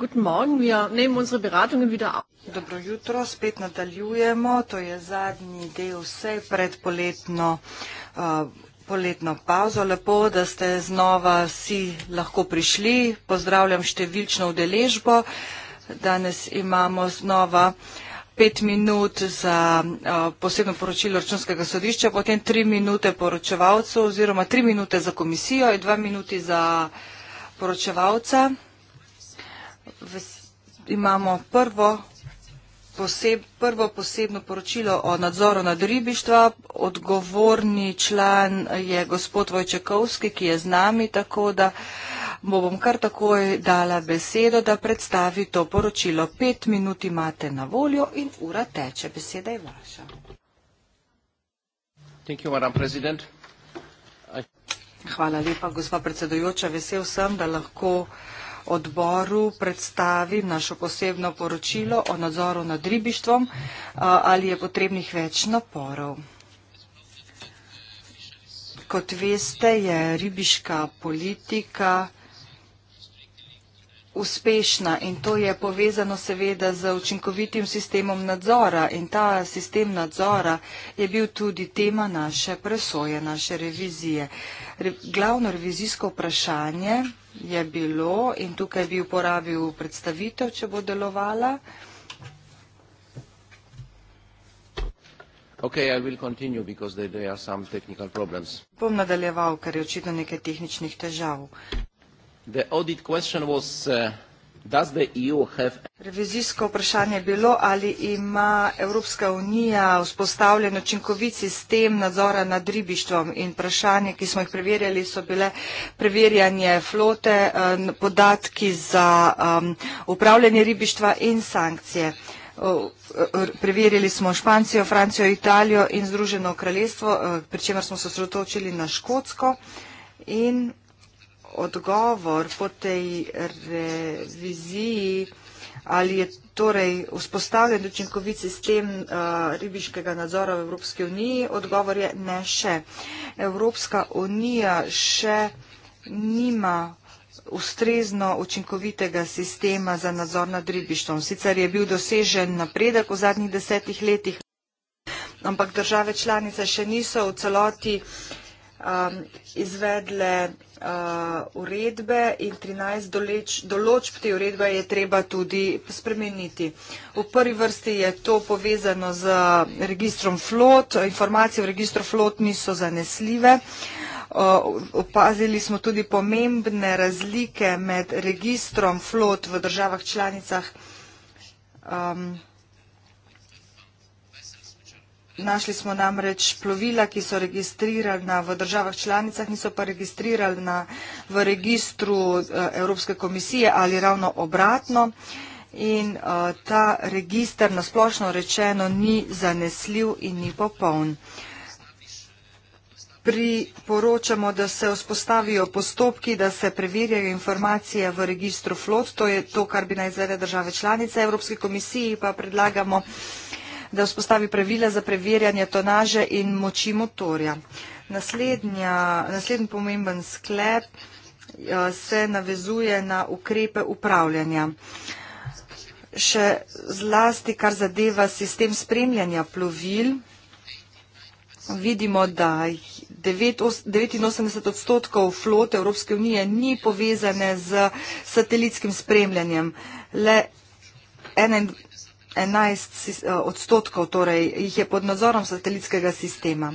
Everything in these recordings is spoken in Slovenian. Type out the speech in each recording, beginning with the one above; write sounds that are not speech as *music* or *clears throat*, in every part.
Guten Morgen, wir nehmen unsere Beratungen wieder auf. Dobro jutro, spet nadaljujemo. To je zadnji del vse pred poletno, uh, poletno pauzo. Lepo, da ste znova vsi lahko prišli. Pozdravljam številčno udeležbo. Danes imamo znova pet minut za uh, posebno poročilo računskega sodišča, potem tri minute poročevalcev oziroma tri minute za komisijo in dva minuti za poročevalca imamo prvo, poseb, prvo posebno poročilo o nadzoru nad ribištva. Odgovorni član je gospod Vojčekovski, ki je z nami, tako da mu bom kar takoj dala besedo, da predstavi to poročilo. Pet minut imate na voljo in ura teče. Beseda je vaša. Thank you, Hvala lepa, gospod predsedujoča. Vesel sem, da lahko uh, odboru predstavim našo posebno poročilo o nadzoru nad ribištvom, eh, ali je potrebnih več naporov. Kot veste, je ribiška politika uspešna in to je povezano seveda z učinkovitim sistemom nadzora in ta sistem nadzora je bil tudi tema naše presoje, naše revizije. Re, glavno revizijsko vprašanje je bilo in tukaj bi uporabil predstavitev, če bo delovala. Okay, I will continue because there are some technical problems. Bom nadaljeval, ker je očitno nekaj tehničnih težav. The audit question was uh, E Revizijsko vprašanje je bilo, ali ima Evropska unija vzpostavljen očinkovit sistem nadzora nad ribištvom in vprašanje, ki smo jih preverjali, so bile preverjanje flote, eh, podatki za upravljanje ribištva in sankcije. Preverili smo Špancijo, Francijo, Italijo in Združeno kraljestvo, eh, pri čemer smo se sredotočili na Škotsko in Škotsko odgovor po tej reviziji, ali je torej vzpostavljen učinkovit sistem eh, ribiškega nadzora v Evropski uniji, odgovor je ne še. Evropska unija še nima ustrezno učinkovitega sistema za nadzor nad ribištvom. Sicer je bil dosežen napredek v zadnjih desetih letih, ampak države članice še niso v celoti um, izvedle uh, uredbe in 13 doleč, določb te uredbe je treba tudi spremeniti. V prvi vrsti je to povezano z registrom flot. Informacije v registru flot niso zanesljive. Eh, opazili smo tudi pomembne razlike med registrom flot v državah članicah. Um, Našli smo namreč plovila, ki so registrirana v državah članicah, niso pa registrirana v registru eh, Evropske komisije ali ravno obratno. In eh, ta registr nasplošno rečeno ni zanesljiv in ni popoln. Priporočamo, da se vzpostavijo postopki, da se preverjajo informacije v registru flot, to je to, kar bi naj zvede države članice Evropske komisije, pa predlagamo, da se vzpostavijo postopki, da vzpostavi pravila za preverjanje tonaže in moči motorja. Naslednji pomemben sklep eh, se navezuje na ukrepe upravljanja. Še zlasti, kar zadeva sistem spremljanja plovil, vidimo, da 89 odstotkov flote Evropske unije ni povezane z satelitskim spremljanjem. Le 11 eh, odstotkov, torej jih je pod nadzorom satelitskega sistema.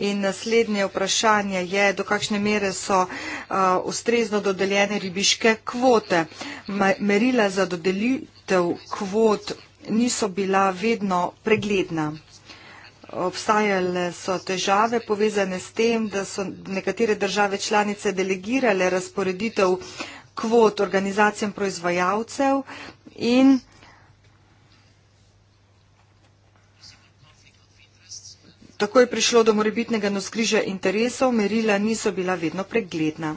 In naslednje vprašanje je, do kakšne mere so eh, ustrezno dodeljene ribiške kvote. Merila za dodelitev kvot niso bila vedno pregledna. Obstajale so težave povezane s tem, da so nekatere države članice delegirale razporeditev kvot organizacijam proizvajalcev in Tako je prišlo do morebitnega noskrižja interesov, merila niso bila vedno pregledna.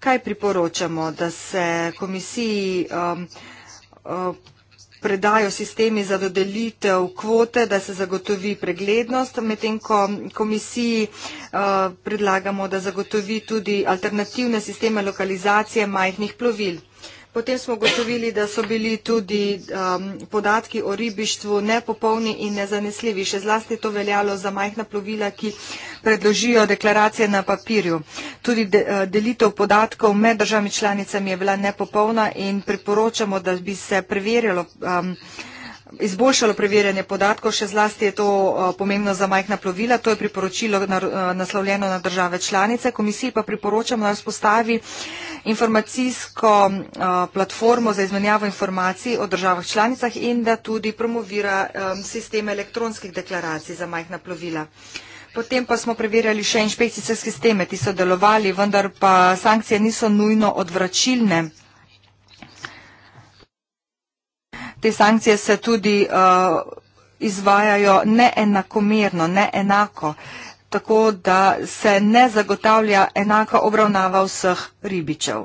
Kaj priporočamo, da se komisiji um, um, predajo sistemi za dodelitev kvote, da se zagotovi preglednost, medtem ko komisiji um, predlagamo, da zagotovi tudi alternativne sisteme lokalizacije majhnih plovil? Uh, Potem smo ugotovili, da so bili tudi um, podatki o ribištvu nepopolni in nezanesljivi. Še zlasti to veljalo za majhna plovila, ki predložijo deklaracije na papirju. Tudi de, eh, delitev podatkov med državami članicami je bila nepopolna in priporočamo, da bi se preverjalo. Um, izboljšalo preverjanje podatkov, še zlasti je to eh, pomembno za majhna plovila. To je priporočilo eh, naslovljeno na države članice. Komisiji pa priporočam, da vzpostavi informacijsko eh, platformo za izmenjavo informacij o državah članicah in da tudi promovira sistem elektronskih deklaracij za majhna plovila. Potem pa smo preverjali še inšpekcijske sisteme, ki so delovali, vendar pa sankcije niso nujno odvračilne. te sankcije se tudi uh, izvajajo neenakomerno, neenako, tako da se ne zagotavlja enaka obravnava vseh ribičev.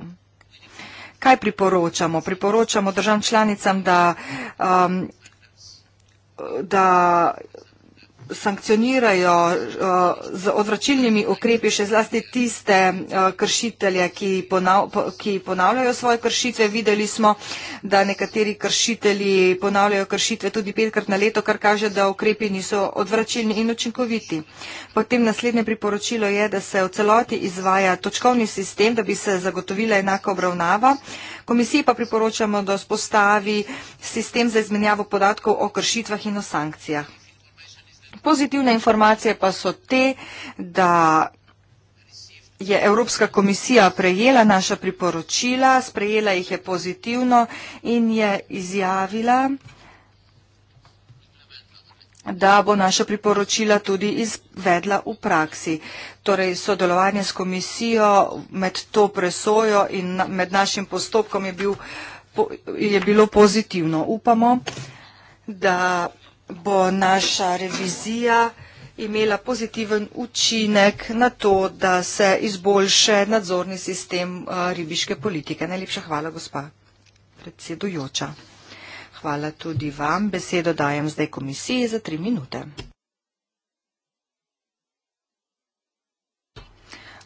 Kaj priporočamo? Priporočamo državam članicam, da, um, da sankcionirajo uh, z odvračilnimi ukrepi še zlasti tiste uh, kršitelje, ki, ponav, po, ki ponavljajo svoje kršitve. Videli smo, da nekateri kršitelji ponavljajo kršitve tudi petkrat na leto, kar kaže, da ukrepi niso odvračilni in učinkoviti. Potem naslednje priporočilo je, da se v celoti izvaja točkovni sistem, da bi se zagotovila enaka obravnava. Komisiji pa priporočamo, da spostavi sistem za izmenjavo podatkov o kršitvah in o sankcijah. Pozitivne informacije pa so te, da je Evropska komisija prejela naša priporočila, sprejela jih je pozitivno in je izjavila, da bo naša priporočila tudi izvedla v praksi. Torej, sodelovanje s komisijo med to presojo in med našim postopkom je, bil, je bilo pozitivno. Upamo, da bo naša revizija imela pozitiven učinek na to, da se izboljše nadzorni sistem uh, ribiške politike. Najlepša hvala, gospa predsedujoča. Hvala tudi vam. Besedo dajem zdaj komisiji za tri minute.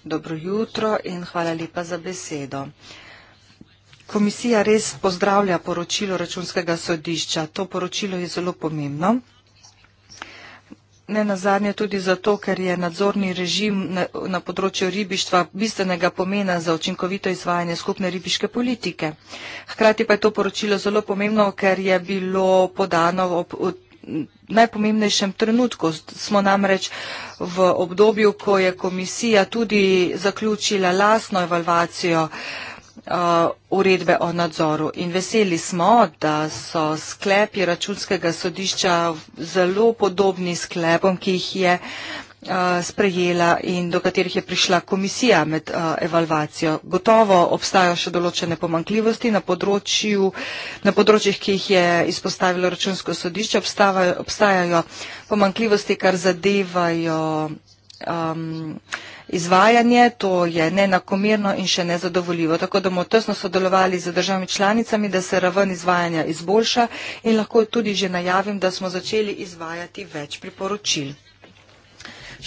Dobro jutro in hvala lepa za besedo. Komisija res pozdravlja poročilo računskega sodišča. To poročilo je zelo pomembno. Ne nazadnje tudi zato, ker je nadzorni režim na, na področju ribištva bistvenega pomena za očinkovito izvajanje skupne ribiške politike. Hkrati pa je to poročilo zelo pomembno, ker je bilo podano ob, v najpomembnejšem trenutku. Smo namreč v obdobju, ko je komisija tudi zaključila lasno evalvacijo uh, Uh, uredbe o nadzoru. In veseli smo, da so sklepi računskega sodišča zelo podobni sklepom, ki jih je uh, sprejela in do katerih je prišla komisija med uh, evalvacijo. Gotovo obstajajo še določene pomankljivosti na, področju, na področjih, ki jih je izpostavilo računsko sodišče. Obstajajo pomankljivosti, kar zadevajo um, izvajanje, to je nenakomerno in še nezadovoljivo. Tako da bomo tesno sodelovali z državami članicami, da se raven izvajanja izboljša in lahko tudi že najavim, da smo začeli izvajati več priporočil.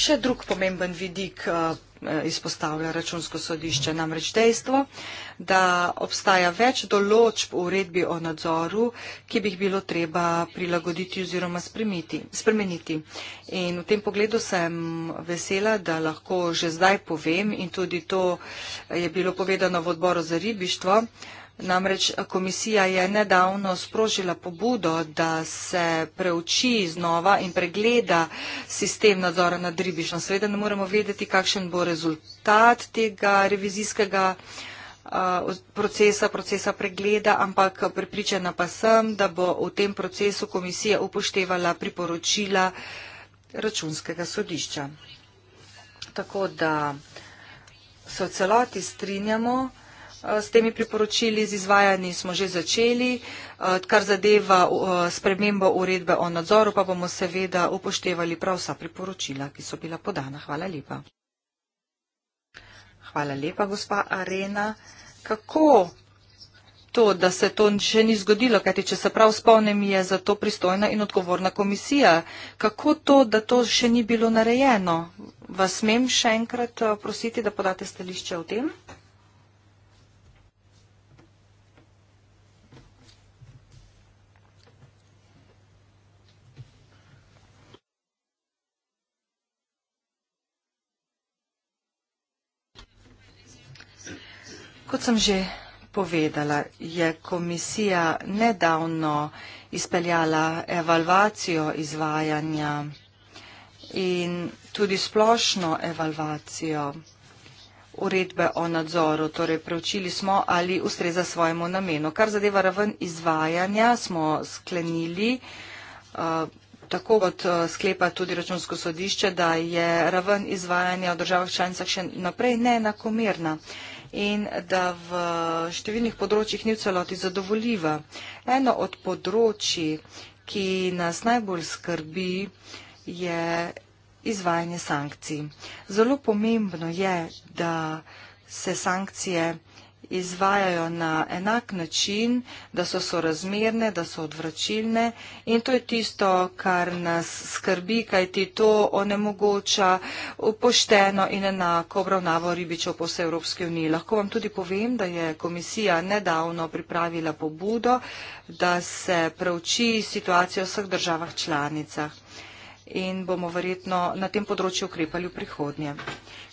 Še drug pomemben vidik eh, Eh, izpostavlja računsko sodišče. Namreč dejstvo, da obstaja več določb v uredbi o nadzoru, ki bi jih bilo treba prilagoditi oziroma spremeniti. In v tem pogledu sem vesela, da lahko že zdaj povem in tudi to je bilo povedano v odboru za ribištvo, Namreč komisija je nedavno sprožila pobudo, da se preuči znova in pregleda sistem nadzora nad ribišno. Seveda ne moremo vedeti, kakšen bo rezultat tega revizijskega procesa, procesa pregleda, ampak prepričana pa sem, da bo v tem procesu komisija upoštevala priporočila računskega sodišča. Tako da se v celoti strinjamo, Eh, s temi priporočili z izvajanji smo že začeli, eh, kar zadeva eh, spremembo uredbe o nadzoru, pa bomo seveda upoštevali prav vsa priporočila, ki so bila podana. Hvala lepa. Hvala lepa, gospa Arena. Kako to, da se to še ni zgodilo, kajti če se prav spomnim, je za to pristojna in odgovorna komisija, kako to, da to še ni bilo narejeno? Vas smem še enkrat prositi, da podate stališče o tem? Kot sem že povedala, je komisija nedavno izpeljala evalvacijo izvajanja in tudi splošno evalvacijo uredbe o nadzoru, torej preučili smo ali ustreza svojemu namenu. Kar zadeva raven izvajanja, smo sklenili, eh, tako kot eh, sklepa tudi računsko sodišče, da je raven izvajanja v državah članicah še naprej neenakomerna in da v številnih področjih ni v celoti zadovoljiva. Eno od področji, ki nas najbolj skrbi, je izvajanje sankcij. Zelo pomembno je, da se sankcije izvajajo na enak način, da so sorazmerne, da so odvračilne in to je tisto, kar nas skrbi, kajti to onemogoča pošteno in enako obravnavo ribičev po vsej Evropski uniji. Lahko vam tudi povem, da je komisija nedavno pripravila pobudo, da se preuči situacijo v vseh državah članicah in bomo verjetno na tem področju ukrepali v prihodnje.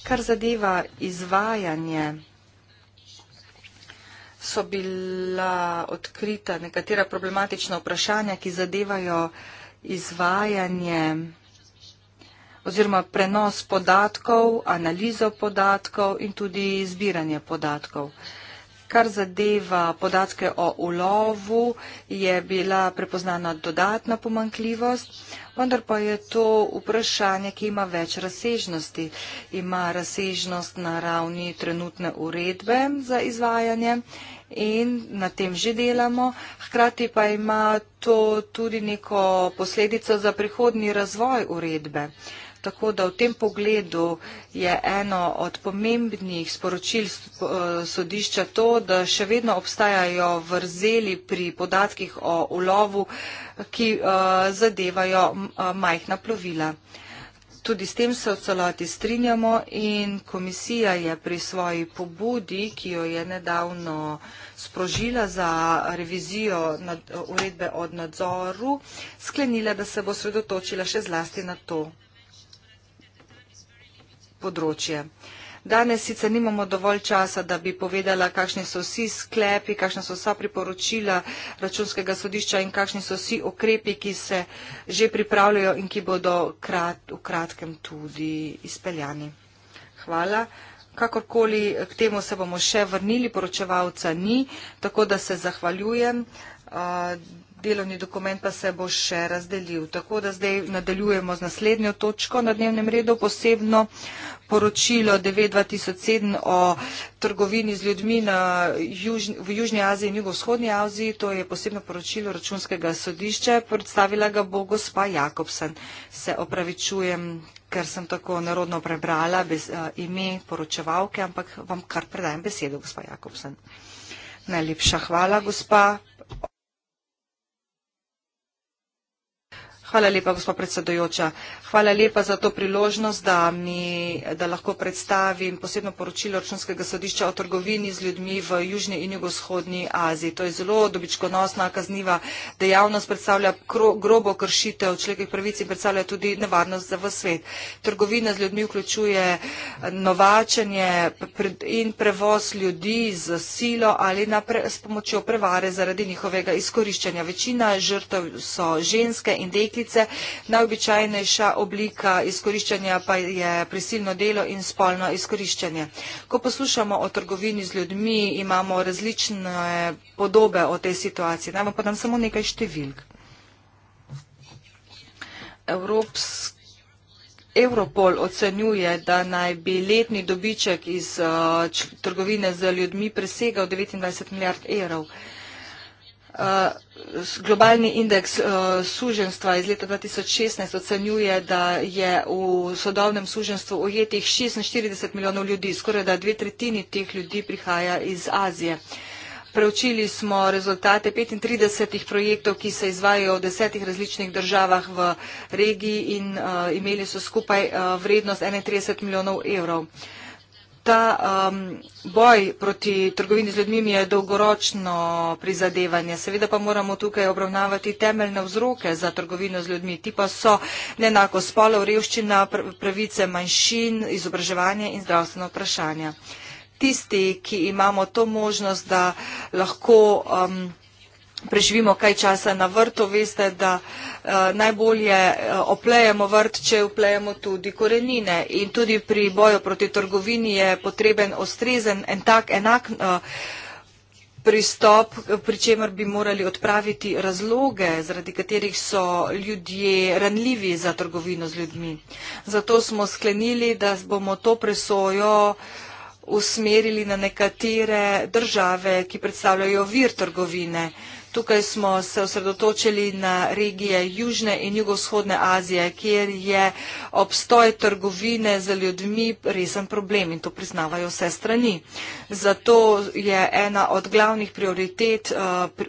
Kar zadeva izvajanje so bila odkrita nekatera problematična vprašanja, ki zadevajo izvajanje oziroma prenos podatkov, analizo podatkov in tudi zbiranje podatkov. Kar zadeva podatke o ulovu, je bila prepoznana dodatna pomankljivost, vendar pa je to vprašanje, ki ima več razsežnosti. Ima razsežnost na ravni trenutne uredbe za izvajanje in na tem že delamo. Hkrati pa ima to tudi neko posledico za prihodni razvoj uredbe. Tako da v tem pogledu je eno od pomembnih sporočil sodišča to, da še vedno obstajajo vrzeli pri podatkih o ulovu, ki eh, zadevajo eh, majhna plovila. Tudi s tem se v celoti strinjamo in komisija je pri svoji pobudi, ki jo je nedavno sprožila za revizijo uredbe od nadzoru, sklenila, da se bo sredotočila še zlasti na to področje. Danes sicer nimamo dovolj časa, da bi povedala, kakšni so vsi sklepi, kakšna so vsa priporočila računskega sodišča in kakšni so vsi okrepi, ki se že pripravljajo in ki bodo krat, v kratkem tudi izpeljani. Hvala. Kakorkoli k temu se bomo še vrnili, poročevalca ni, tako da se zahvaljujem. Uh, delovni dokument pa se bo še razdelil. Tako da zdaj nadaljujemo z naslednjo točko na dnevnem redu, posebno poročilo 9.2007 o trgovini z ljudmi na, juž, v Južnji Aziji in Jugovzhodnji Aziji. To je posebno poročilo računskega sodišča, predstavila ga bo gospa Jakobsen. Se opravičujem, ker sem tako narodno prebrala bez, uh, eh, ime poročevalke, ampak vam kar predajem besedo, gospa Jakobsen. Najlepša hvala, gospa Hvala lepa, gospod predsedujoča. Hvala lepa za to priložnost, da, mi, da lahko predstavim posebno poročilo Računskega sodišča o trgovini z ljudmi v Južni in Jugoshodni Aziji. To je zelo dobičkonosna kazniva dejavnost, predstavlja grobo kršitev človekovih pravic in predstavlja tudi nevarnost za svet. Trgovina z ljudmi vključuje eh, novačenje in prevoz ljudi z silo ali napre, s pomočjo prevare zaradi njihovega izkoriščanja. Večina žrtev so ženske in deklice, najobičajnejša oblika izkoriščanja pa je prisilno delo in spolno izkoriščanje. Ko poslušamo o trgovini z ljudmi, imamo različne podobe o tej situaciji. Naj vam podam samo nekaj številk. Evropsk Europol ocenjuje, da naj bi letni dobiček iz uh, trgovine z ljudmi presegal 29 milijard evrov. Uh, globalni indeks uh, eh, suženstva iz leta 2016 ocenjuje, da je v sodobnem suženstvu ujetih 46 milijonov ljudi, skoraj da dve tretjini teh ljudi prihaja iz Azije. Preučili smo rezultate 35 projektov, ki se izvajajo v desetih različnih državah v regiji in uh, imeli so skupaj uh, vrednost 31 milijonov evrov. Uh, Ta um, boj proti trgovini z ljudmi je dolgoročno prizadevanje. Seveda pa moramo tukaj obravnavati temeljne vzroke za trgovino z ljudmi. Ti pa so nenako spolov, revščina, pravice manjšin, izobraževanje in zdravstveno vprašanje. Tisti, ki imamo to možnost, da lahko um, preživimo kaj časa na vrtu, veste, da eh, najbolje eh, oplejemo vrt, če oplejemo tudi korenine. In tudi pri boju proti trgovini je potreben ostrezen en tak enak eh, pristop, pri čemer bi morali odpraviti razloge, zaradi katerih so ljudje ranljivi za trgovino z ljudmi. Zato smo sklenili, da bomo to presojo usmerili na nekatere države, ki predstavljajo vir trgovine. Uh, Tukaj smo se osredotočili na regije Južne in Jugoshodne Azije, kjer je obstoj trgovine z ljudmi resen problem in to priznavajo vse strani. Zato je ena od glavnih prioritet eh,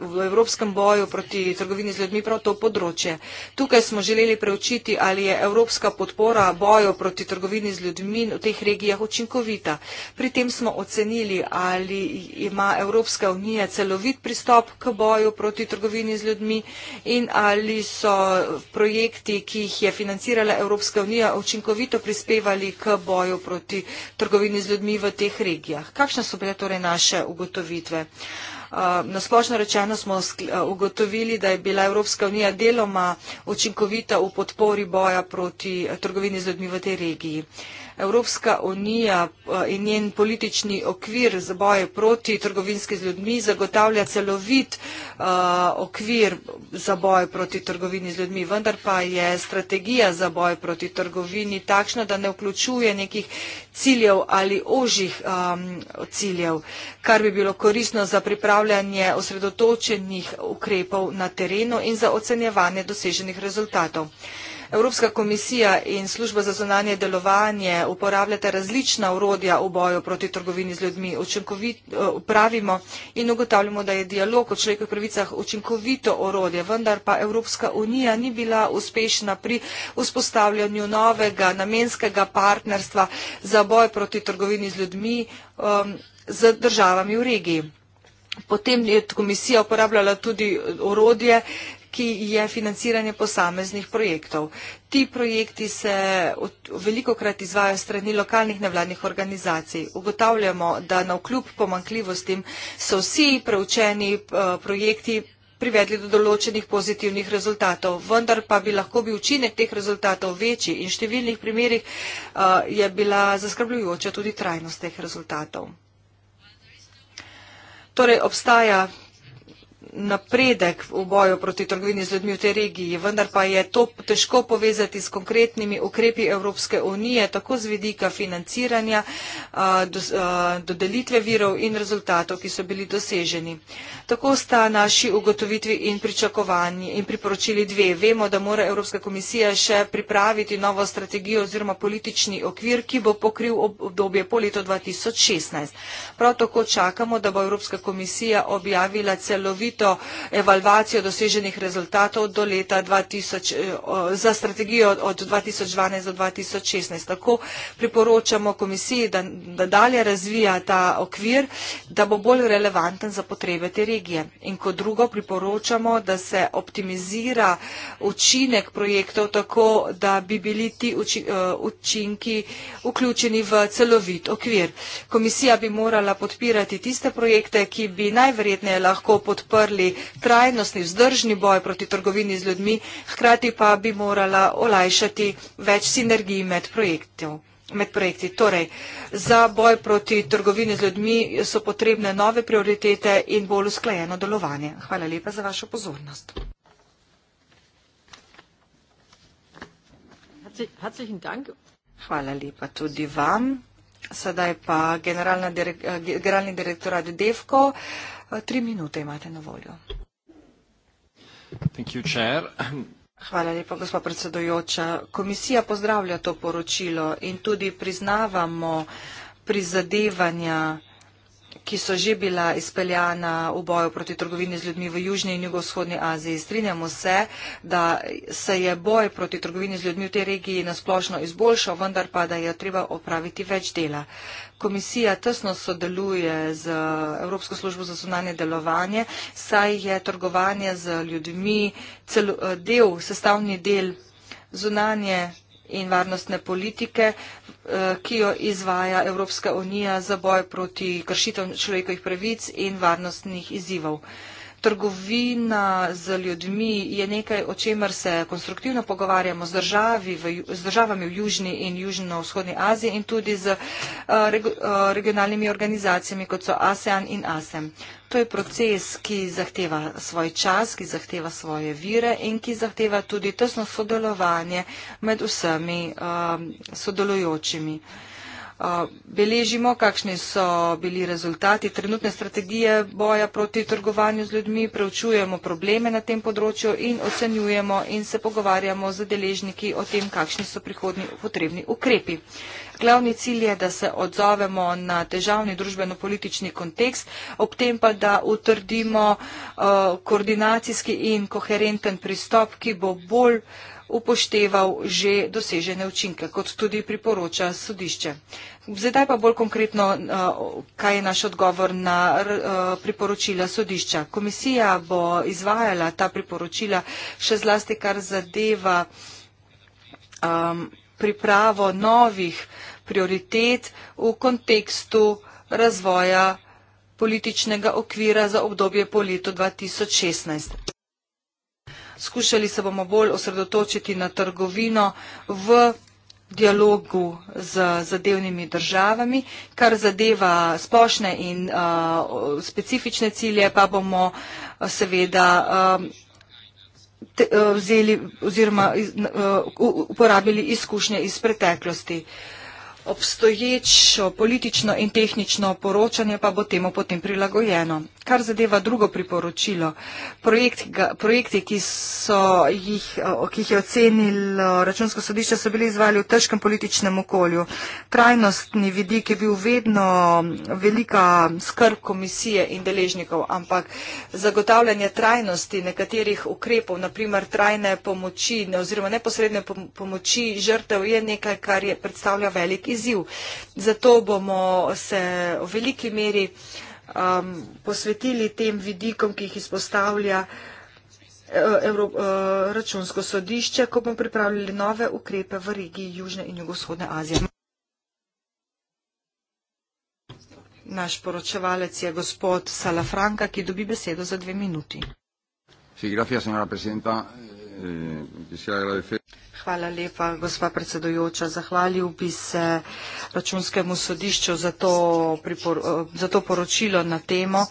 v evropskem boju proti trgovini z ljudmi prav to področje. Tukaj smo želeli preučiti, ali je evropska podpora boju proti trgovini z ljudmi v teh regijah učinkovita. Pri tem smo ocenili, ali ima Evropska unija celovit pristop k boju bojo proti trgovini z ljudmi in ali so projekti, ki jih je financirala Evropska unija, učinkovito prispevali k boju proti trgovini z ljudmi v teh regijah. Kakšne so bile torej naše ugotovitve? Uh, Eh, Nasplošno rečeno smo eh, ugotovili, da je bila Evropska unija deloma učinkovita v podpori boja proti eh, trgovini z ljudmi v tej regiji. Evropska unija in njen politični okvir za boje proti trgovinski z ljudmi zagotavlja celovit okvir za boje proti trgovini z ljudmi, vendar pa je strategija za boje proti trgovini takšna, da ne vključuje nekih ciljev ali ožjih ciljev, kar bi bilo koristno za pripravljanje ugotavljanje osredotočenih ukrepov na terenu in za ocenjevanje doseženih rezultatov. Evropska komisija in služba za zonanje delovanje uporabljata različna urodja v boju proti trgovini z ljudmi. Učinkovito eh, pravimo in ugotavljamo, da je dialog o človekovih pravicah učinkovito urodje, vendar pa Evropska unija ni bila uspešna pri vzpostavljanju novega namenskega partnerstva za boj proti trgovini z ljudmi eh, z državami v regiji. Potem je komisija uporabljala tudi orodje, ki je financiranje posameznih projektov. Ti projekti se veliko krat izvajo strani lokalnih nevladnih organizacij. Ugotavljamo, da na vkljub pomankljivostim so vsi preučeni eh, projekti privedli do določenih pozitivnih rezultatov, vendar pa bi lahko bil učinek teh rezultatov večji in številnih primerih eh, je bila zaskrbljujoča tudi trajnost teh rezultatov. Torej obstaja napredek v boju proti trgovini z ljudmi v tej regiji, vendar pa je to težko povezati s konkretnimi ukrepi Evropske unije, tako z vidika financiranja, dodelitve virov in rezultatov, ki so bili doseženi. Tako sta naši ugotovitvi in pričakovanji in priporočili dve. Vemo, da mora Evropska komisija še pripraviti novo strategijo oziroma politični okvir, ki bo pokril obdobje po leto 2016. Prav tako čakamo, da bo Evropska komisija objavila celovit celovito evalvacijo doseženih rezultatov do leta 2000, eh, za strategijo od 2012 do 2016. Tako priporočamo komisiji, da, da dalje razvija ta okvir, da bo bolj relevanten za potrebe te regije. In kot drugo priporočamo, da se optimizira učinek projektov tako, da bi bili ti eh, učinki vključeni v celovit okvir. Komisija bi morala podpirati tiste projekte, ki bi najverjetneje lahko podprli podprli trajnostni vzdržni boj proti trgovini z ljudmi, hkrati pa bi morala olajšati več sinergij med projektov. Med projekti. Torej, za boj proti trgovini z ljudmi so potrebne nove prioritete in bolj usklajeno delovanje. Hvala lepa za vašo pozornost. Hvala lepa tudi vam. Sedaj pa eh, generalni direktorat Defko. Tri minute imate na voljo. Hvala lepa, gospod predsedojoča. Komisija pozdravlja to poročilo in tudi priznavamo prizadevanja ki so že bila izpeljana v boju proti trgovini z ljudmi v Južni in Jugovzhodni Aziji. Strinjamo se, da se je boj proti trgovini z ljudmi v tej regiji nasplošno izboljšal, vendar pa, da je treba opraviti več dela. Komisija tesno sodeluje z Evropsko službo za zunanje delovanje, saj je trgovanje z ljudmi celo, eh, del, sestavni del zunanje in varnostne politike, eh, ki jo izvaja Evropska unija za boj proti kršitev človekovih pravic in varnostnih izzivov. Trgovina z ljudmi je nekaj, o čemer se konstruktivno pogovarjamo z, državi, v, z državami v Južni in Južno-Vzhodni Aziji in tudi z eh, reg, eh, regionalnimi organizacijami, kot so ASEAN in ASEM. To je proces, ki zahteva svoj čas, ki zahteva svoje vire in ki zahteva tudi tesno sodelovanje med vsemi um, sodelujočimi. Uh, Eh, beležimo, kakšni so bili rezultati trenutne strategije boja proti trgovanju z ljudmi, preučujemo probleme na tem področju in ocenjujemo in se pogovarjamo z deležniki o tem, kakšni so prihodni potrebni ukrepi. Glavni cilj je, da se odzovemo na težavni družbeno-politični kontekst, ob tem pa, da utrdimo uh, koordinacijski in koherenten pristop, ki bo bolj uh, upošteval že dosežene učinke, kot tudi priporoča sodišče. Zdaj pa bolj konkretno, eh, kaj je naš odgovor na eh, priporočila sodišča. Komisija bo izvajala ta priporočila še zlasti, kar zadeva um, pripravo novih prioritet v kontekstu razvoja političnega okvira za obdobje po letu 2016 skušali se bomo bolj osredotočiti na trgovino v dialogu z zadevnimi državami, kar zadeva splošne in uh, specifične cilje, pa bomo uh, seveda uh, te, uh, vzeli oziroma uh, uporabili izkušnje iz preteklosti. Uh, obstoječo politično in tehnično poročanje pa bo temu potem prilagojeno. Kar zadeva drugo priporočilo, projekt, projekti, ki, so, jih, ki jih je ocenilo računsko sodišče, so bili izvali v težkem političnem okolju. Trajnostni vidik je bil vedno velika skrb komisije in deležnikov, ampak zagotavljanje trajnosti nekaterih ukrepov, naprimer trajne pomoči ne, oziroma neposredne pomoči žrtev, je nekaj, kar je, predstavlja velik izziv. Zato bomo se v veliki meri um, posvetili tem vidikom, ki jih izpostavlja eh, Evro, eh, računsko sodišče, ko bomo pripravljali nove ukrepe v regiji Južne in Jugoshodne Azije. Naš poročevalec je gospod Salafranka, ki dobi besedo za dve minuti. Sí, gracias, señora presidenta. Hvala lepa, gospa predsedujoča. Zahvalil bi se računskemu sodišču za to, pripor, za to poročilo na temo,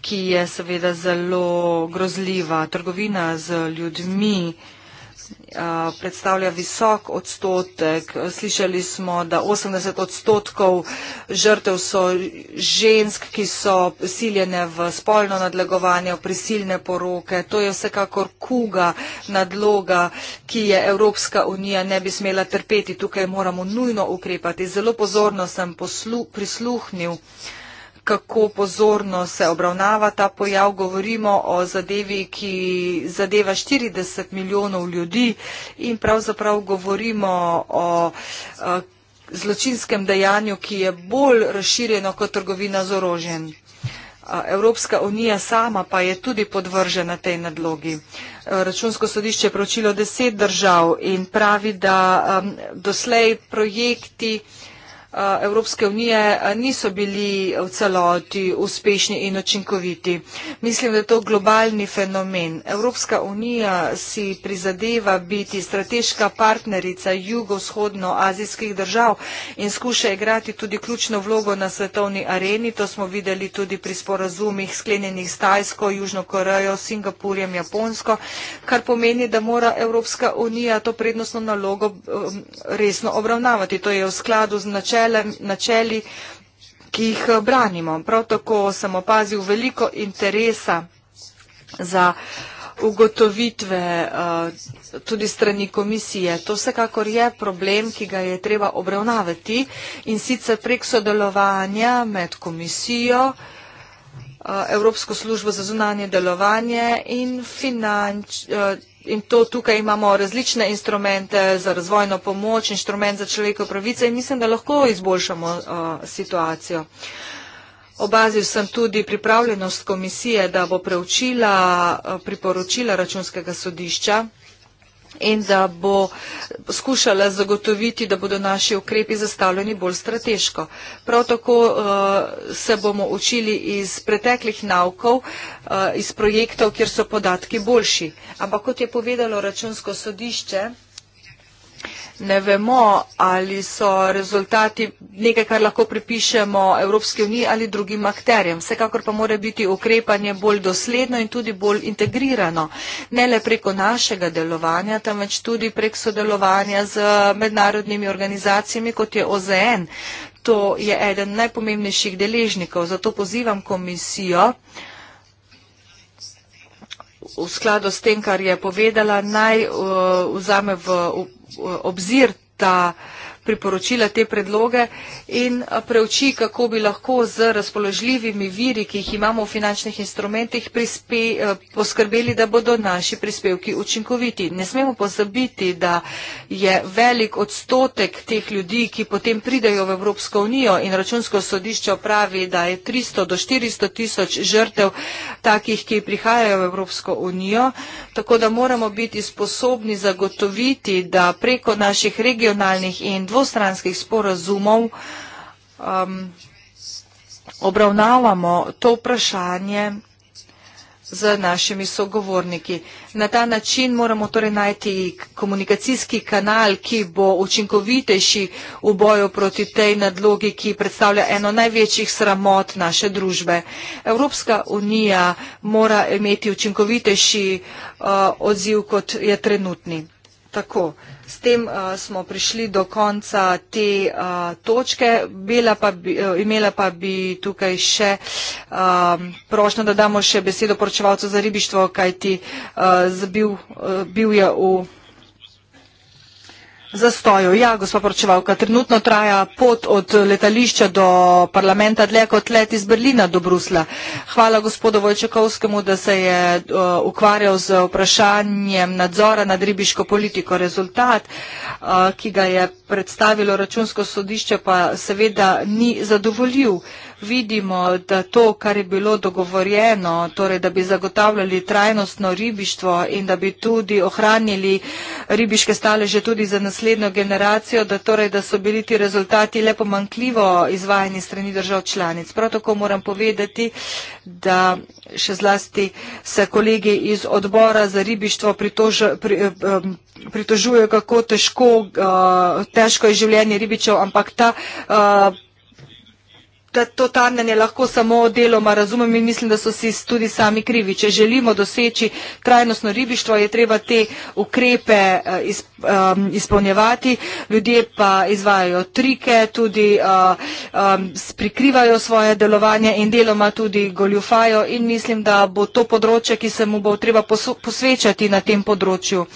ki je seveda zelo grozljiva. Trgovina z ljudmi predstavlja visok odstotek. Slišali smo, da 80 odstotkov žrtev so žensk, ki so siljene v spolno nadlegovanje, v prisilne poroke. To je vsekakor kuga nadloga, ki je Evropska unija ne bi smela trpeti. Tukaj moramo nujno ukrepati. Zelo pozorno sem prisluhnil kako pozorno se obravnava ta pojav. Govorimo o zadevi, ki zadeva 40 milijonov ljudi in pravzaprav govorimo o zločinskem dejanju, ki je bolj razširjeno kot trgovina z orožjem. Evropska unija sama pa je tudi podvržena tej nadlogi. Računsko sodišče je pročilo deset držav in pravi, da doslej projekti Eh, Evropske unije eh, niso bili v celoti uspešni in očinkoviti. Mislim, da je to globalni fenomen. Evropska unija si prizadeva biti strateška partnerica jugovzhodnoazijskih držav in skuša igrati tudi ključno vlogo na svetovni areni. To smo videli tudi pri sporazumih sklenjenih s Tajsko, Južno Korejo, Singapurjem, Japonsko, kar pomeni, da mora Evropska unija to prednostno nalogo eh, resno obravnavati. To je v skladu z načelom načeli, ki jih eh, branimo. Prav tako sem opazil veliko interesa za ugotovitve eh, tudi strani komisije. To vsekakor je problem, ki ga je treba obravnavati in sicer prek sodelovanja med komisijo, eh, Evropsko službo za zunanje delovanje in finančno In to tukaj imamo različne instrumente za razvojno pomoč, inštrument za človekove pravice in mislim, da lahko izboljšamo uh, situacijo. Obazil sem tudi pripravljenost komisije, da bo preučila uh, priporočila računskega sodišča in da bo skušala zagotoviti, da bodo naši ukrepi zastavljeni bolj strateško. Prav tako uh, se bomo učili iz preteklih naukov, uh, iz projektov, kjer so podatki boljši. Ampak kot je povedalo računsko sodišče, ne vemo, ali so rezultati nekaj, kar lahko pripišemo Evropske unije ali drugim akterjem. Vsekakor pa mora biti ukrepanje bolj dosledno in tudi bolj integrirano. Ne le preko našega delovanja, temveč tudi prek sodelovanja z mednarodnimi organizacijami, kot je OZN. To je eden najpomembnejših deležnikov. Zato pozivam komisijo v skladu s tem, kar je povedala, naj eh, vzame v obzir ta uh, priporočila te predloge in eh, preuči, kako bi lahko z razpoložljivimi viri, ki jih imamo v finančnih instrumentih, prispe, eh, poskrbeli, da bodo naši prispevki učinkoviti. Ne smemo pozabiti, da je velik odstotek teh ljudi, ki potem pridejo v Evropsko unijo in računsko sodišče pravi, da je 300 do 400 tisoč žrtev takih, ki prihajajo v Evropsko unijo, tako da moramo biti sposobni zagotoviti, da preko naših regionalnih in dvostranskih sporazumov um, obravnavamo to vprašanje z našimi sogovorniki. Na ta način moramo torej najti komunikacijski kanal, ki bo učinkovitejši v boju proti tej nadlogi, ki predstavlja eno največjih sramot naše družbe. Evropska unija mora imeti učinkovitejši uh, odziv, kot je trenutni. Tako, s tem uh, smo prišli do konca te uh, točke. Bi, uh, imela pa bi tukaj še uh, prošljo, da damo še besedo poročevalcu za ribištvo, kaj ti uh, zbil, uh, bil je v zastojev. Ja, gospod poročevalka, trenutno traja pot od letališča do parlamenta dlje kot let iz Berlina do Brusla. Hvala gospodu Vojčakovskemu, da se je uh, ukvarjal z vprašanjem nadzora nad ribiško politiko. Rezultat, uh, ki ga je predstavilo računsko sodišče, pa seveda ni zadovoljiv. Uh, vidimo, da to, kar je bilo dogovorjeno, torej, da bi zagotavljali trajnostno ribištvo in da bi tudi ohranili ribiške staleže tudi za naslednjo generacijo, da, torej, da so bili ti rezultati lepo manjkljivo izvajani strani držav članic. Prav tako moram povedati, da še zlasti se kolegi iz odbora za ribištvo pritož, pri, pri, eh, pritožujejo, kako težko, eh, težko je življenje ribičev, ampak ta uh, ta, to tarnanje lahko samo deloma razumem in mislim, da so si tudi sami krivi. Če želimo doseči trajnostno ribištvo, je treba te ukrepe uh, iz, um, izpolnjevati, ljudje pa izvajajo trike, tudi uh, um, prikrivajo svoje delovanje in deloma tudi goljufajo in mislim, da bo to področje, ki se mu bo treba posvečati na tem področju. Uh,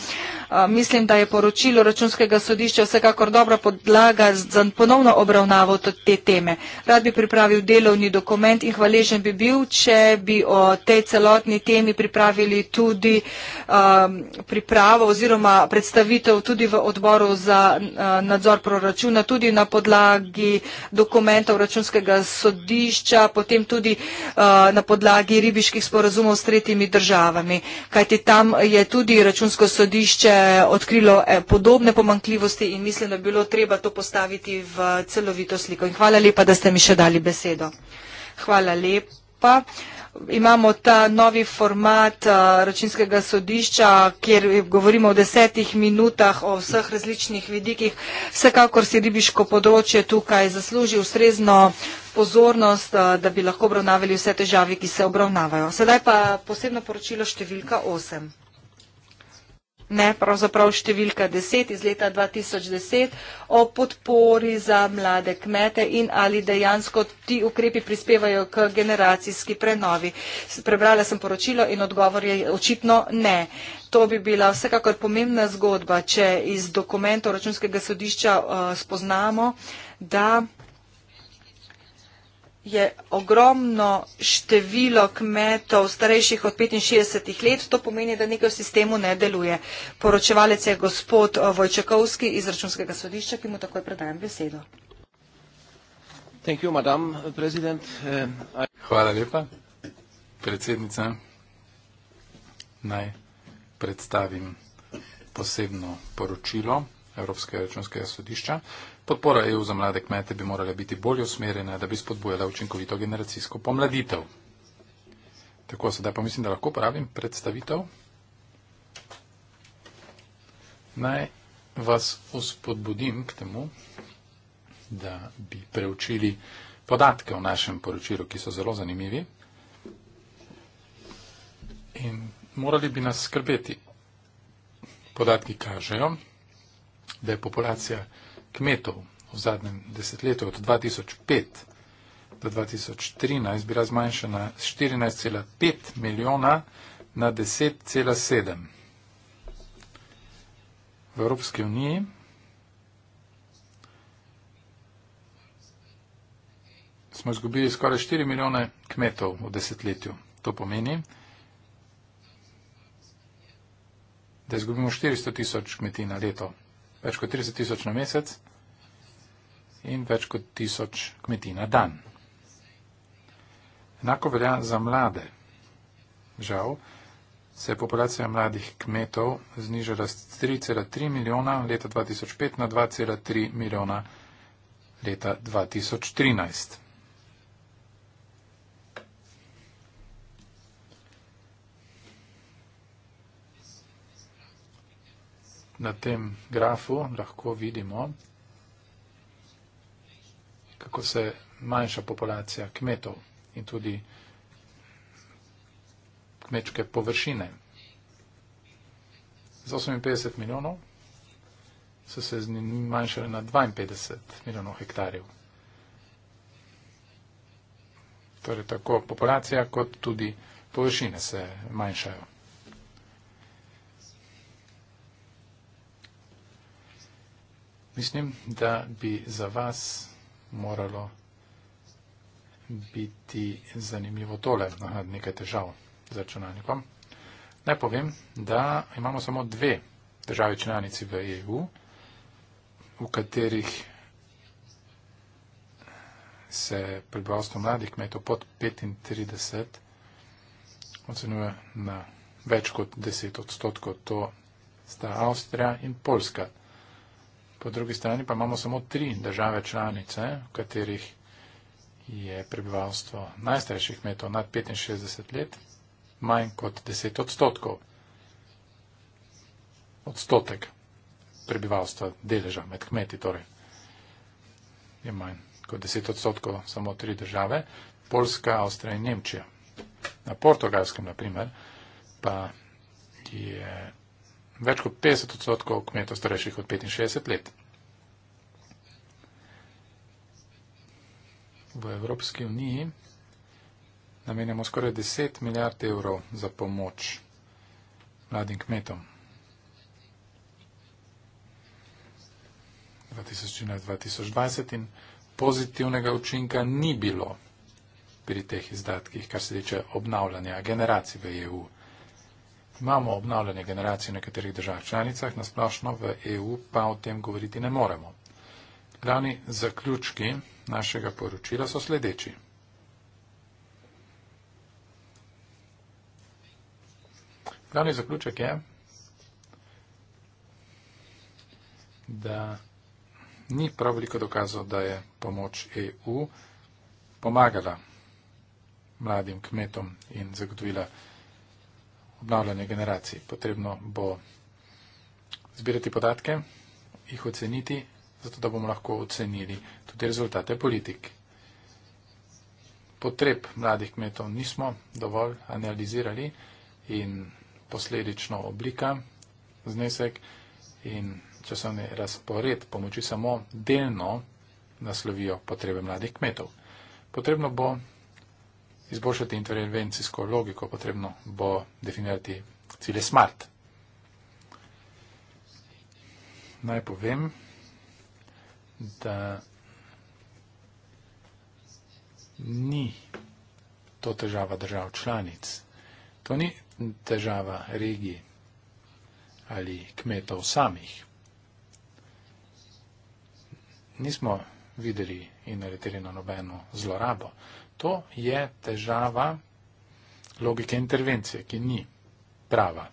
mislim, da je poročilo računskega sodišča vsekakor dobra podlaga za ponovno obravnavo te teme. Rad bi pripravil delovni dokument in hvaležen bi bil, če bi o tej celotni temi pripravili tudi um, pripravo oziroma predstavitev tudi v odboru za uh, nadzor proračuna, tudi na podlagi dokumentov računskega sodišča, potem tudi uh, na podlagi ribiških sporazumov s tretjimi državami. Kajti tam je tudi računsko sodišče eh, odkrilo eh, podobne pomankljivosti in mislim, da bi bilo treba to postaviti v celovito sliko. In hvala lepa, da ste mi še dali besedo. Hvala lepa. Imamo ta novi format eh, računskega sodišča, kjer govorimo v desetih minutah o vseh različnih vidikih. Vsekakor si ribiško področje tukaj zasluži ustrezno pozornost, eh, da bi lahko obravnavali vse težave, ki se obravnavajo. Sedaj pa posebno poročilo številka 8 ne pravzaprav številka 10 iz leta 2010 o podpori za mlade kmete in ali dejansko ti ukrepi prispevajo k generacijski prenovi. Prebrala sem poročilo in odgovor je očitno ne. To bi bila vsekakor pomembna zgodba, če iz dokumentov računskega sodišča uh, spoznamo, da je ogromno število kmetov starejših od 65 let, to pomeni, da nekaj v sistemu ne deluje. Poročevalec je gospod eh, Vojčakovski iz računskega sodišča, ki mu takoj predajam besedo. You, madam, eh, eh, Hvala lepa, predsednica. Naj predstavim posebno poročilo Evropskega računskega sodišča, Podpora EU za mlade kmete bi morala biti bolje usmerjena, da bi spodbujala učinkovito generacijsko pomladitev. Tako sedaj pa mislim, da lahko pravim predstavitev. Naj vas uspodbudim k temu, da bi preučili podatke v našem poročilu, ki so zelo zanimivi. In morali bi nas skrbeti. Podatki kažejo, da je populacija kmetov v zadnjem desetletju od 2005 do 2013 bila zmanjšana z 14,5 milijona na 10,7. V Evropski uniji smo izgubili skoraj 4 milijone kmetov v desetletju. To pomeni, da izgubimo 400 tisoč kmetij na leto več kot 30 tisoč na mesec in več kot tisoč kmetij na dan. Enako velja za mlade. Žal se je populacija mladih kmetov znižala z 3,3 milijona leta 2005 na 2,3 milijona leta 2013. na tem grafu lahko vidimo, kako se manjša populacija kmetov in tudi kmečke površine. Z 58 milijonov so se zmanjšali na 52 milijonov hektarjev. Torej tako populacija kot tudi površine se manjšajo. Mislim, da bi za vas moralo biti zanimivo tole, Aha, nekaj težav z računalnikom. Naj povem, da imamo samo dve države članici v EU, v katerih se prebivalstvo mladih kmetov pod 35 ocenjuje na več kot 10 odstotkov. To sta Avstrija in Poljska. Po drugi strani pa imamo samo tri države članice, v katerih je prebivalstvo najstarejših metov nad 65 let, manj kot 10 odstotkov. Odstotek prebivalstva deleža med kmeti torej je manj kot 10 odstotkov samo tri države, Poljska, Avstrija in Nemčija. Na portugalskem, na primer, pa je več kot 50 odstotkov kmetov starejših od 65 let. V Evropski uniji namenjamo skoraj 10 milijard evrov za pomoč mladim kmetom. 2014-2020 in pozitivnega učinka ni bilo pri teh izdatkih, kar se tiče obnavljanja generacij v EU imamo obnovljene generacije v nekaterih državah članicah, nasplošno v EU pa o tem govoriti ne moremo. Glavni zaključki našega poročila so sledeči. Glavni zaključek je, da ni prav veliko dokazov, da je pomoč EU pomagala mladim kmetom in zagotovila kmetom obnavljanje generacij. Potrebno bo zbirati podatke, jih oceniti, zato da bomo lahko ocenili tudi rezultate politik. Potreb mladih kmetov nismo dovolj analizirali in posledično oblika znesek in časovni razpored pomoči samo delno naslovijo potrebe mladih kmetov. Potrebno bo izboljšati intervencijsko logiko, potrebno bo definirati cilje smart. Naj povem, da ni to težava držav članic, to ni težava regij ali kmetov samih. Nismo videli in naleteli na nobeno zlorabo to je težava logike intervencije, ki ni prava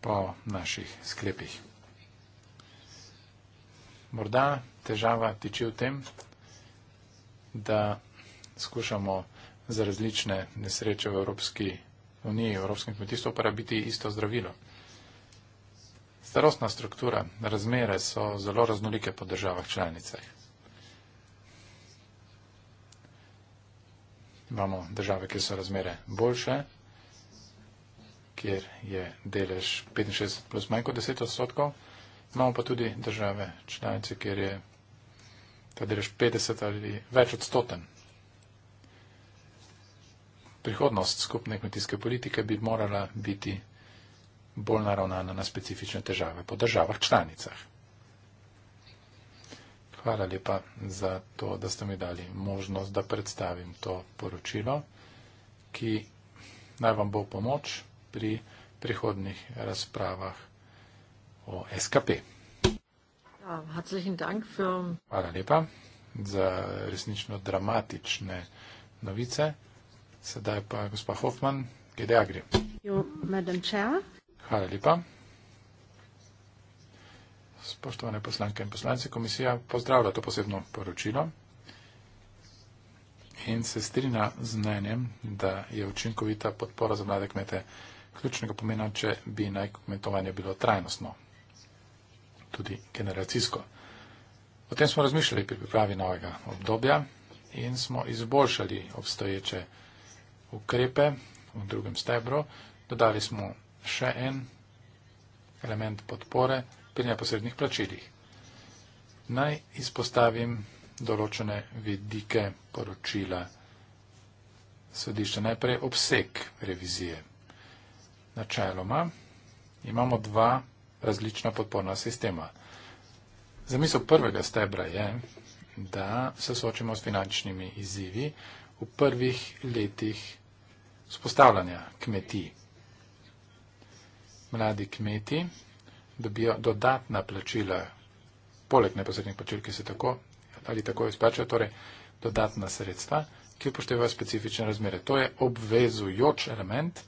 po naših sklepih. Morda težava tiče v tem, da skušamo za različne nesreče v Evropski uniji, v Evropskem kmetijstvu uporabiti isto zdravilo. Starostna struktura, razmere so zelo raznolike po državah članicah. imamo države, kjer so razmere boljše, kjer je delež 65 plus manj kot 10 odstotkov, imamo pa tudi države članice, kjer je ta delež 50 ali več odstoten. Prihodnost skupne kmetijske politike bi morala biti bolj naravnana na specifične težave po državah članicah. Hvala lepa za to, da ste mi dali možnost, da predstavim to poročilo, ki naj vam bo pomoč pri prihodnih razpravah o SKP. Ja, Hvala lepa za resnično dramatične novice. Sedaj pa gospod Hoffman, GDA gre. Hvala lepa spoštovane poslanke in poslanci, komisija pozdravlja to posebno poročilo in se strina z mnenjem, da je učinkovita podpora za mlade kmete ključnega pomena, če bi naj kmetovanje bilo trajnostno, tudi generacijsko. O tem smo razmišljali pri pripravi novega obdobja in smo izboljšali obstoječe ukrepe v drugem stebru. Dodali smo še en element podpore pri neposrednih plačilih. Naj izpostavim določene vidike poročila sodišča. Najprej obseg revizije. Načeloma imamo dva različna podporna sistema. Zamisel prvega stebra je, da se soočimo s finančnimi izzivi v prvih letih spostavljanja kmetij. Mladi kmeti dobijo dodatna plačila, poleg neposrednih plačil, ki se tako ali tako izplačajo, torej dodatna sredstva, ki upoštevajo specifične razmere. To je obvezujoč element,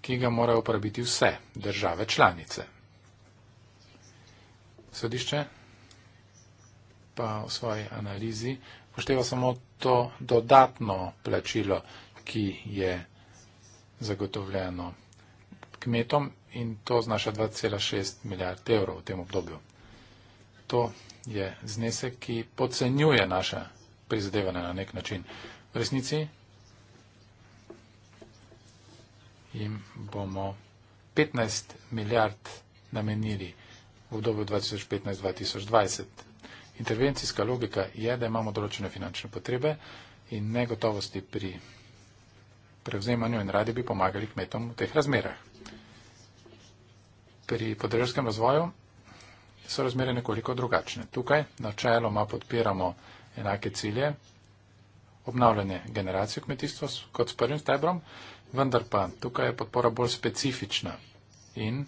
ki ga morajo uporabiti vse države članice. Sodišče pa v svoji analizi upošteva samo to dodatno plačilo, ki je zagotovljeno kmetom in to znaša 2,6 milijard evrov v tem obdobju. To je znesek, ki podcenjuje naše prizadevanje na nek način. V resnici jim bomo 15 milijard namenili v obdobju 2015-2020. Intervencijska logika je, da imamo določene finančne potrebe in negotovosti pri prevzemanju in radi bi pomagali kmetom v teh razmerah pri podrežskem razvoju so razmere nekoliko drugačne. Tukaj načeloma podpiramo enake cilje, obnavljanje generacij kmetijstva kot s prvim stebrom, vendar pa tukaj je podpora bolj specifična in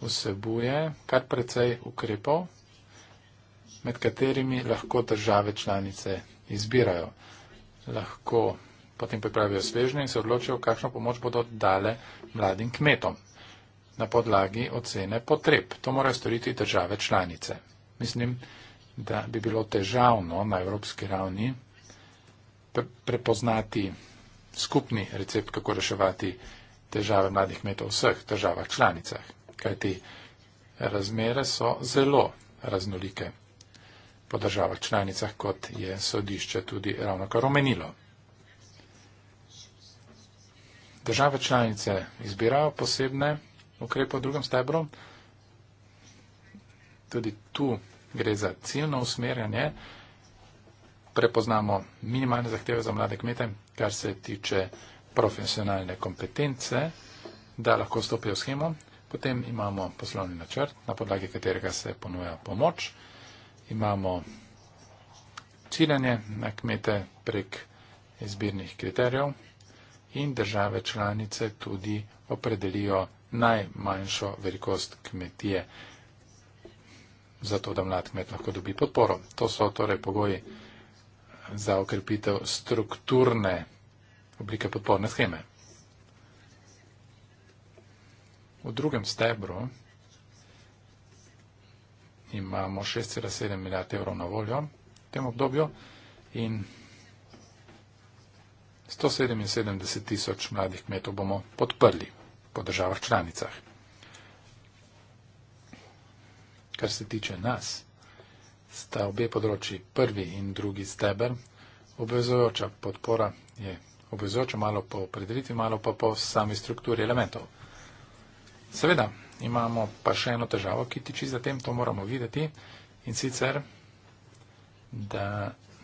vsebuje kar precej ukrepov, med katerimi lahko države članice izbirajo. Lahko potem pripravijo svežne in se odločijo, kakšno pomoč bodo dale mladim kmetom na podlagi ocene potreb. To morajo storiti države članice. Mislim, da bi bilo težavno na evropski ravni prepoznati skupni recept, kako reševati težave mladih kmetov v vseh državah članicah. Kajti razmere so zelo raznolike po državah članicah, kot je sodišče tudi ravno kar omenilo. Države članice izbirajo posebne ukrepa v drugem stebru. Tudi tu gre za ciljno usmerjanje. Prepoznamo minimalne zahteve za mlade kmete, kar se tiče profesionalne kompetence, da lahko stopijo v schemo. Potem imamo poslovni načrt, na podlagi katerega se ponuja pomoč. Imamo ciljanje na kmete prek izbirnih kriterijev in države članice tudi opredelijo najmanjšo velikost kmetije, zato da mlad kmet lahko dobi podporo. To so torej pogoji za okrepitev strukturne oblike podporne scheme. V drugem stebru imamo 6,7 milijard evrov na voljo v tem obdobju in 177 tisoč mladih kmetov bomo podprli po državah članicah. Kar se tiče nas, sta obe področji prvi in drugi steber. Obvezujoča podpora je obvezujoča malo po predelitvi, malo pa po sami strukturi elementov. Seveda, imamo pa še eno težavo, ki tiči za tem, to moramo videti in sicer, da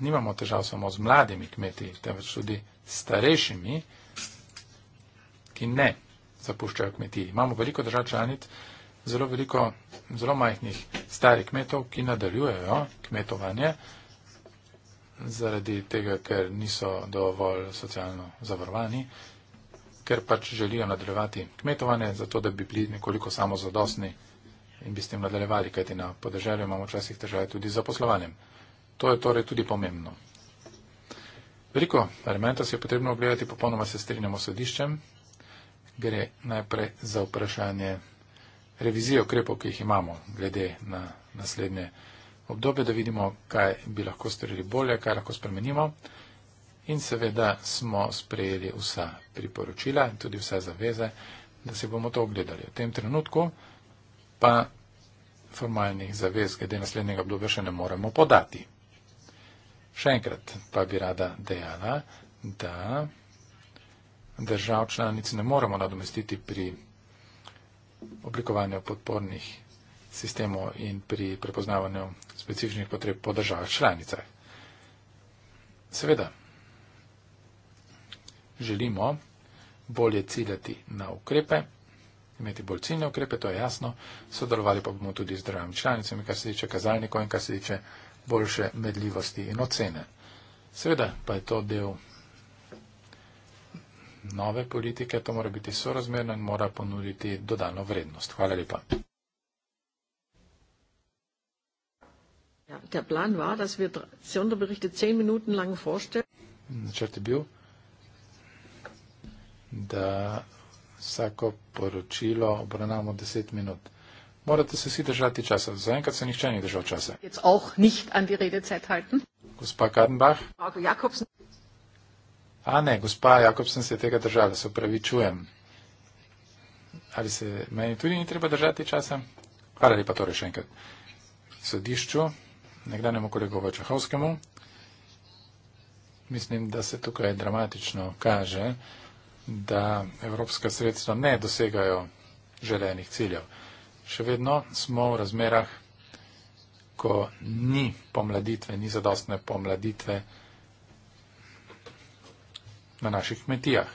nimamo težav samo z mladimi kmeti, temveč tudi starejšimi, ki ne zapuščajo kmetiji. Imamo veliko držav članic, zelo veliko, zelo majhnih starih kmetov, ki nadaljujejo kmetovanje zaradi tega, ker niso dovolj socialno zavarovani, ker pač želijo nadaljevati kmetovanje, zato da bi bili nekoliko samozadostni in bi s tem nadaljevali, kajti na podeželju imamo včasih težave tudi z zaposlovanjem. To je torej tudi pomembno. Veliko elementov si je potrebno ogledati, popolnoma se strinjamo s sodiščem, gre najprej za vprašanje revizije okrepov, ki jih imamo glede na naslednje obdobje, da vidimo, kaj bi lahko storili bolje, kaj lahko spremenimo. In seveda smo sprejeli vsa priporočila in tudi vse zaveze, da si bomo to ogledali. V tem trenutku pa formalnih zavez glede naslednjega obdobja še ne moremo podati. Še enkrat pa bi rada dejala, da držav članic ne moremo nadomestiti pri oblikovanju podpornih sistemov in pri prepoznavanju specifičnih potreb po državah članicah. Seveda, želimo bolje ciljati na ukrepe, imeti bolj ciljne ukrepe, to je jasno, sodelovali pa bomo tudi z državami članicami, kar se tiče kazalnikov in kar se tiče boljše medljivosti in ocene. Seveda pa je to del nove politike, to mora biti sorazmerno in mora ponuditi dodano vrednost. Hvala lepa. Ja, Načrt je bil, da vsako poročilo obravnavamo 10 minut. Morate se vsi držati časa. Zaenkrat se nihče ni držal časa. Gospa Kardenbach. Marko Jakobsen. A ne, gospa Jakobsen se je tega držala, se upravičujem. Ali se meni tudi ni treba držati časa? Hvala lepa torej še enkrat. Sodišču, nekdanjemu kolegu Vačahovskemu, mislim, da se tukaj dramatično kaže, da evropska sredstva ne dosegajo želenih ciljev. Še vedno smo v razmerah, ko ni pomladitve, ni zadostne pomladitve na naših kmetijah.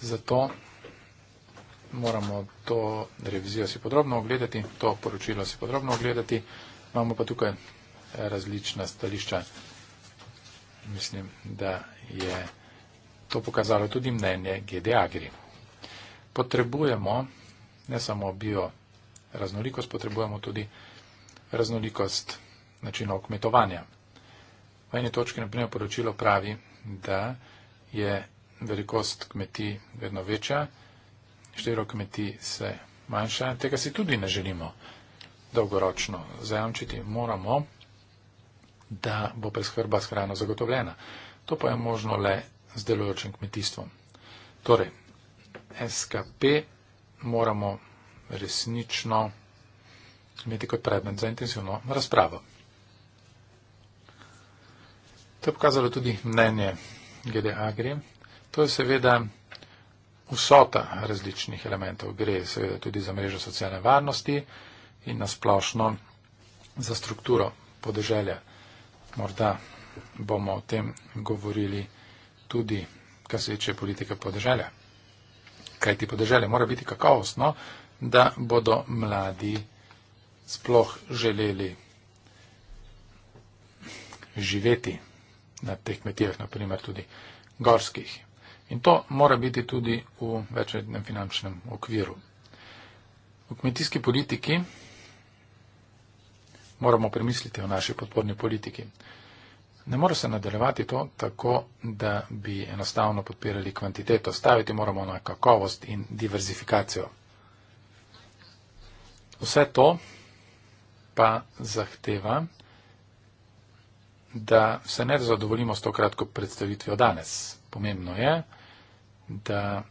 Zato moramo to revizijo si podrobno ogledati, to poročilo si podrobno ogledati. Imamo pa tukaj eh, različna stališča. Mislim, da je to pokazalo tudi mnenje GDAGRI. Potrebujemo ne samo bio raznolikost, potrebujemo tudi raznolikost načinov kmetovanja. V eni točki, naprimer, poročilo pravi, da je velikost kmetij vedno večja, število kmetij se manjša. Tega si tudi ne želimo dolgoročno zajamčiti. Moramo, da bo preskrba s hrano zagotovljena. To pa je možno le z delujočim kmetijstvom. Torej, SKP moramo resnično imeti kot predmet za intenzivno razpravo. To je pokazalo tudi mnenje GDA gre, to je seveda vsota različnih elementov. Gre seveda tudi za mrežo socialne varnosti in nasplošno za strukturo podeželja. Morda bomo o tem govorili tudi, kar se tiče politike podeželja. Kaj ti podeželje mora biti kakovostno, da bodo mladi sploh želeli živeti na teh kmetijah, naprimer tudi gorskih. In to mora biti tudi v večletnem finančnem okviru. V kmetijski politiki moramo premisliti o naši podporni politiki. Ne more se nadaljevati to tako, da bi enostavno podpirali kvantiteto. Staviti moramo na kakovost in diverzifikacijo. Vse to pa zahteva da se ne zadovoljimo s to kratko predstavitvijo danes. Pomembno je, da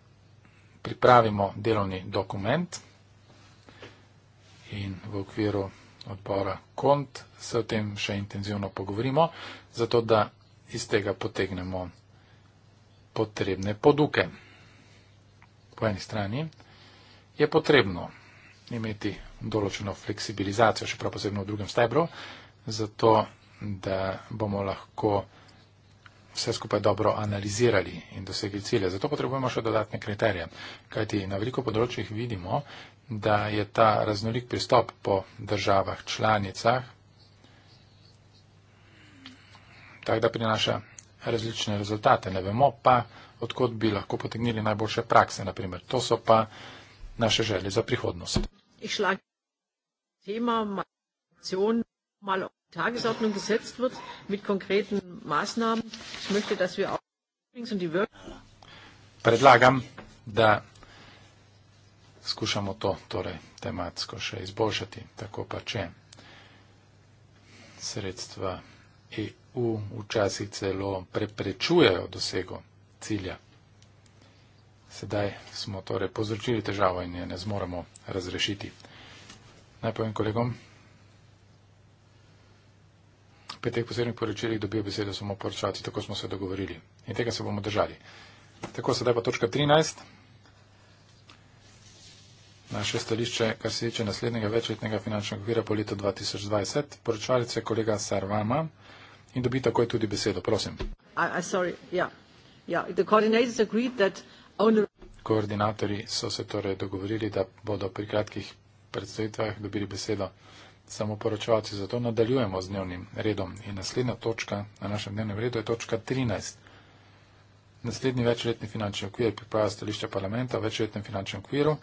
pripravimo delovni dokument in v okviru odbora KONT se o tem še intenzivno pogovorimo, zato da iz tega potegnemo potrebne poduke. Po eni strani je potrebno imeti določeno fleksibilizacijo, še prav posebno v drugem stebru, zato da bomo lahko vse skupaj dobro analizirali in dosegli cilje. Zato potrebujemo še dodatne kriterije, kajti na veliko področjih vidimo, da je ta raznolik pristop po državah članicah, tako da prinaša različne rezultate. Ne vemo pa, odkot bi lahko potegnili najboljše prakse, naprimer. To so pa naše želje za prihodnost. Išla tema, malo. Tagesordnung gesetzt wird mit konkreten Maßnahmen. Ich möchte, dass wir auch die Predlagam, da skušamo to torej, tematsko še izboljšati, tako pa če sredstva EU včasih celo preprečujejo dosego cilja. Sedaj smo torej povzročili težavo in je ne zmoremo razrešiti. Naj povem kolegom, pri teh posebnih poročilih dobijo besedo samo poročati, tako smo se dogovorili in tega se bomo držali. Tako, sedaj pa točka 13. Naše stališče, kar se tiče naslednjega večletnega finančnega vira po letu 2020. Poročevalec je kolega Sarvama in dobi takoj tudi besedo. Prosim. I, I Koordinatorji so se torej dogovorili, da bodo pri kratkih predstavitvah dobili besedo samoporočevalci. Zato nadaljujemo z dnevnim redom. In naslednja točka na našem dnevnem redu je točka 13. Naslednji večletni finančni okvir pripravlja stališče parlamenta o večletnem finančnem okviru.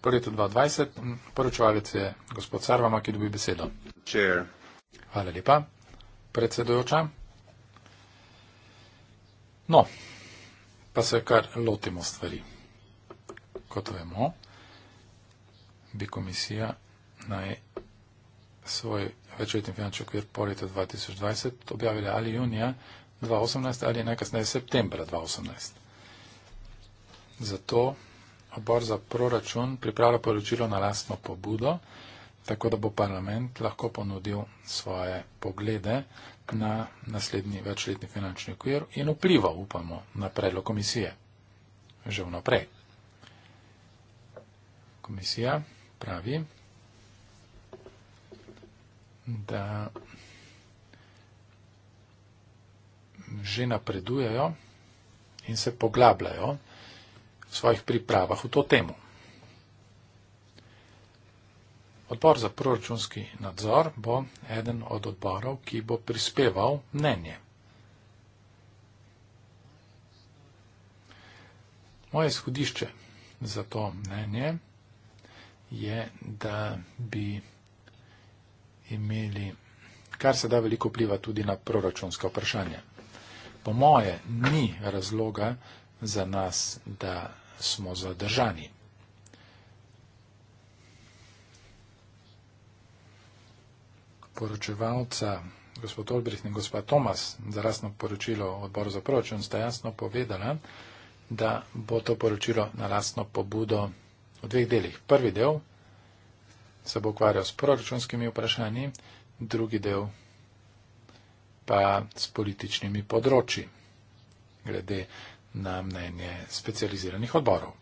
Po letu 2020 poročevalec je gospod Sarvama, ki dobi besedo. Chair. Hvala lepa. Predsedujoča. No, pa se kar lotimo stvari. Kot vemo, bi komisija naj svoj večletni finančni okvir po letu 2020 objavili ali junija 2018 ali najkasneje septembra 2018. Zato odbor za proračun pripravlja poročilo na lastno pobudo, tako da bo parlament lahko ponudil svoje poglede na naslednji večletni finančni okvir in vpliva, upamo, na predlog komisije. Že vnaprej. Komisija pravi, da že napredujejo in se poglabljajo v svojih pripravah v to temo. Odbor za proračunski nadzor bo eden od odborov, ki bo prispeval mnenje. Moje izhodišče za to mnenje je, da bi imeli, kar se da veliko pliva tudi na proračunska vprašanja. Po moje ni razloga za nas, da smo zadržani. Poročevalca gospod Olbrich in gospod Tomas za rasno poročilo odboru za proračun sta jasno povedala, da bo to poročilo na rasno pobudo v dveh delih. Prvi del se bo ukvarjal s proračunskimi vprašanji, drugi del pa s političnimi področji, glede na mnenje specializiranih odborov.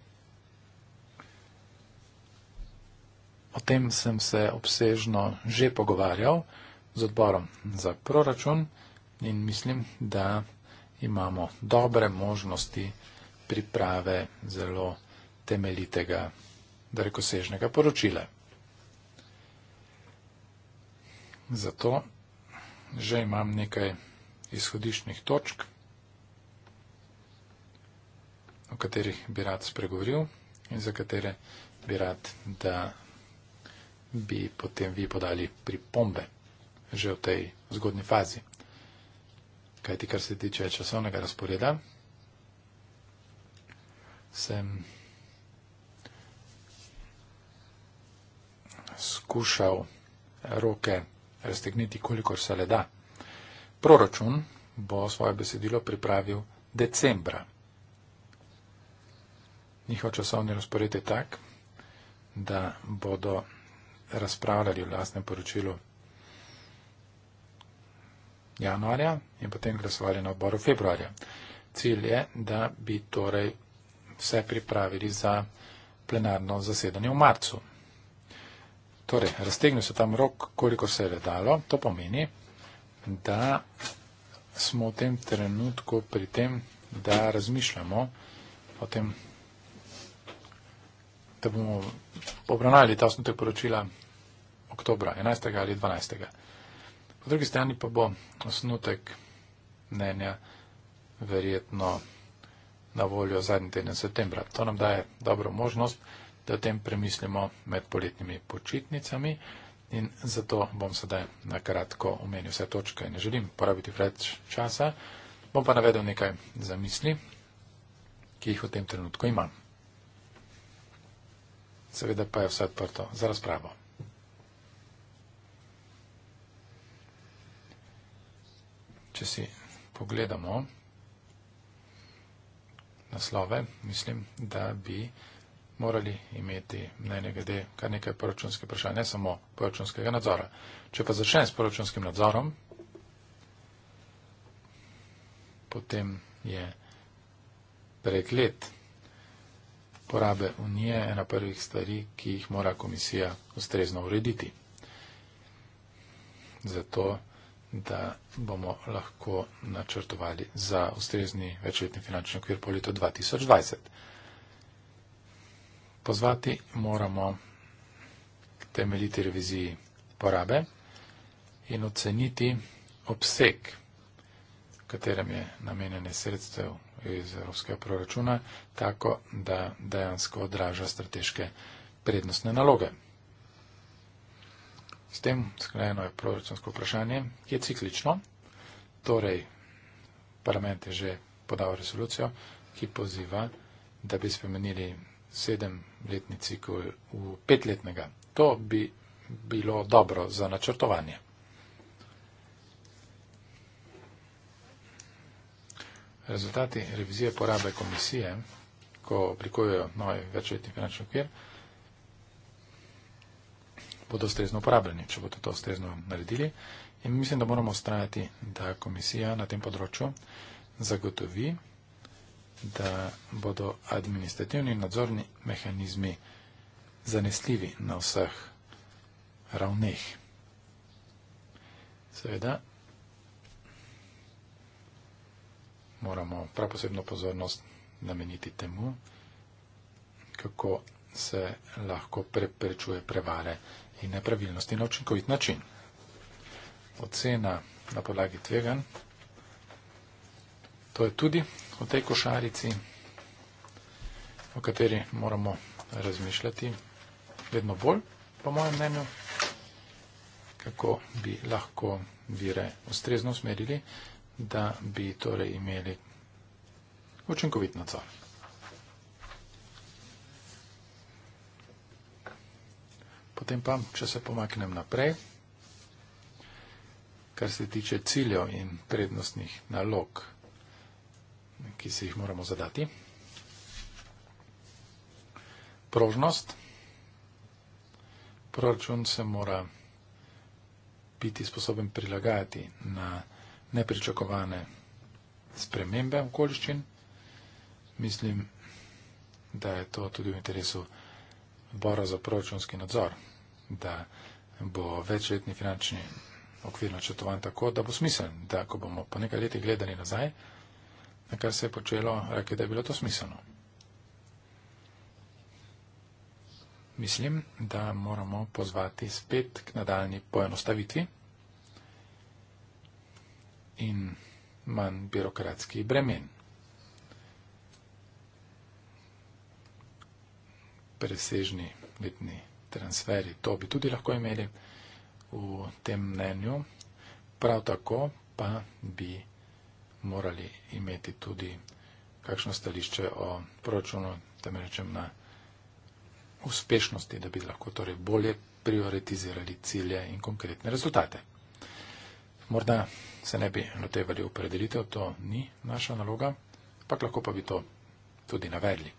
O tem sem se obsežno že pogovarjal z odborom za proračun in mislim, da imamo dobre možnosti priprave zelo temeljitega, da rekosežnega poročila. zato že imam nekaj izhodišnih točk, o katerih bi rad spregovoril in za katere bi rad, da bi potem vi podali pripombe že v tej zgodni fazi. Kaj ti, kar se tiče časovnega razporeda, sem skušal roke raztegniti, kolikor se le da. Proračun bo svoje besedilo pripravil decembra. Njihov časovni razpored je tak, da bodo razpravljali v lastnem poročilu januarja in potem glasovali na oboru februarja. Cilj je, da bi torej vse pripravili za plenarno zasedanje v marcu. Torej, raztegnil se tam rok, koliko se je dalo. To pomeni, da smo v tem trenutku pri tem, da razmišljamo o tem, da bomo obravnali ta osnutek poročila oktobra 11. ali 12. Po drugi strani pa bo osnutek mnenja verjetno na voljo zadnji teden septembra. To nam daje dobro možnost, da o tem premislimo med poletnimi počitnicami in zato bom sedaj na kratko omenil vse točke. Ne želim porabiti preveč časa, bom pa navedel nekaj zamisli, ki jih v tem trenutku imam. Seveda pa je vse odprto za razpravo. Če si pogledamo naslove, mislim, da bi morali imeti mnenje glede kar nekaj proračunskih vprašanj, ne samo proračunskega nadzora. Če pa začnem s proračunskim nadzorom, potem je prek let porabe Unije ena prvih stvari, ki jih mora komisija ustrezno urediti. Zato, da bomo lahko načrtovali za ustrezni večletni finančni okvir po letu 2020 pozvati moramo k temeljiti reviziji porabe in oceniti obseg, katerem je namenjene sredstev iz evropskega proračuna, tako da dejansko odraža strateške prednostne naloge. S tem sklenjeno je proračunsko vprašanje, ki je ciklično, torej parlament je že podal resolucijo, ki poziva, da bi spremenili sedemletni cikl v petletnega. To bi bilo dobro za načrtovanje. Rezultati revizije porabe komisije, ko oblikujejo novi večletni finančni okvir, bodo ustrezno uporabljeni, če bodo to ustrezno naredili. In mislim, da moramo ustrajati, da komisija na tem področju zagotovi da bodo administrativni nadzorni mehanizmi zanesljivi na vseh ravneh. Seveda moramo prav posebno pozornost nameniti temu, kako se lahko preprečuje prevare in nepravilnosti na učinkovit način. Ocena na podlagi tveganj. To je tudi v tej košarici, o kateri moramo razmišljati vedno bolj, po mojem mnenju, kako bi lahko vire ustrezno usmerili, da bi torej imeli učinkovit nadzor. Potem pa, če se pomaknem naprej, kar se tiče ciljev in prednostnih nalog ki se jih moramo zadati. Prožnost. Proračun se mora biti sposoben prilagajati na nepričakovane spremembe okoliščin. Mislim, da je to tudi v interesu Bora za proračunski nadzor, da bo večletni finančni okvir načrtovan tako, da bo smiseln, da ko bomo po nekaj letih gledali nazaj, na kar se je počelo, rekli, da je bilo to smiselno. Mislim, da moramo pozvati spet k nadaljni poenostavitvi in manj birokratski bremen. Presežni letni transferi, to bi tudi lahko imeli v tem mnenju, prav tako pa bi morali imeti tudi kakšno stališče o proračunu, tam rečem na uspešnosti, da bi lahko torej bolje prioritizirali cilje in konkretne rezultate. Morda se ne bi lotevali upredelitev, to ni naša naloga, pa lahko pa bi to tudi navedli.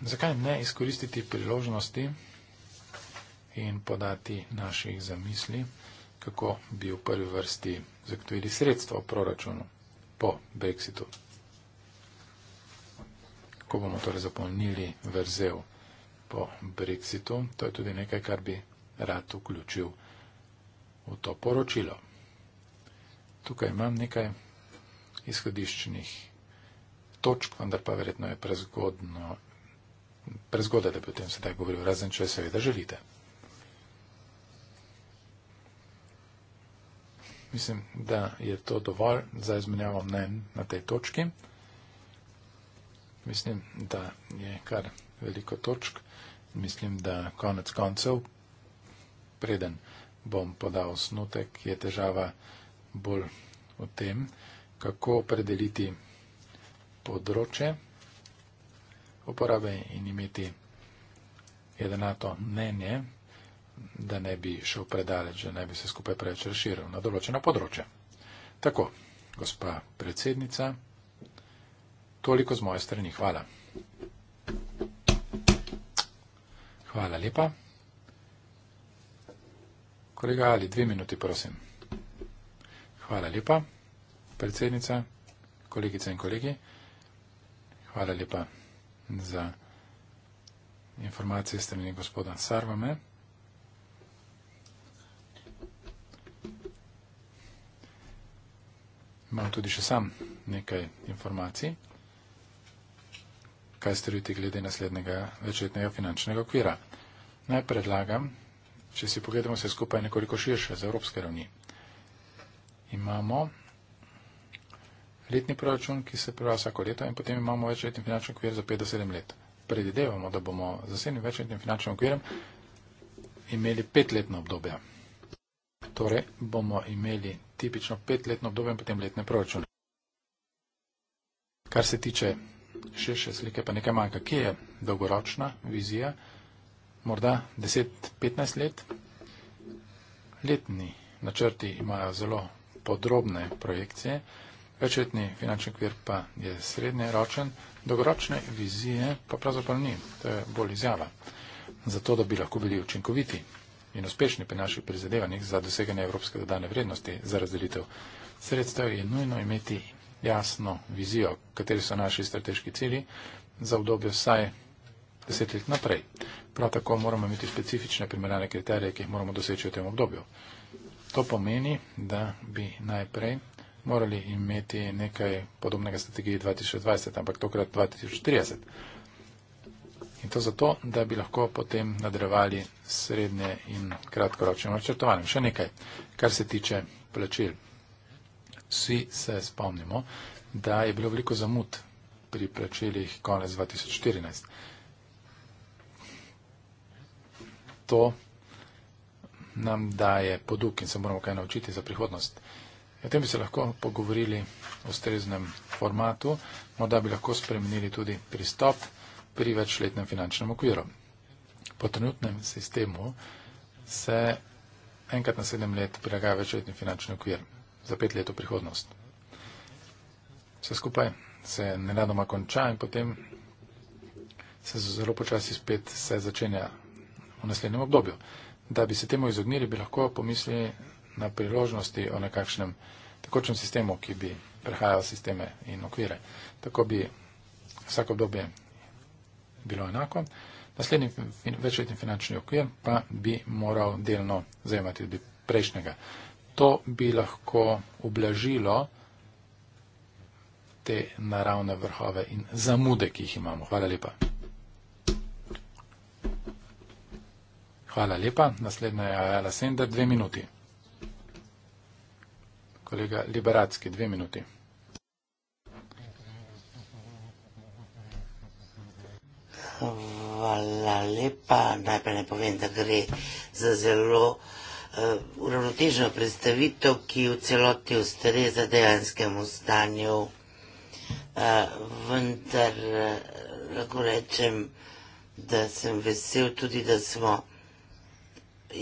Zakaj ne izkoristiti priložnosti in podati naših zamisli? kako bi v prvi vrsti zagotovili sredstva v proračunu po Brexitu, ko bomo torej zapolnili vrzel po Brexitu. To je tudi nekaj, kar bi rad vključil v to poročilo. Tukaj imam nekaj izhodiščnih točk, vendar pa verjetno je prezgodno, prezgodaj, da bi o tem sedaj govoril, razen če seveda želite. mislim, da je to dovolj za izmenjavo mnen na tej točki. Mislim, da je kar veliko točk. Mislim, da konec koncev, preden bom podal osnutek, je težava bolj v tem, kako predeliti področje uporabe in imeti jedenato mnenje da ne bi šel predaleč, da ne bi se skupaj preveč razširil na določena področja. Tako, gospa predsednica, toliko z moje strani. Hvala. Hvala lepa. Kolega Ali, dve minuti, prosim. Hvala lepa, predsednica, kolegice in kolegi. Hvala lepa za informacije strani gospoda Sarvame. Imam tudi še sam nekaj informacij. Kaj storiti glede naslednjega večletnega finančnega okvira? Naj predlagam, če si pogledamo vse skupaj nekoliko širše z evropske ravni. Imamo letni proračun, ki se prava vsako leto in potem imamo večletni finančni okvir za 5-7 let. Predidevamo, da bomo z naslednjim večletnim finančnim okvirom imeli petletno obdobje. Torej bomo imeli tipično petletno obdobje in potem letne proračune. Kar se tiče širše slike, pa nekaj manjka. Kje je dolgoročna vizija? Morda 10-15 let? Letni načrti imajo zelo podrobne projekcije, večletni finančni kvir pa je srednje ročen, dolgoročne vizije pa pravzaprav ni, to je bolj izjava. Zato, da bi lahko bili učinkoviti, in uspešni pri naših prizadevanjih za doseganje evropske dodane vrednosti za razdelitev sredstev, je nujno imeti jasno vizijo, kateri so naši strateški cilji za obdobje vsaj deset let naprej. Prav tako moramo imeti specifične primerjane kriterije, ki jih moramo doseči v tem obdobju. To pomeni, da bi najprej morali imeti nekaj podobnega strategiji 2020, ampak tokrat 2030. In to zato, da bi lahko potem nadrevali srednje in kratkoročno načrtovanje. Še nekaj, kar se tiče plačil. Vsi se spomnimo, da je bilo veliko zamud pri plačilih konec 2014. To nam daje poduk in se moramo kaj naučiti za prihodnost. O tem bi se lahko pogovorili v ustreznem formatu, morda bi lahko spremenili tudi pristop pri večletnem finančnem okviru. Po trenutnem sistemu se enkrat na sedem let prilagaja večletni finančni okvir za pet let v prihodnost. Vse skupaj se neradoma konča in potem se zelo počasi spet se začenja v naslednjem obdobju. Da bi se temu izognili, bi lahko pomislili na priložnosti o nekakšnem tekočem sistemu, ki bi prehajal sisteme in okvire. Tako bi vsako obdobje bilo enako. Naslednji fin, večletni finančni okvir pa bi moral delno zajemati tudi prejšnjega. To bi lahko ublažilo te naravne vrhove in zamude, ki jih imamo. Hvala lepa. Hvala lepa. Naslednja je Ajala Sender, dve minuti. Kolega Liberacki, dve minuti. Hvala lepa. Najprej ne povem, da gre za zelo uh, eh, uravnotežno predstavitev, ki v celoti ustreza dejanskemu stanju. Uh, vendar uh, lahko rečem, da sem vesel tudi, da smo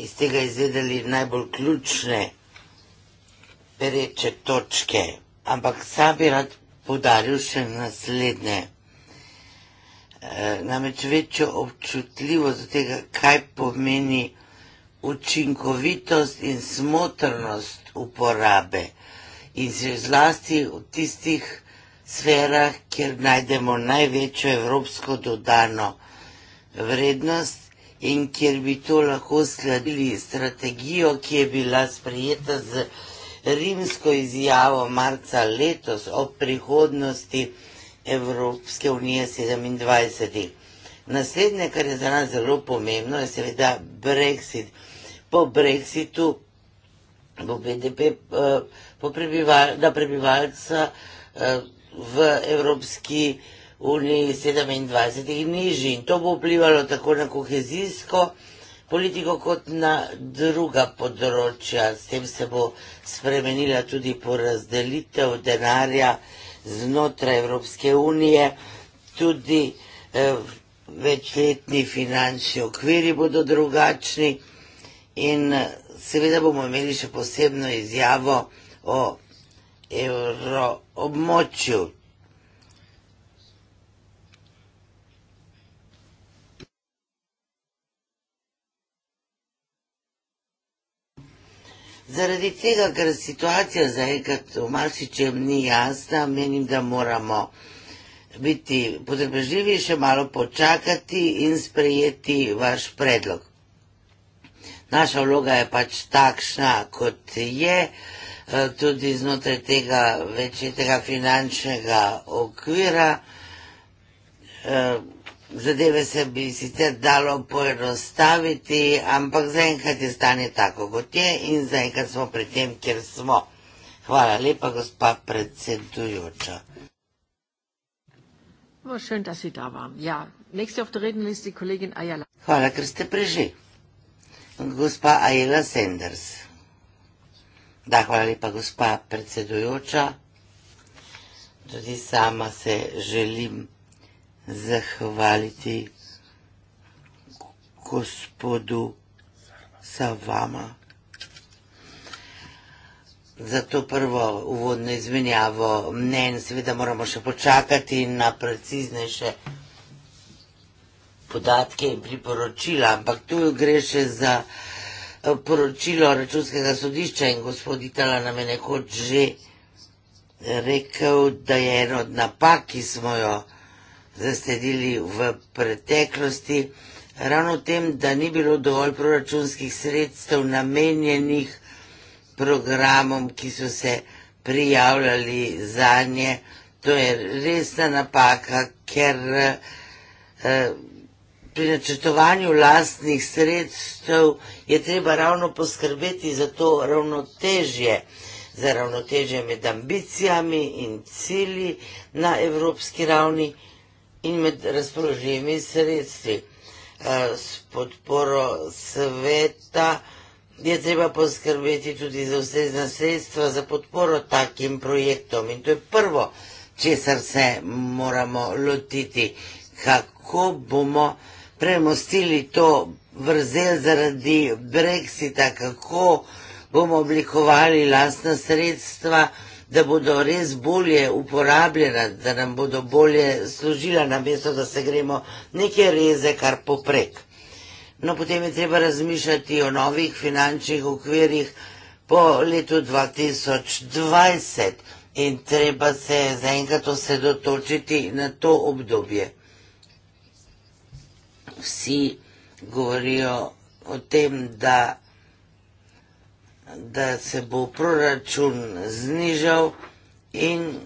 iz tega izvedeli najbolj ključne pereče točke. Ampak sam bi rad podaril še naslednje. Eh, namreč večjo občutljivost do tega, kaj pomeni učinkovitost in smotrnost uporabe in se zlasti v tistih sferah, kjer najdemo največjo evropsko dodano vrednost in kjer bi to lahko skladili strategijo, ki je bila sprejeta z rimsko izjavo marca letos o prihodnosti Evropske unije 27. Naslednje, kar je za nas zelo pomembno, je seveda Brexit. Po Brexitu bo BDP po eh, prebival, na prebivalca eh, v Evropski uniji 27. nižji in to bo vplivalo tako na kohezijsko politiko kot na druga področja. S tem se bo spremenila tudi porazdelitev denarja znotraj Evropske unije, tudi eh, večletni finančni okviri bodo drugačni in eh, seveda bomo imeli še posebno izjavo o evroobmočju. Zaradi tega, ker situacija zaenkrat v marsičem ni jasna, menim, da moramo biti potrpežljivi, še malo počakati in sprejeti vaš predlog. Naša vloga je pač takšna, kot je, eh, tudi znotraj tega večjega finančnega okvira. Eh, zadeve se bi sicer dalo poenostaviti, ampak zaenkrat je stanje tako, kot je in zaenkrat smo pri tem, kjer smo. Hvala lepa, gospa predsedujoča. Oh, ja, hvala, ker ste prišli. Gospa Ajela Sanders. Da, hvala lepa, gospa predsedujoča. Tudi sama se želim zahvaliti gospodu za vama. Za to prvo uvodno izmenjavo mnen, seveda moramo še počakati na preciznejše podatke in priporočila, ampak tu gre še za eh, poročilo računskega sodišča in gospod Itala nam je nekoč že rekel, da je eno od napak, ki smo jo zasledili v preteklosti, ravno tem, da ni bilo dovolj proračunskih sredstev namenjenih programom, ki so se prijavljali za nje. To je resna napaka, ker eh, pri načrtovanju lastnih sredstev je treba ravno poskrbeti za to ravnotežje, za ravnotežje med ambicijami in cilji na evropski ravni in med razpoložljivimi sredstvi. Eh, s podporo sveta je treba poskrbeti tudi za ustrezna sredstva za podporo takim projektom in to je prvo, česar se moramo lotiti, kako bomo premostili to vrzel zaradi Brexita, kako bomo oblikovali lastna sredstva, da bodo res bolje uporabljena, da nam bodo bolje služila na mesto, da se gremo neke reze kar poprek. No, potem je treba razmišljati o novih finančnih okvirjih po letu 2020 in treba se zaenkrat osredotočiti na to obdobje. Vsi govorijo o tem, da da se bo proračun znižal in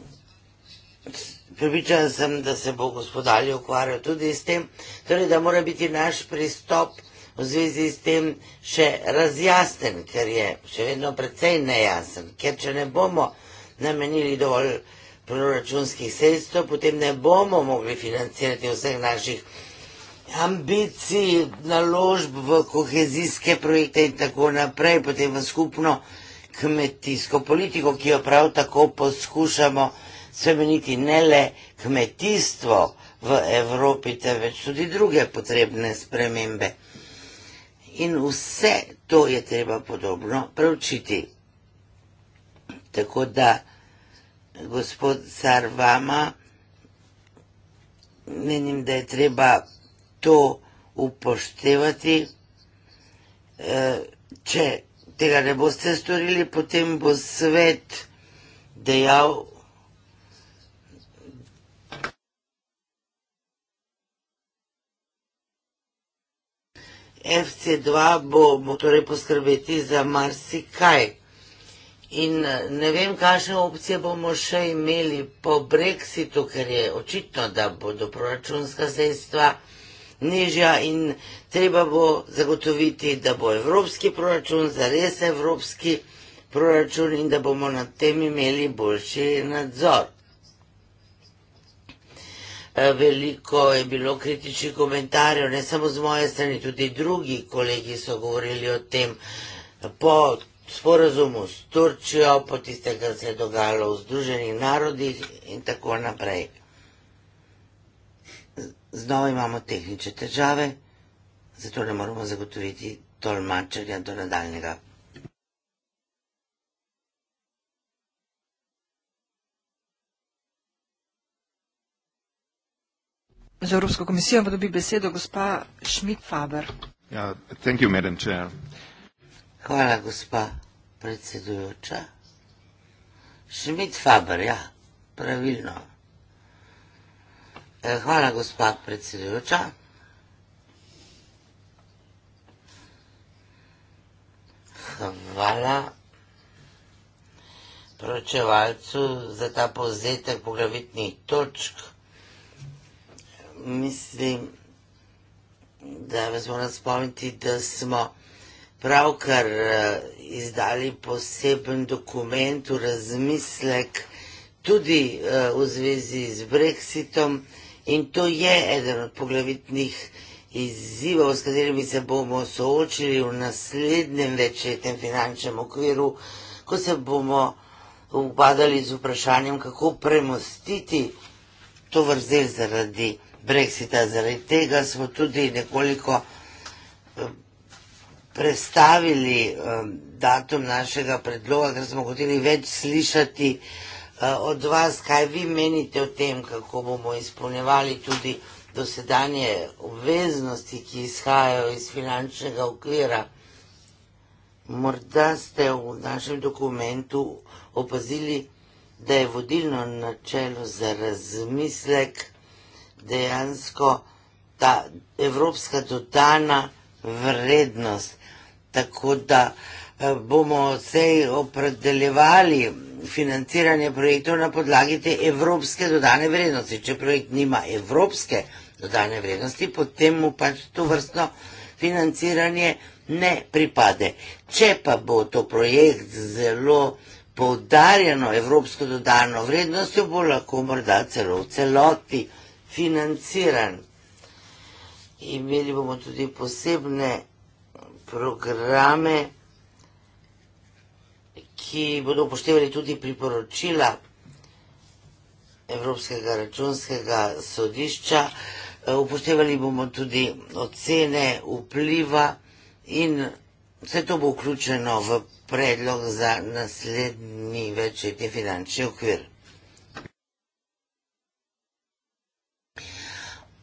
pripričan sem, da se bo gospodarje ukvarjal tudi s tem, torej da mora biti naš pristop v zvezi s tem še razjasnen, ker je še vedno precej nejasen, ker če ne bomo namenili dovolj proračunskih sredstev, potem ne bomo mogli financirati vseh naših ambicij, naložb v kohezijske projekte in tako naprej, potem v skupno kmetijsko politiko, ki jo prav tako poskušamo spremeniti ne le kmetijstvo v Evropi, temveč tudi druge potrebne spremembe. In vse to je treba podobno preučiti. Tako da, gospod Sarvama, menim, da je treba to upoštevati. E, če tega ne boste storili, potem bo svet dejal, FC2 bo, bo torej poskrbeti za marsikaj. In ne vem, kakšne opcije bomo še imeli po Brexitu, ker je očitno, da bodo proračunska sredstva nižja in treba bo zagotoviti, da bo evropski proračun zares evropski proračun in da bomo nad tem imeli boljši nadzor. Eh, veliko je bilo kritičnih komentarjev, ne samo z moje strani, tudi drugi kolegi so govorili o tem po sporazumu s Turčijo, po tistega, kar se je dogajalo v Združenih narodih in tako naprej znova imamo tehnične težave, zato ne moramo zagotoviti tolmačenja do nadaljnega. Za Evropsko komisijo pa dobi besedo gospa Schmidt-Faber. Ja, yeah, Hvala, gospa predsedujoča. Schmidt-Faber, ja, pravilno. Eh, hvala, gospa predsedujoča. Hvala poročevalcu za ta povzetek poglavitnih točk. Mislim, da vas moram spomniti, da smo pravkar eh, izdali poseben dokument v razmislek tudi eh, v zvezi z Brexitom, In to je eden od poglavitnih izzivov, s katerimi se bomo soočili v naslednjem večletnem finančnem okviru, ko se bomo upadali z vprašanjem, kako premostiti to vrzel zaradi brexita. Zaradi tega smo tudi nekoliko eh, prestavili eh, datum našega predloga, ker smo hoteli več slišati Eh, od vas, kaj vi menite o tem, kako bomo izpolnevali tudi dosedanje obveznosti, ki izhajajo iz finančnega okvira. Morda ste v našem dokumentu opazili, da je vodilno načelo za razmislek dejansko ta evropska dodana vrednost. Tako da Eh, bomo se opredeljevali financiranje projektov na podlagi te evropske dodane vrednosti. Če projekt nima evropske dodane vrednosti, potem mu pač to vrstno financiranje ne pripade. Če pa bo to projekt zelo poudarjeno evropsko dodano vrednostjo, bo lahko morda celo v celoti financiran. Imeli bomo tudi posebne programe, ki bodo upoštevali tudi priporočila Evropskega računskega sodišča. Eh, upoštevali bomo tudi ocene vpliva in vse to bo vključeno v predlog za naslednji večletni finančni okvir.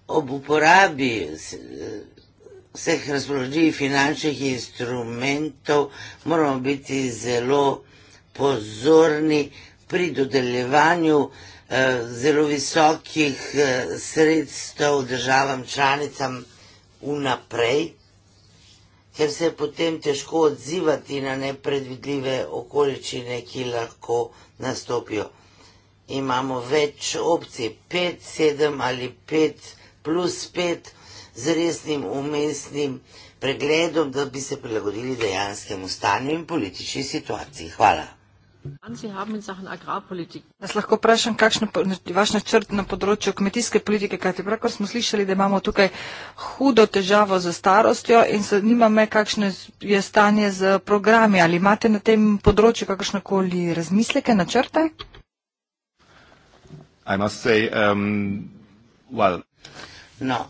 Ob uporabi vseh razpoložljivih finančnih instrumentov moramo biti zelo pozorni pri dodeljevanju eh, zelo visokih eh, sredstev državam članicam vnaprej, ker se je potem težko odzivati na nepredvidljive okoličine, ki lahko nastopijo. Imamo več opcij, 5, 7 ali 5 plus 5 z resnim umestnim pregledom, da bi se prilagodili dejanskemu stanju in politični situaciji. Hvala. Jaz lahko vprašam, kakšen je vaš načrt na področju kmetijske politike, kajti prav, kar smo slišali, da imamo tukaj hudo težavo z starostjo in zanima me, kakšno je stanje z programi. Ali imate na tem področju kakršnekoli razmisleke, načrte? Say, um, well. No,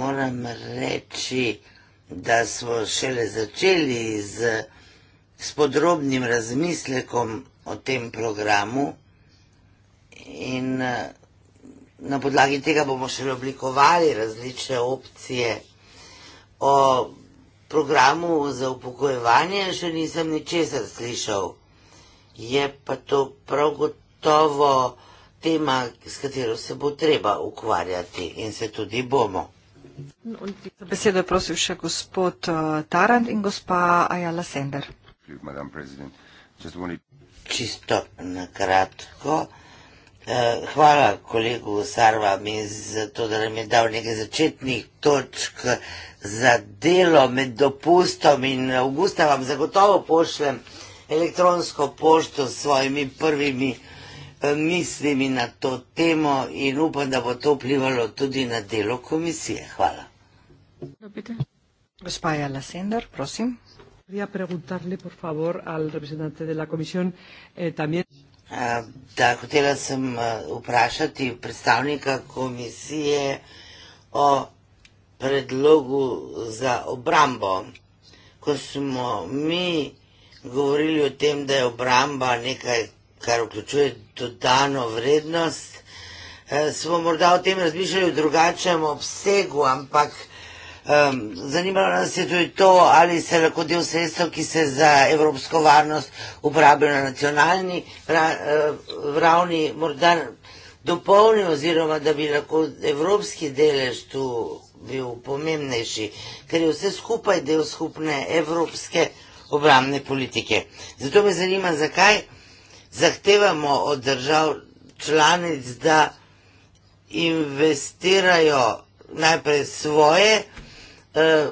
moram reči, da smo šele začeli z, s podrobnim razmislekom o tem programu in eh, na podlagi tega bomo še oblikovali različne opcije o programu za upokojevanje, še nisem ničesar slišal. Je pa to prav gotovo tema, s katero se bo treba ukvarjati in se tudi bomo. Za besedo je prosil še gospod eh, Tarant in gospa Ajala Sender. Thank you, Madam President. Just wanted čisto na kratko. Eh, hvala kolegu Sarva mi za to, da nam je dal nekaj začetnih točk za delo med dopustom in avgusta vam zagotovo pošlem elektronsko pošto s svojimi prvimi eh, mislimi na to temo in upam, da bo to vplivalo tudi na delo komisije. Hvala. Gospa Jala Sender, prosim. Quería preguntarle, por favor, al representante de la Comisión eh, también. Ah, da, hotela sem eh, vprašati predstavnika komisije o predlogu za obrambo. Ko smo mi govorili o tem, da je obramba nekaj, kar vključuje dodano vrednost, eh, smo morda o tem razmišljali v drugačnem obsegu, ampak Um, zanimalo nas je tudi to, ali se lahko del sredstev, ki se za evropsko varnost uporabljajo na nacionalni ra, uh, ravni, morda dopolni oziroma da bi lahko evropski delež tu bil pomembnejši, ker je vse skupaj del skupne evropske obramne politike. Zato me zanima, zakaj zahtevamo od držav članic, da investirajo najprej svoje, Eh,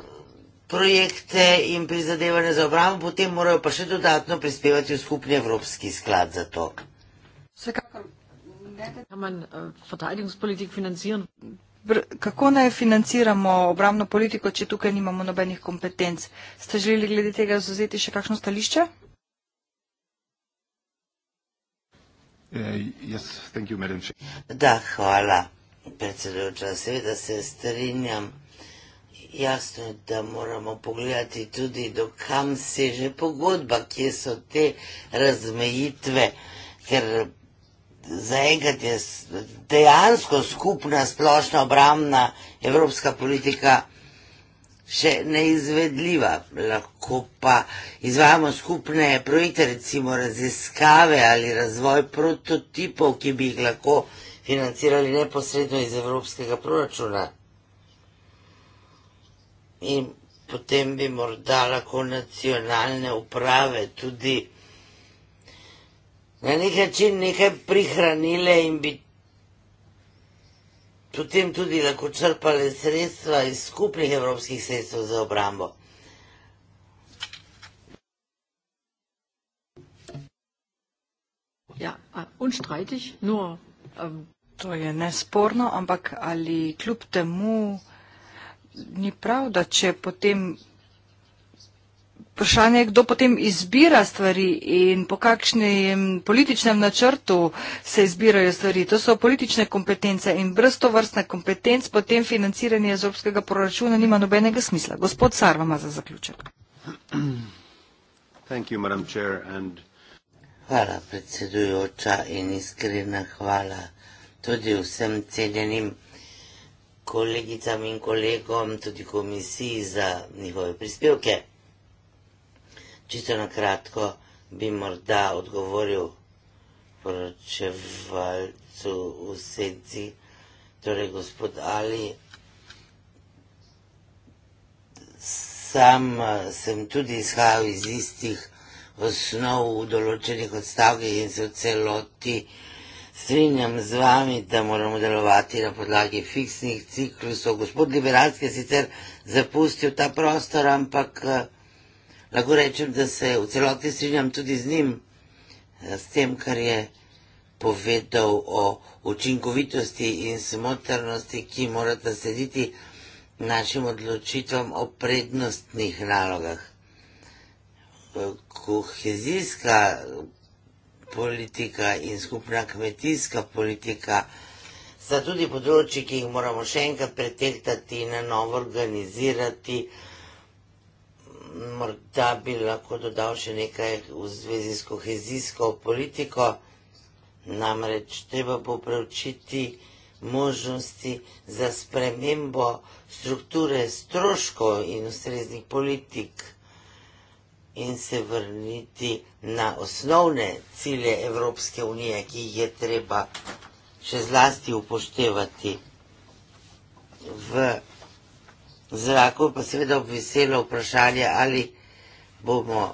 projekte in prizadevanja za obrambo, potem morajo pa še dodatno prispevati v skupni Evropski sklad za to. Äh, kako naj financiramo obrambno politiko, če tukaj nimamo nobenih kompetenc? Ste želeli glede tega zauzeti še kakšno stališče? Eh, da, hvala, predsedujoča. Seveda se strinjam. Jasno je, da moramo pogledati tudi, dokam seže pogodba, kje so te razmejitve, ker zaenkrat je dejansko skupna splošna obramna evropska politika še neizvedljiva. Lahko pa izvajamo skupne projekte, recimo raziskave ali razvoj prototipov, ki bi jih lahko financirali neposredno iz evropskega proračuna in potem bi morda lahko nacionalne uprave tudi na nek način nekaj prihranile in bi potem tudi lahko črpale sredstva iz skupnih evropskih sredstev za obrambo. Ja, unstrajtiš, no. Ähm, to je nesporno, ampak ali kljub temu ni prav, da če potem vprašanje, kdo potem izbira stvari in po kakšnem političnem načrtu se izbirajo stvari. To so politične kompetence in brez to vrstne kompetence potem financiranje Evropskega proračuna nima nobenega smisla. Gospod Sarvama za zaključek. *clears throat* You, Chair, and... Hvala predsedujoča in iskrena hvala tudi vsem celjenim kolegicam in kolegom, tudi komisiji za njihove prispevke. Čisto na kratko bi morda odgovoril poročevalcu v senci, torej gospod Ali. Sam eh, sem tudi izhajal iz istih osnov v določenih odstavkih in se v celoti izhajal strinjam z vami, da moramo delovati na podlagi fiksnih ciklusov. Gospod Liberalski je sicer zapustil ta prostor, ampak eh, lahko rečem, da se v celoti strinjam tudi z njim, eh, s tem, kar je povedal o učinkovitosti in smotrnosti, ki morata slediti našim odločitvam o prednostnih nalogah. Eh, kohezijska politika in skupna kmetijska politika sta tudi področji, ki jih moramo še enkrat pretehtati in na novo organizirati. Morda bi lahko dodal še nekaj v zvezi s kohezijsko politiko, namreč treba bo preučiti možnosti za spremembo strukture stroškov in ustreznih politik in se vrniti na osnovne cilje Evropske unije, ki jih je treba še zlasti upoštevati. V zraku pa seveda obveselo vprašanje, ali bomo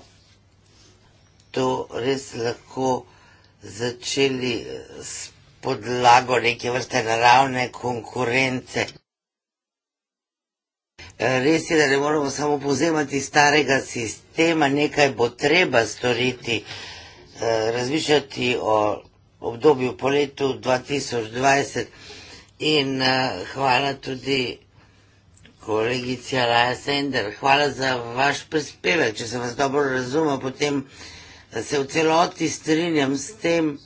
to res lahko začeli s podlago neke vrste naravne konkurence. E, res je, da ne moramo samo povzemati starega sistema, nekaj bo treba storiti, e, razmišljati o obdobju po letu 2020 in e, hvala tudi kolegici Alaja Sender, hvala za vaš prispevek, če se vas dobro razumel, potem se v celoti strinjam s tem,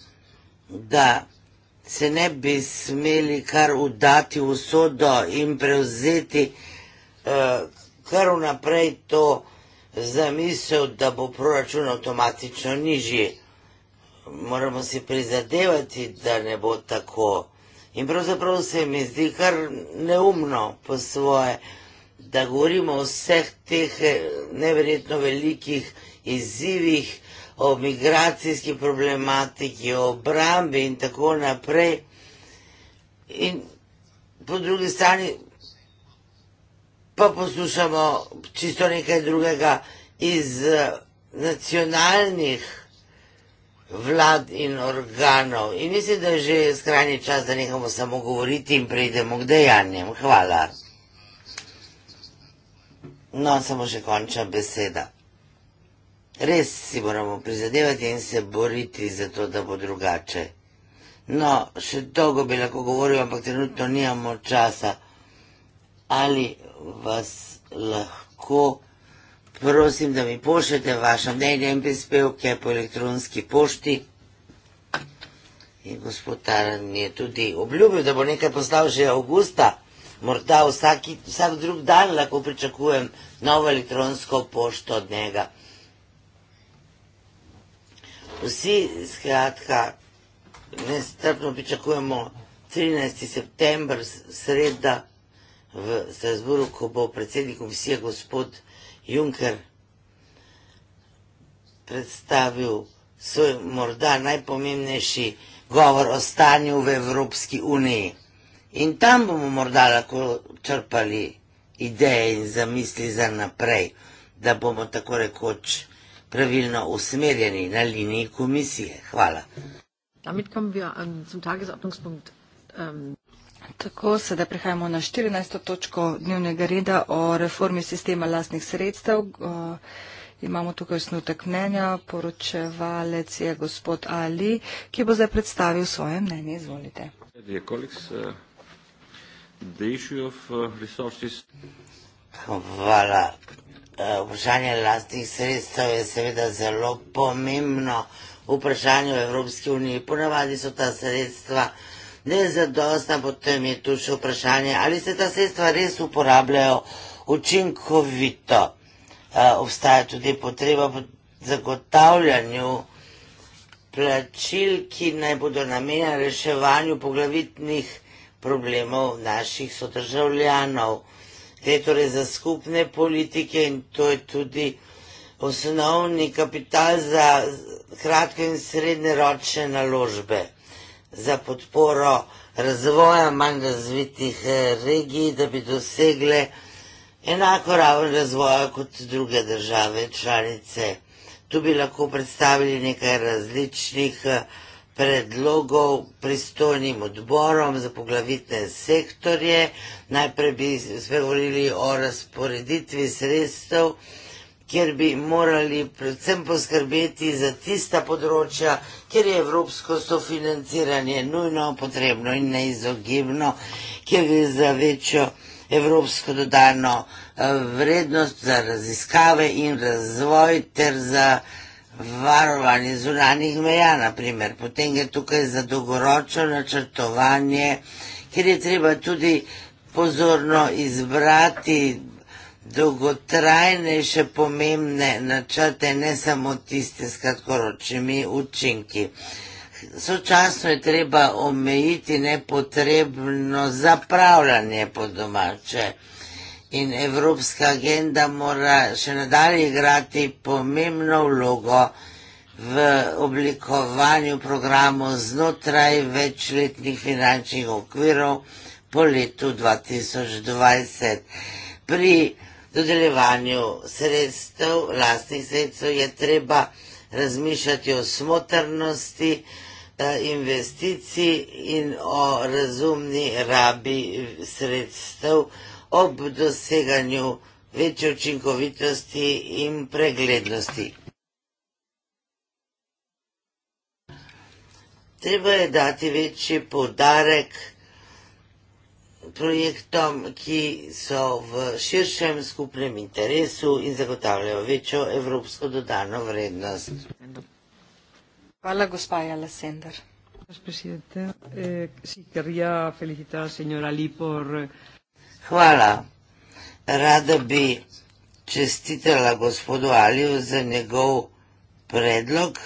da se ne bi smeli kar udati v sodo in prevzeti vsega, E, kar vnaprej to zamisel, da bo proračun avtomatično nižji. Moramo si prizadevati, da ne bo tako. In pravzaprav se mi zdi kar neumno po svoje, da govorimo o vseh teh e, neverjetno velikih izzivih, o migracijski problematiki, o obrambi in tako naprej. In po drugi strani pa poslušamo čisto nekaj drugega iz eh, nacionalnih vlad in organov. In mislim, da je že skrajni čas, da nehamo samo govoriti in preidemo k dejanjem. Hvala. No, samo še konča beseda. Res si moramo prizadevati in se boriti za to, da bo drugače. No, še dolgo bi lahko govoril, ampak trenutno nimamo časa. Ali vas lahko prosim, da mi pošljete vaše mnenje in prispevke po elektronski pošti. In gospod Taran mi je tudi obljubil, da bo nekaj poslal že avgusta. Morda vsaki, vsak drug dan lahko pričakujem novo elektronsko pošto od njega. Vsi, skratka, nestrpno pričakujemo 13. september, sreda v Strasburu, ko bo predsednik komisije gospod Juncker predstavil svoj morda najpomembnejši govor o stanju v Evropski uniji. In tam bomo morda lahko črpali ideje in zamisli za naprej, da bomo tako rekoč pravilno usmerjeni na liniji komisije. Hvala. Damit kommen wir an, ähm, zum Tagesordnungspunkt ähm, Tako, sedaj prehajamo na 14. točko dnevnega reda o reformi sistema lastnih sredstev. Imamo tukaj snutek mnenja, poročevalec je gospod Ali, ki bo zdaj predstavil svoje mnenje. Izvolite. Uh, uh, Hvala. E, vprašanje lastnih sredstev je seveda zelo pomembno. Vprašanje v Evropski uniji ponavadi so ta sredstva ne zadosta, potem je tu še vprašanje, ali se ta sredstva res uporabljajo učinkovito. Eh, obstaja tudi potreba po zagotavljanju plačil, ki naj bodo namenjene reševanju poglavitnih problemov naših sodržavljanov. Gre torej za skupne politike in to je tudi osnovni kapital za kratko in srednjeročne naložbe za podporo razvoja manj razvitih eh, regij, da bi dosegle enako raven razvoja kot druge države članice. Tu bi lahko predstavili nekaj različnih eh, predlogov pristojnim odborom za poglavitne sektorje. Najprej bi spregovorili o razporeditvi sredstev, kjer bi morali predvsem poskrbeti za tista področja, kjer je evropsko sofinanciranje nujno potrebno in neizogibno, kjer gre za večjo evropsko dodano eh, vrednost za raziskave in razvoj ter za varovanje zunanih meja, naprimer. Potem je tukaj za dolgoročno načrtovanje, kjer je treba tudi pozorno izbrati dolgotrajnejše pomembne načrte, ne samo tiste s kratkoročnimi učinki. Sočasno je treba omejiti nepotrebno zapravljanje po domače in evropska agenda mora še nadalje igrati pomembno vlogo v oblikovanju programov znotraj večletnih finančnih okvirov po letu 2020. Pri dodeljevanju sredstev, lastnih sredstev, je treba razmišljati o smotrnosti eh, investicij in o razumni rabi sredstev ob doseganju večje učinkovitosti in preglednosti. Treba je dati večji podarek projektom, ki so v širšem skupnem interesu in zagotavljajo večjo evropsko dodano vrednost. Hvala, gospa Jala Sender. Eh, eh, Hvala. Rada bi čestitela gospodu Aliju za njegov predlog.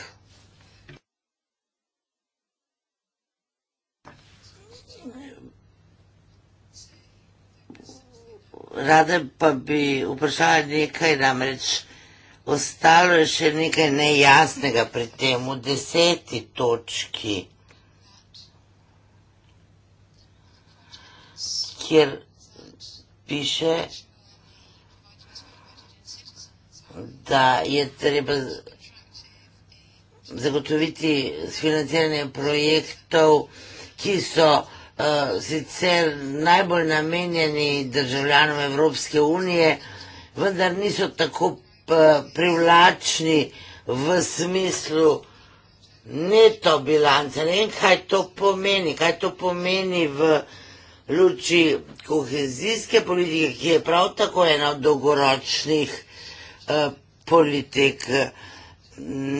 rade pa bi vprašala nekaj, namreč ostalo je še nekaj nejasnega pri tem v deseti točki, kjer piše, da je treba zagotoviti financiranje projektov, ki so Eh, sicer najbolj namenjeni državljanom Evropske unije, vendar niso tako eh, privlačni v smislu neto bilance. Ne vem, kaj to pomeni, kaj to pomeni v luči kohezijske politike, ki je prav tako ena od dolgoročnih eh, politik.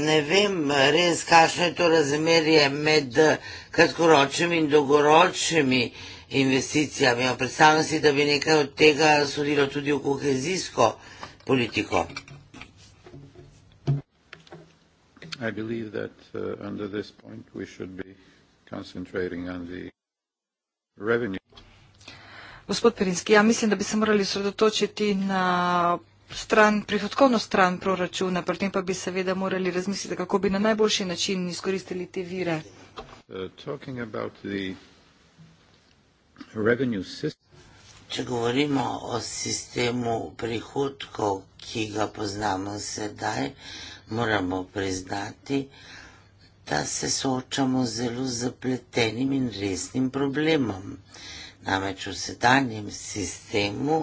Ne vem res, kakšno je to razmerje med kratkoročnimi in dolgoročnimi investicijami. Ja, predstavljam si, da bi nekaj od tega sodilo tudi v kohezijsko politiko. I believe that uh, under this point we should be concentrating on the revenue. Gospod Perinski, ja mislim, da bi se morali sredotočiti na stran, prihodkovno stran proračuna, pri tem pa bi seveda morali razmisliti, kako bi na najboljši način izkoristili te vire. Uh, Če govorimo o sistemu prihodkov, ki ga poznamo sedaj, moramo priznati, da se soočamo z zelo zapletenim in resnim problemom. Namreč v sedanjem sistemu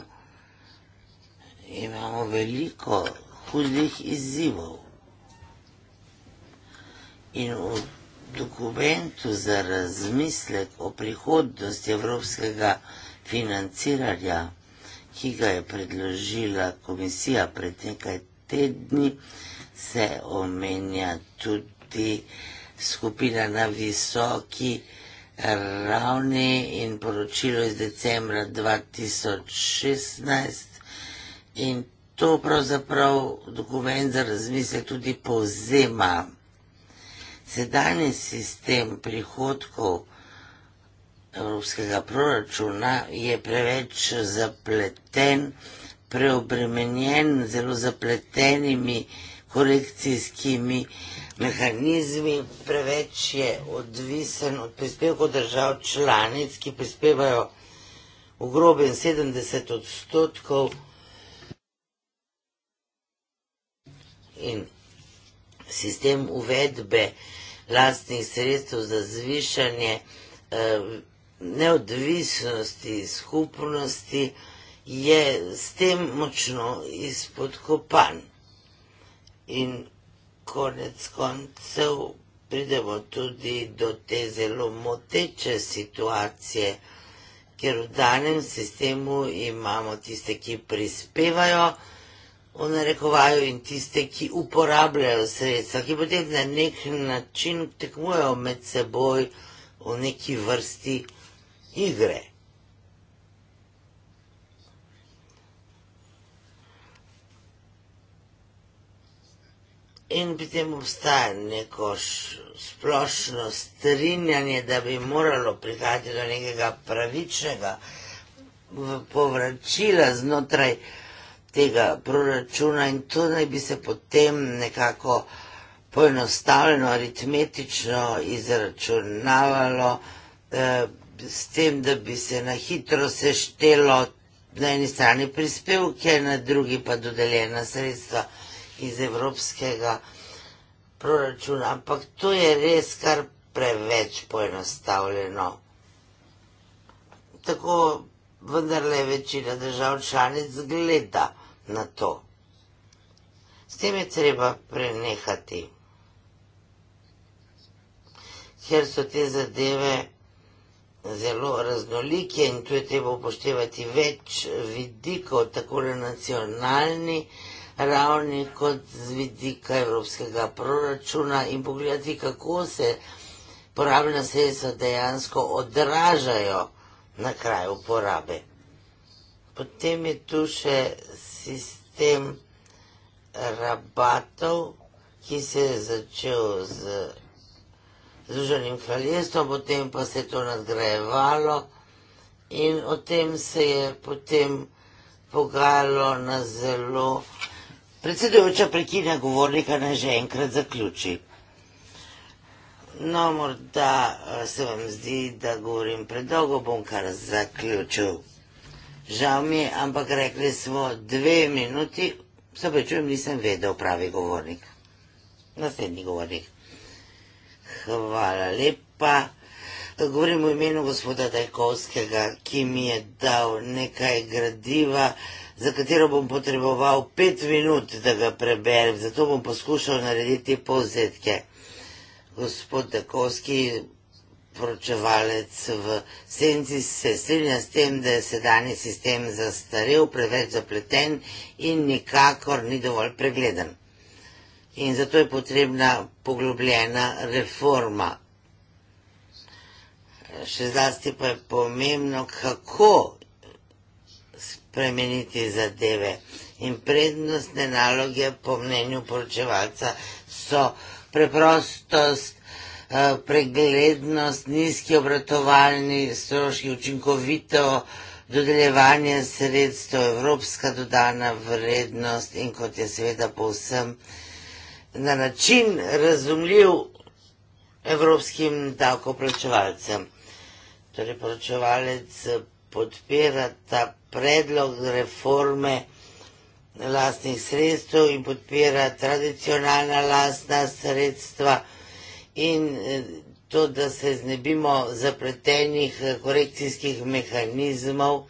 imamo veliko hudih izzivov. In v dokumentu za razmislek o prihodnosti evropskega financiranja, ki ga je predložila komisija pred nekaj tedni, se omenja tudi skupina na visoki ravni in poročilo iz decembra 2016 in To pravzaprav dokument za razmislek tudi povzema sedajni sistem prihodkov evropskega proračuna je preveč zapleten, preobremenjen zelo zapletenimi korekcijskimi mehanizmi, preveč je odvisen od prispevkov držav članic, ki prispevajo v grobem 70 odstotkov in sistem uvedbe lastnih sredstev za zvišanje eh, neodvisnosti skupnosti je s tem močno izpodkopan. In konec koncev pridemo tudi do te zelo moteče situacije, ker v danem sistemu imamo tiste, ki prispevajo, v narekovaju in tiste, ki uporabljajo sredstva, ki potem na nek način tekmujejo med seboj v neki vrsti igre. In pri tem obstaja neko splošno strinjanje, da bi moralo prihajati do nekega pravičnega povračila znotraj tega proračuna in to naj bi se potem nekako poenostavljeno, aritmetično izračunavalo eh, s tem, da bi se na hitro seštelo na eni strani prispevke, na drugi pa dodeljena sredstva iz evropskega proračuna. Ampak to je res kar preveč poenostavljeno. Tako vendarle večina držav članic gleda na to. S tem je treba prenehati, ker so te zadeve zelo raznolike in tu je treba upoštevati več vidikov, tako na nacionalni ravni kot z vidika evropskega proračuna in pogledati, kako se porabna sredstva dejansko odražajo na kraju uporabe. Potem je tu še sistem rabatov, ki se je začel z Združenim kraljestvom, potem pa se je to nadgrajevalo in o tem se je potem pogajalo na zelo. Predsedujoča prekina govornika naj že enkrat zaključi. No, morda eh, se vam zdi, da govorim predolgo, bom kar zaključil žal mi je, ampak rekli smo dve minuti, se pa čujem, nisem vedel pravi govornik. Naslednji govornik. Hvala lepa. Govorim v imenu gospoda Dajkovskega, ki mi je dal nekaj gradiva, za katero bom potreboval pet minut, da ga preberem, zato bom poskušal narediti povzetke. Gospod Dajkovski, poročevalec v senci se strinja s tem, da je sedanji sistem zastarel, preveč zapleten in nikakor ni dovolj pregleden. In zato je potrebna poglobljena reforma. Še zlasti pa je pomembno, kako spremeniti zadeve. In prednostne naloge, po mnenju poročevalca, so preprostost, Eh, preglednost, nizki obratovalni stroški, učinkovito dodeljevanje sredstev, evropska dodana vrednost in kot je seveda povsem na način razumljiv evropskim davkoplačevalcem. Torej, poročevalec podpira ta predlog reforme lastnih sredstev in podpira tradicionalna lastna sredstva, in eh, to, da se znebimo zapletenih eh, korekcijskih mehanizmov,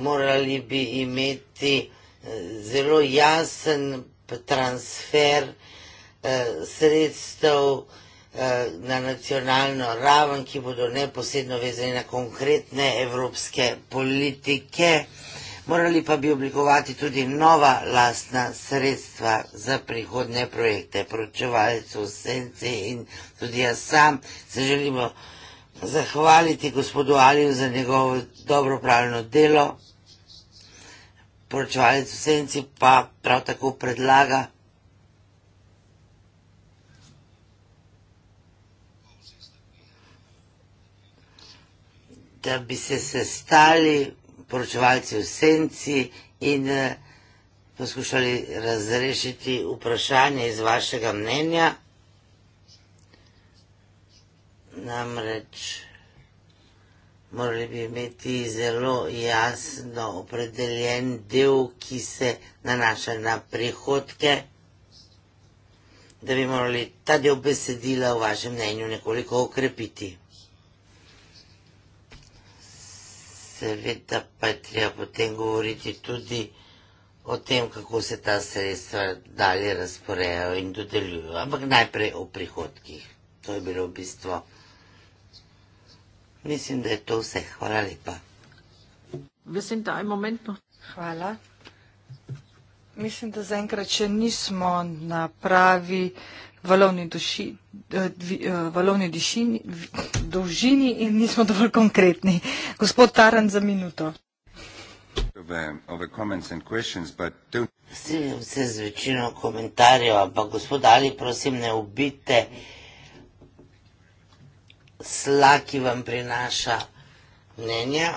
morali bi imeti eh, zelo jasen transfer sredstev na nacionalno raven, ki bodo neposedno vezani na konkretne evropske politike morali pa bi oblikovati tudi nova lastna sredstva za prihodne projekte. Poročevalec v senci in tudi jaz sam se želimo zahvaliti gospodu Aliju za njegovo dobro pravilno delo. Poročevalec v senci pa prav tako predlaga da bi se sestali poročevalci v senci in eh, poskušali razrešiti vprašanje iz vašega mnenja. Namreč morali bi imeti zelo jasno opredeljen del, ki se nanaša na prihodke, da bi morali ta del besedila v vašem mnenju nekoliko okrepiti. seveda pa je treba potem govoriti tudi o tem, kako se ta sredstva dalje razporejajo in dodeljujo. Ampak najprej o prihodkih. To je bilo v bistvu. Mislim, da je to vse. Hvala lepa. Mislim, da je momentno. Hvala. Mislim, da zaenkrat še nismo na pravi valovni duši, eh, dvi, eh, valovni dišini, dolžini in nismo dovolj konkretni. Gospod Taran za minuto. Of, um, of comments and questions, but don't... Strinjam se z večino komentarjev, ampak gospod Ali, prosim, ne ubite sla, ki vam prinaša mnenja.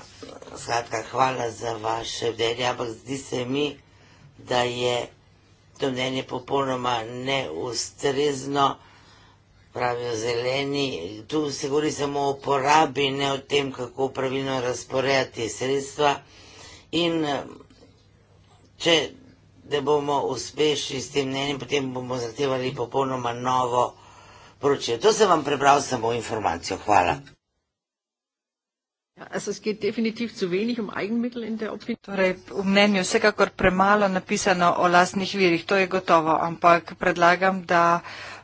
Skratka, hvala za vaše vedenje, ampak zdi se mi, da je to mnenje popolnoma neustrezno, pravijo zeleni. Tu se govori samo o porabi, ne o tem, kako pravilno razporejati sredstva. In če da bomo uspešni s tem mnenjem, potem bomo zahtevali popolnoma novo poročilo. To sem vam prebral samo informacijo. Hvala. Ja, um torej, v mnenju vsekakor premalo napisano o lastnih virih, to je gotovo, ampak predlagam, da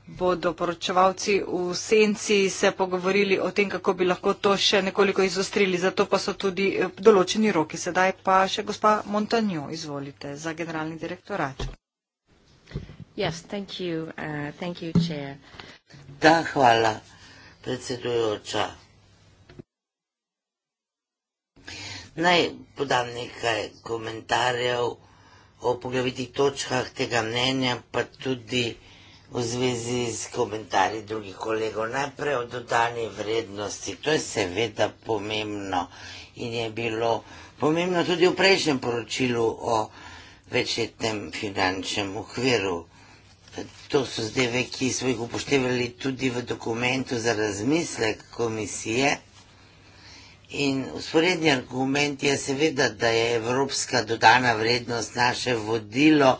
bodo poročevalci v senci se pogovorili o tem, kako bi lahko to še nekoliko izostrili. Zato pa so tudi eh, določeni roki. Sedaj pa še gospa Montanjo, izvolite, za generalni direktorat. Yes, thank you. Uh, thank you, da, hvala, predsedujoča. Naj podam nekaj komentarjev o poglavitih točkah tega mnenja, pa tudi v zvezi z komentarji drugih kolegov. Najprej o dodani vrednosti. To je seveda pomembno in je bilo pomembno tudi v prejšnjem poročilu o večletnem finančnem okviru. To so zdaj ve, ki so jih upoštevali tudi v dokumentu za razmislek komisije. In usporedni argument je seveda, da je evropska dodana vrednost naše vodilo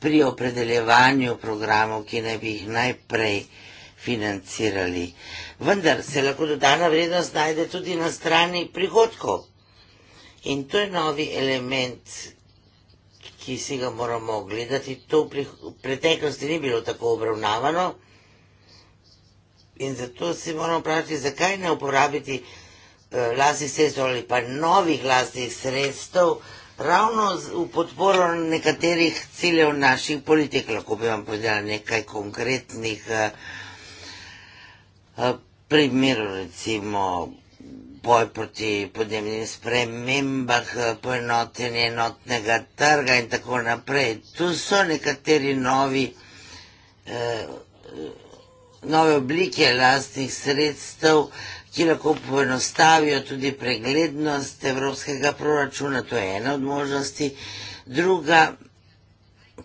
pri opredeljevanju programov, ki naj bi jih najprej financirali. Vendar se lahko dodana vrednost najde tudi na strani prihodkov. In to je novi element, ki si ga moramo ogledati. To v preteklosti ni bilo tako obravnavano. In zato si moramo vprašati, zakaj ne uporabiti vlastnih eh, sredstev ali pa novih vlastnih sredstev, ravno v podporo nekaterih ciljev naših politik. Lahko bi vam povedala nekaj konkretnih eh, eh, primerov, recimo boj proti podnebnim spremembah, poenotenje enotnega trga in tako naprej. Tu so nekateri novi, nove oblike lastnih sredstev, ki lahko poenostavijo tudi preglednost evropskega proračuna, to je ena od možnosti. Druga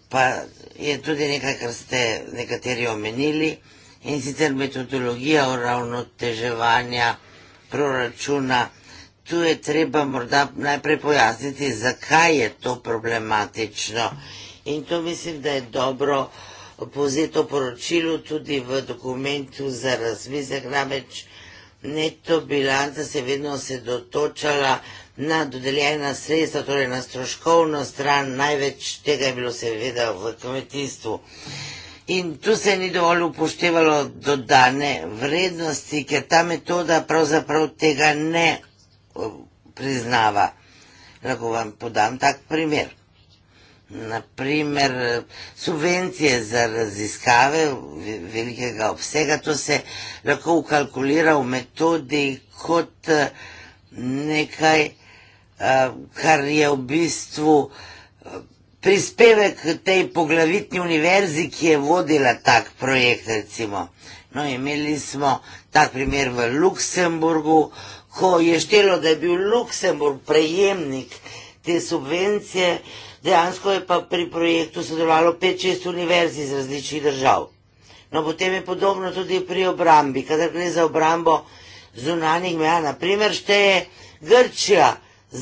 pa je tudi nekaj, kar ste nekateri omenili in sicer metodologija uravnoteževanja proračuna. Tu je treba morda najprej pojasniti, zakaj je to problematično. In to mislim, da je dobro povzeto poročilo tudi v dokumentu za razvizek, namreč neto bilanca se je vedno osredotočala na dodeljena sredstva, torej na stroškovno stran, največ tega je bilo seveda v kmetijstvu. In tu se ni dovolj upoštevalo dodane vrednosti, ker ta metoda pravzaprav tega ne eh, priznava. Lahko vam podam tak primer na primer subvencije za raziskave velikega obsega, to se lahko ukalkulira v metodi kot nekaj, kar je v bistvu prispevek tej poglavitni univerzi, ki je vodila tak projekt, recimo. No, imeli smo tak primer v Luksemburgu, ko je štelo, da je bil Luksemburg prejemnik te subvencije, uh, Dejansko je pa pri projektu sodelovalo 5-6 univerz iz različnih držav. No, potem je podobno tudi pri obrambi, kadar gre za obrambo zunanih meja. Naprimer, šteje Grčija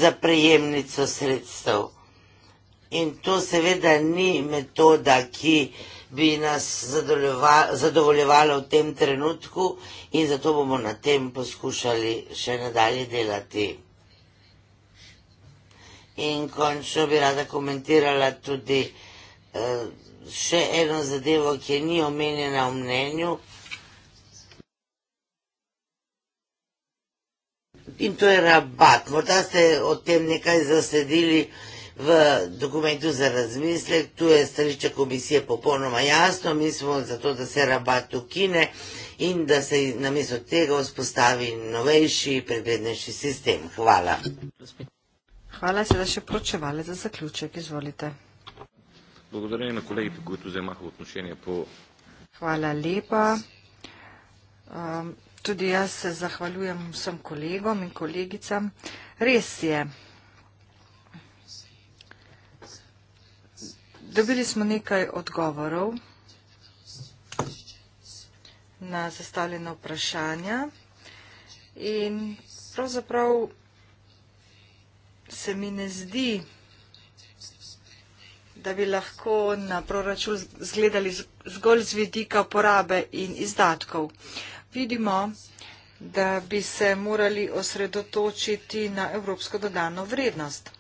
za prejemnico sredstev. In to seveda ni metoda, ki bi nas zadovoljevala v tem trenutku in zato bomo na tem poskušali še nadalje delati. In končno bi rada komentirala tudi eh, še eno zadevo, ki je ni omenjena v mnenju. In to je rabat. Morda ste o tem nekaj zasledili v dokumentu za razmislek. Tu je stališče komisije popolnoma jasno. Mi smo za to, da se rabat ukine in da se namesto tega vzpostavi novejši, preglednejši sistem. Hvala. Gospod. Hvala. Sedaj še pročevalec za zaključek. Izvolite. Blagodarjen na kolegi, ki je tu zdaj mahal odnošenje po... Hvala lepa. Um, tudi jaz se zahvaljujem vsem kolegom in kolegicam. Res je. Dobili smo nekaj odgovorov na zastavljena vprašanja in pravzaprav se mi ne zdi, da bi lahko na proračun zgledali zgolj z vidika porabe in izdatkov. Vidimo, da bi se morali osredotočiti na evropsko dodano vrednost.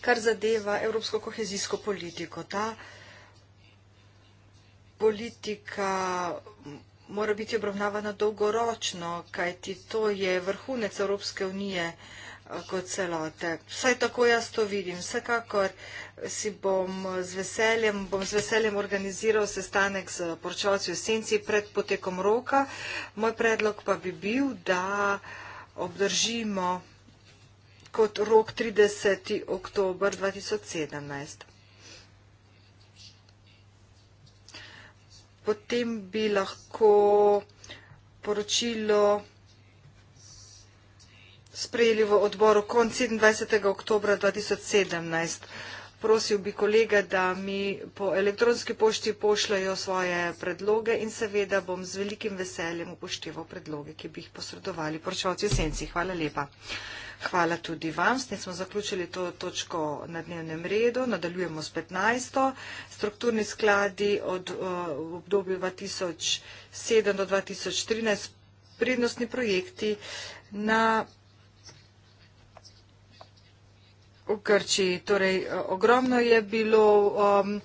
Kar zadeva evropsko kohezijsko politiko, ta politika mora biti obravnavana dolgoročno, kajti to je vrhunec Evropske unije eh, kot celote. Vsaj tako jaz to vidim. Vsekakor si bom z veseljem, bom z veseljem organiziral sestanek z poročevalci v Senci pred potekom roka. Moj predlog pa bi bil, da obdržimo kot rok 30. oktober 2017. potem bi lahko poročilo sprejeli v odboru konc 27. oktobra 2017. Prosil bi kolega, da mi po elektronski pošti pošljajo svoje predloge in seveda bom z velikim veseljem upošteval predloge, ki bi jih posredovali poročevalci v senci. Hvala lepa. Hvala tudi vam. S tem smo zaključili to točko na dnevnem redu. Nadaljujemo s 15. Strukturni skladi od uh, obdobju 2007 do 2013, prednostni projekti na v Grčiji. Torej, eh, ogromno je bilo. Um,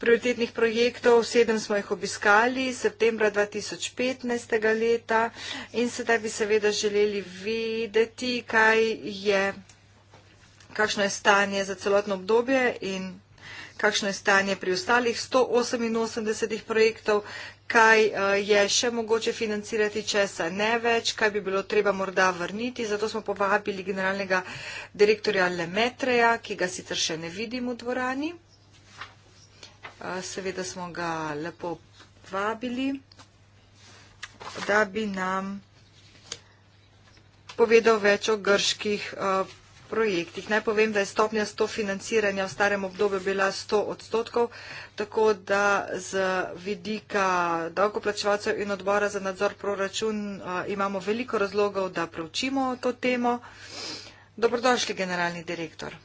prioritetnih projektov, sedem smo jih obiskali, septembra 2015. leta in sedaj bi seveda želeli videti, kaj je, kakšno je stanje za celotno obdobje in kakšno je stanje pri ostalih 188 projektov, kaj eh, je še mogoče financirati, česa ne več, kaj bi bilo treba morda vrniti. Zato smo povabili generalnega direktorja Lemetreja, ki ga sicer še ne vidimo v dvorani seveda smo ga lepo vabili, da bi nam povedal več o grških projektih. Naj povem, da je stopnja sto financiranja v starem obdobju bila 100 odstotkov, tako da z vidika davkoplačevalcev in odbora za nadzor proračun imamo veliko razlogov, da preučimo to temo. Dobrodošli, generalni direktor.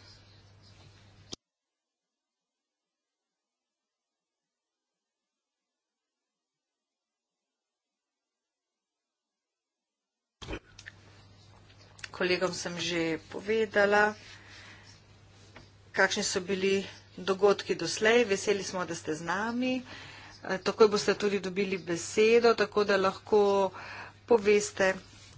kolegom sem že povedala, kakšni so bili dogodki doslej. Veseli smo, da ste z nami. Eh, takoj boste tudi dobili besedo, tako da lahko poveste,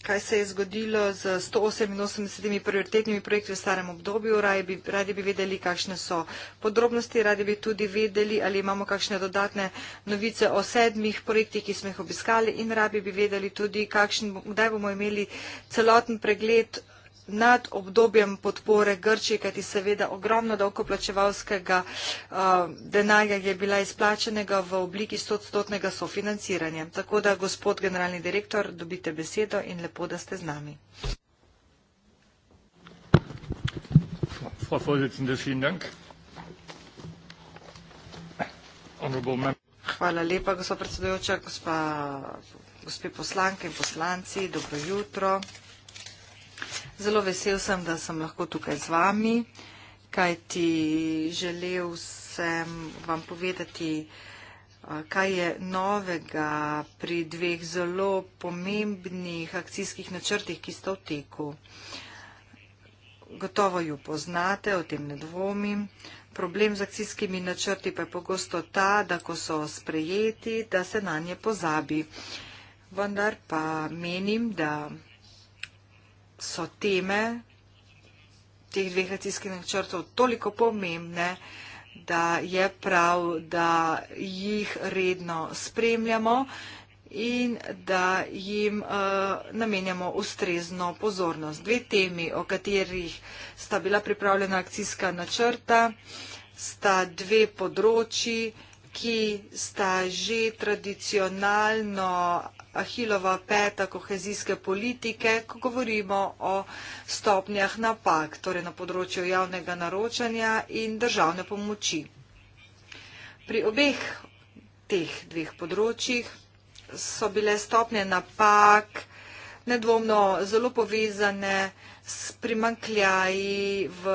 kaj se je zgodilo z 188 prioritetnimi projekti v starem obdobju. Radi bi, radi bi vedeli, kakšne so podrobnosti, radi bi tudi vedeli, ali imamo kakšne dodatne novice o sedmih projektih, ki smo jih obiskali in radi bi vedeli tudi, kakšen, kdaj bomo imeli celoten pregled nad obdobjem podpore Grčije, kajti seveda ogromno davkoplačevalskega eh, denarja je bila izplačenega v obliki 100-stotnega sofinanciranja. Tako da, gospod generalni direktor, dobite besedo in lepo, da ste z nami. Frau Vorsitzende, vielen Dank. Hvala lepa, gospod predsedujoča, gospod poslanke in poslanci, dobro jutro. Zelo vesel sem, da sem lahko tukaj z vami, kaj ti želel sem vam povedati, kaj je novega pri dveh zelo pomembnih akcijskih načrtih, ki sta v teku. Gotovo ju poznate, o tem ne dvomim. Problem z akcijskimi načrti pa je pogosto ta, da ko so sprejeti, da se na nje pozabi. Vendar pa menim, da so teme teh dveh akcijskih načrtov toliko pomembne, da je prav, da jih redno spremljamo in da jim uh, namenjamo ustrezno pozornost. Dve temi, o katerih sta bila pripravljena akcijska načrta, sta dve področji, ki sta že tradicionalno Ahilova peta kohezijske politike, ko govorimo o stopnjah napak, torej na področju javnega naročanja in državne pomoči. Pri obeh teh dveh področjih so bile stopnje napak nedvomno zelo povezane s primankljaji v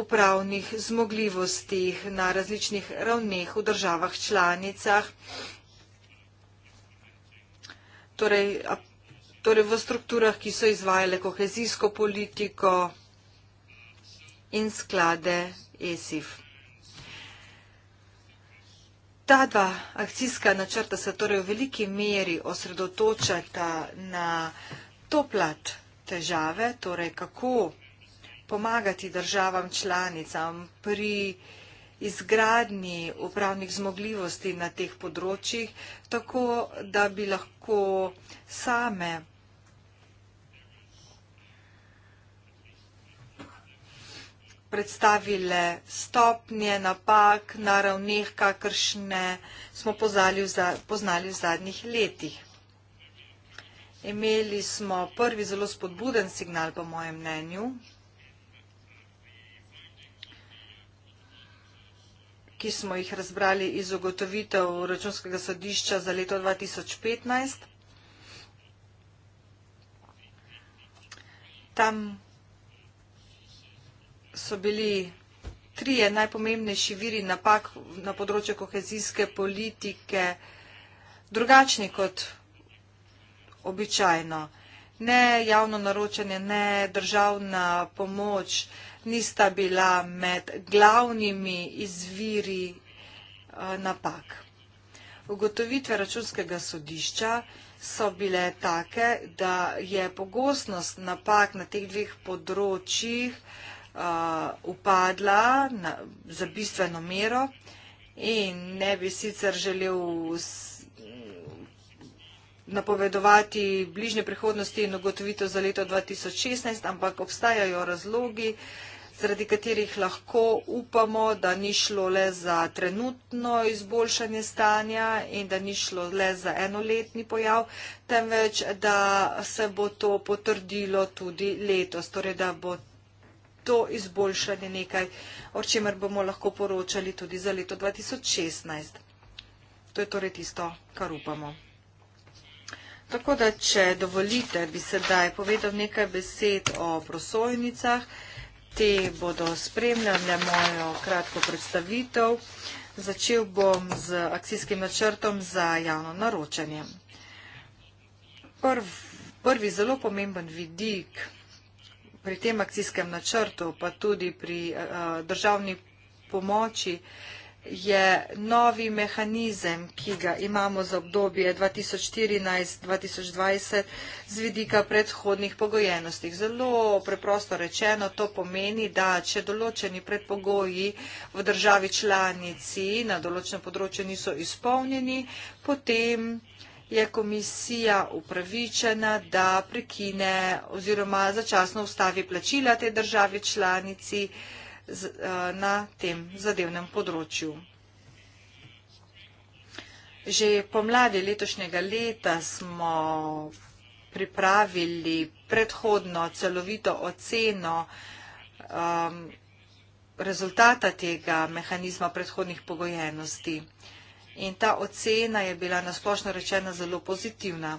upravnih zmogljivostih na različnih ravneh v državah članicah torej, torej v strukturah, ki so izvajale kohezijsko politiko in sklade ESIF. Ta dva akcijska načrta se torej v veliki meri osredotočata na to plat težave, torej kako pomagati državam članicam pri izgradnji upravnih zmogljivosti na teh področjih, tako da bi lahko same predstavile stopnje napak na ravneh, kakršne smo poznali v zadnjih letih. Imeli smo prvi zelo spodbuden signal, po mojem mnenju, ki smo jih razbrali iz ugotovitev računskega sodišča za leto 2015. Tam so bili trije najpomembnejši viri napak na področju kohezijske politike, drugačni kot običajno. Ne javno naročanje, ne državna pomoč, nista bila med glavnimi izviri eh, napak. Ugotovitve računskega sodišča so bile take, da je pogostnost napak na teh dveh področjih eh, upadla na, za bistveno mero in ne bi sicer želel napovedovati bližnje prihodnosti in ugotovitev za leto 2016, ampak obstajajo razlogi, uh, zaradi katerih lahko upamo, da ni šlo le za trenutno izboljšanje stanja in da ni šlo le za enoletni pojav, temveč da se bo to potrdilo tudi letos, torej da bo to izboljšanje nekaj, o čemer bomo lahko poročali tudi za leto 2016. To je torej tisto, kar upamo. Tako da, če dovolite, bi sedaj povedal nekaj besed o prosojnicah te bodo spremljale mojo kratko predstavitev. Začel bom z akcijskim načrtom za javno naročanje. Prv, prvi zelo pomemben vidik pri tem akcijskem načrtu, pa tudi pri uh, državni pomoči, uh, je novi mehanizem, ki ga imamo za obdobje 2014-2020 z vidika predhodnih pogojenosti. Zelo preprosto rečeno to pomeni, da če določeni predpogoji v državi članici na določenem področju niso izpolnjeni, potem je komisija upravičena, da prekine oziroma začasno ustavi plačila te državi članici. Eh, na tem zadevnem področju. Že pomladi letošnjega leta smo pripravili predhodno celovito oceno um, rezultata tega mehanizma predhodnih pogojenosti. In ta ocena je bila nasplošno rečena zelo pozitivna.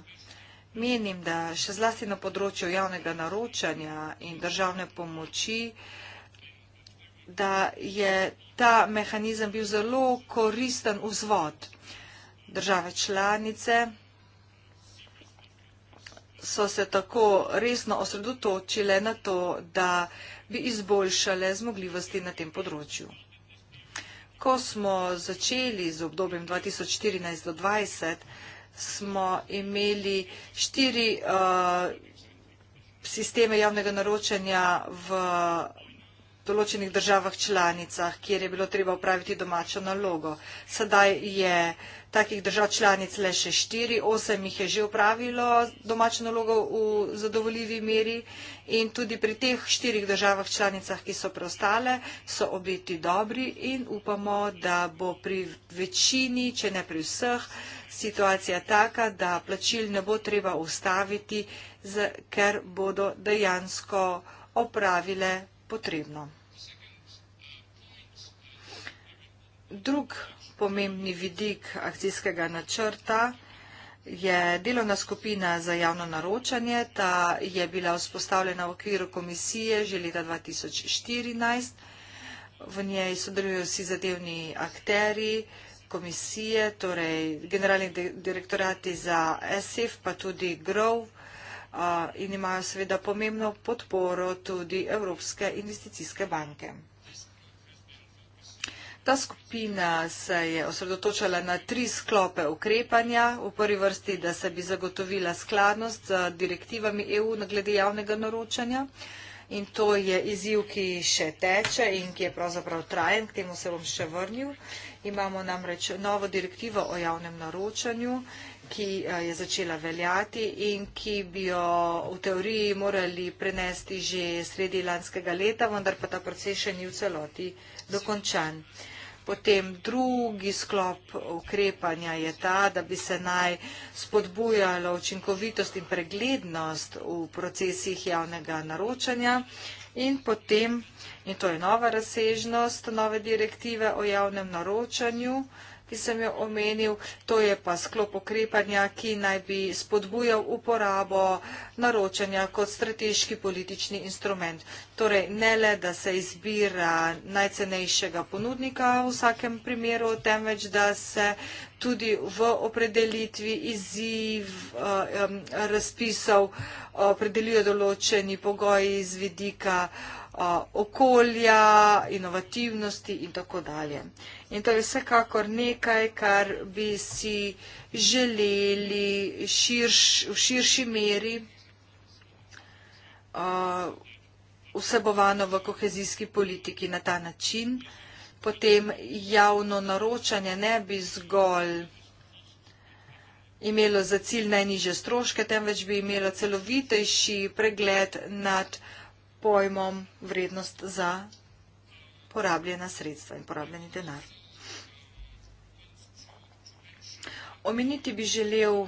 Menim, da še zlasti na področju javnega naročanja in državne pomoči uh, da je ta mehanizem bil zelo koristen vzvod. Države članice so se tako resno osredotočile na to, da bi izboljšale zmogljivosti na tem področju. Ko smo začeli z obdobjem 2014 do 2020, smo imeli štiri uh, sisteme javnega naročanja v določenih državah članicah, kjer je bilo treba upraviti domačo nalogo. Sedaj je takih držav članic le še štiri, osem jih je že upravilo domačo nalogo v zadovoljivi meri in tudi pri teh štirih državah članicah, ki so preostale, so obeti dobri in upamo, da bo pri večini, če ne pri vseh, situacija taka, da plačil ne bo treba ustaviti, ker bodo dejansko opravile potrebno. Drug pomembni vidik akcijskega načrta je delovna skupina za javno naročanje. Ta je bila vzpostavljena v okviru komisije že leta 2014. V njej sodelujo vsi zadevni akteri komisije, torej generalni direktorati za SF, pa tudi GROV, in imajo seveda pomembno podporo tudi Evropske investicijske banke. Ta skupina se je osredotočala na tri sklope ukrepanja. V prvi vrsti, da se bi zagotovila skladnost z direktivami EU na glede javnega naročanja. In to je izziv, ki še teče in ki je pravzaprav trajen, k temu se bom še vrnil. Imamo namreč novo direktivo o javnem naročanju ki eh, je začela veljati in ki bi jo v teoriji morali prenesti že sredi lanskega leta, vendar pa ta proces še ni v celoti dokončan. Potem drugi sklop ukrepanja je ta, da bi se naj spodbujalo učinkovitost in preglednost v procesih javnega naročanja. In potem, in to je nova razsežnost nove direktive o javnem naročanju, uh, ki sem jo omenil, to je pa sklop okrepanja, ki naj bi spodbujal uporabo naročanja kot strateški politični instrument. Torej, ne le, da se izbira najcenejšega ponudnika v vsakem primeru, temveč, da se tudi v opredelitvi izziv eh, razpisov eh, opredelijo določeni pogoji iz vidika razpisov okolja, inovativnosti in tako dalje. In to je vsekakor nekaj, kar bi si želeli širš, v širši meri vsebovano v kohezijski politiki na ta način. Potem javno naročanje ne bi zgolj imelo za cilj najniže stroške, temveč bi imelo celovitejši pregled nad pojmom vrednost za porabljena sredstva in porabljeni denar. Omeniti bi želel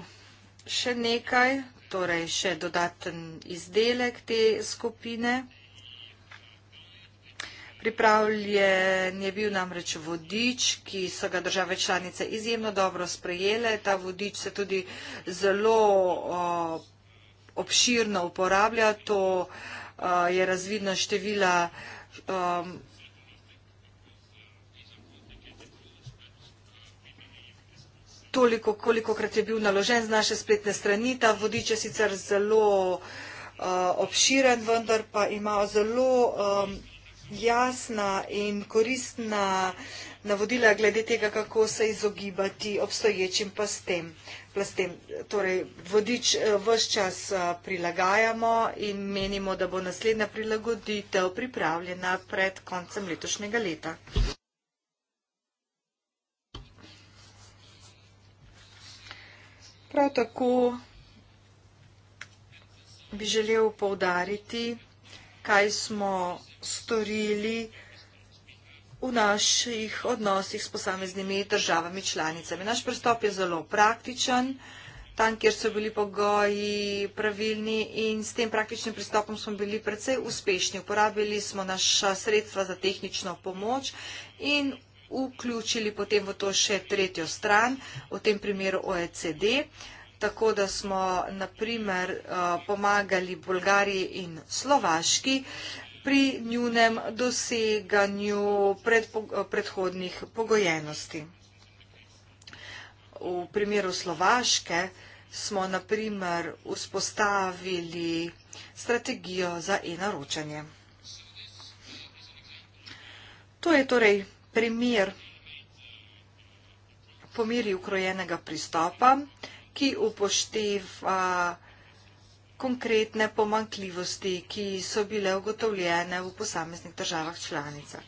še nekaj, torej še dodaten izdelek te skupine. Pripravljen je bil namreč vodič, ki so ga države članice izjemno dobro sprejele. Ta vodič se tudi zelo o, obširno uporablja. To uh, Eh, je razvidno števila um, toliko, kolikokrat je bil naložen z naše spletne strani. Ta vodič je sicer zelo uh, obširen, vendar pa ima zelo um, jasna in koristna navodila glede tega, kako se izogibati obstoječim pa s tem plastem. Torej, vodič eh, vse čas eh, prilagajamo in menimo, da bo naslednja prilagoditev pripravljena pred koncem letošnjega leta. Prav tako bi želel povdariti, kaj smo storili v naših odnosih s posameznimi državami članicami. Naš pristop je zelo praktičen, tam, kjer so bili pogoji pravilni in s tem praktičnim pristopom smo bili precej uspešni. Uporabili smo naša sredstva za tehnično pomoč in vključili potem v to še tretjo stran, v tem primeru OECD, tako da smo naprimer eh, pomagali Bolgariji in Slovaški, uh, pri njunem doseganju predhodnih pogojenosti. V primeru Slovaške smo naprimer vzpostavili strategijo za e-naročanje. To je torej primer pomeri ukrojenega pristopa, ki upošteva vsega, konkretne pomankljivosti, ki so bile ugotovljene v posameznih državah članica.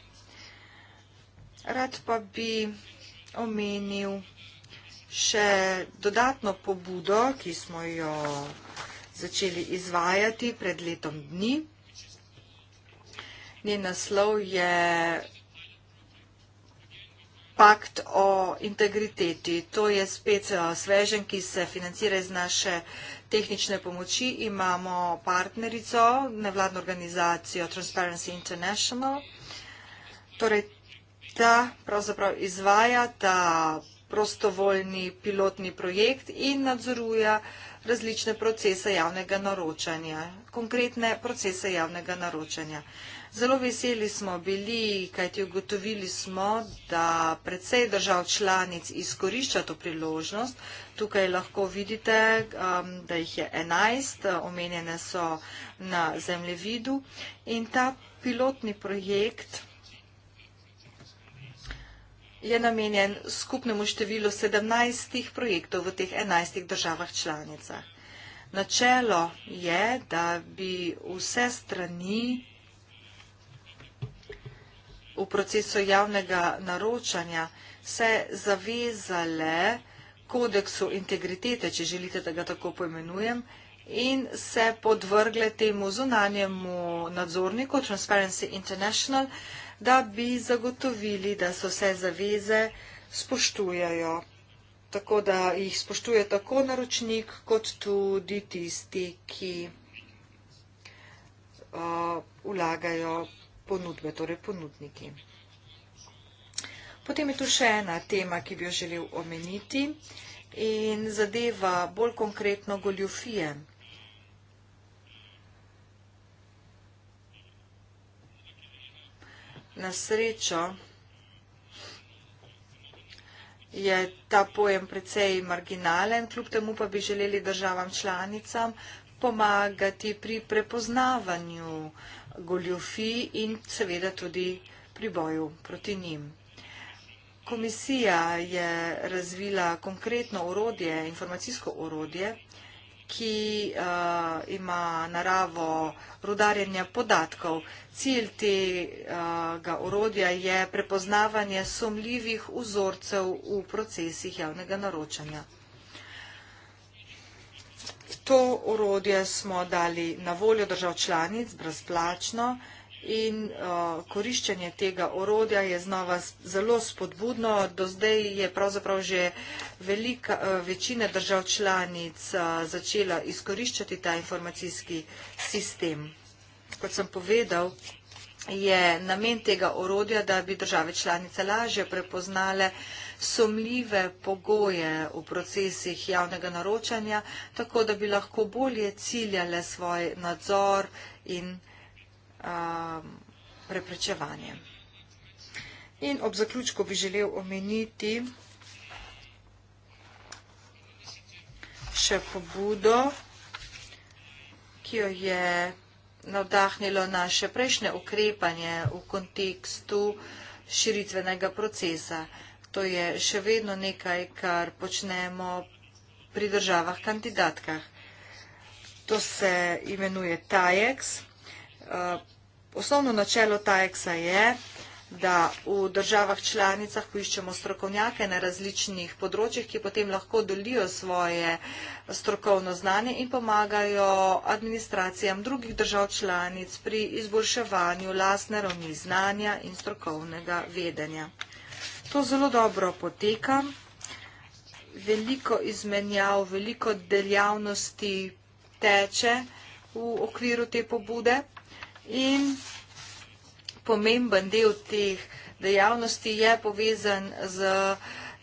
Rad pa bi omenil še dodatno pobudo, ki smo jo začeli izvajati pred letom dni. Njen naslov je Pakt o integriteti. To je spet eh, svežen, ki se financira iz naše tehnične pomoči imamo partnerico, nevladno organizacijo Transparency International. Torej, ta pravzaprav izvaja ta prostovoljni pilotni projekt in nadzoruje različne procese javnega naročanja, konkretne procese javnega naročanja. Zelo veseli smo bili, kajti ugotovili smo, da predvsej držav članic izkorišča to priložnost. Tukaj lahko vidite, um, da jih je 11, omenjene so na zemljevidu. In ta pilotni projekt je namenjen skupnemu številu 17 projektov v teh 11 državah članicah. Načelo je, da bi vse strani v procesu javnega naročanja se zavezale kodeksu integritete, če želite, da ga tako poimenujem, in se podvrgle temu zunanjemu nadzorniku Transparency International, da bi zagotovili, da so vse zaveze spoštujajo. Tako da jih spoštuje tako naročnik, kot tudi tisti, ki uh, vlagajo ponudbe, torej ponudniki. Potem je tu še ena tema, ki bi jo želel omeniti in zadeva bolj konkretno goljufije. Na srečo je ta pojem precej marginalen, kljub temu pa bi želeli državam članicam pomagati pri prepoznavanju uh, goljofij in seveda tudi pri boju proti njim. Komisija je razvila konkretno orodje, informacijsko orodje, ki uh, ima naravo rudarjenja podatkov. Cilj tega uh, orodja je prepoznavanje sumljivih vzorcev v procesih javnega naročanja. To orodje smo dali na voljo držav članic brezplačno in uh, koriščenje tega orodja je znova zelo spodbudno. Do zdaj je pravzaprav že velika, uh, večina držav članic uh, začela izkoriščati ta informacijski sistem. Kot sem povedal, je namen tega orodja, da bi države članice lažje prepoznale uh, sumljive pogoje v procesih javnega naročanja, tako da bi lahko bolje ciljale svoj nadzor in um, preprečevanje. In ob zaključku bi želel omeniti še pobudo, ki jo je navdahnilo naše prejšnje ukrepanje v kontekstu širitvenega procesa to je še vedno nekaj, kar počnemo pri državah kandidatkah. To se imenuje TAEX. Eh, osnovno načelo TAEX-a je, da v državah članicah poiščemo strokovnjake na različnih področjih, ki potem lahko delijo svoje strokovno znanje in pomagajo administracijam drugih držav članic pri izboljševanju lastne ravni znanja in strokovnega vedenja. To zelo dobro poteka. Veliko izmenjav, veliko deljavnosti teče v okviru te pobude in pomemben del teh dejavnosti je povezan z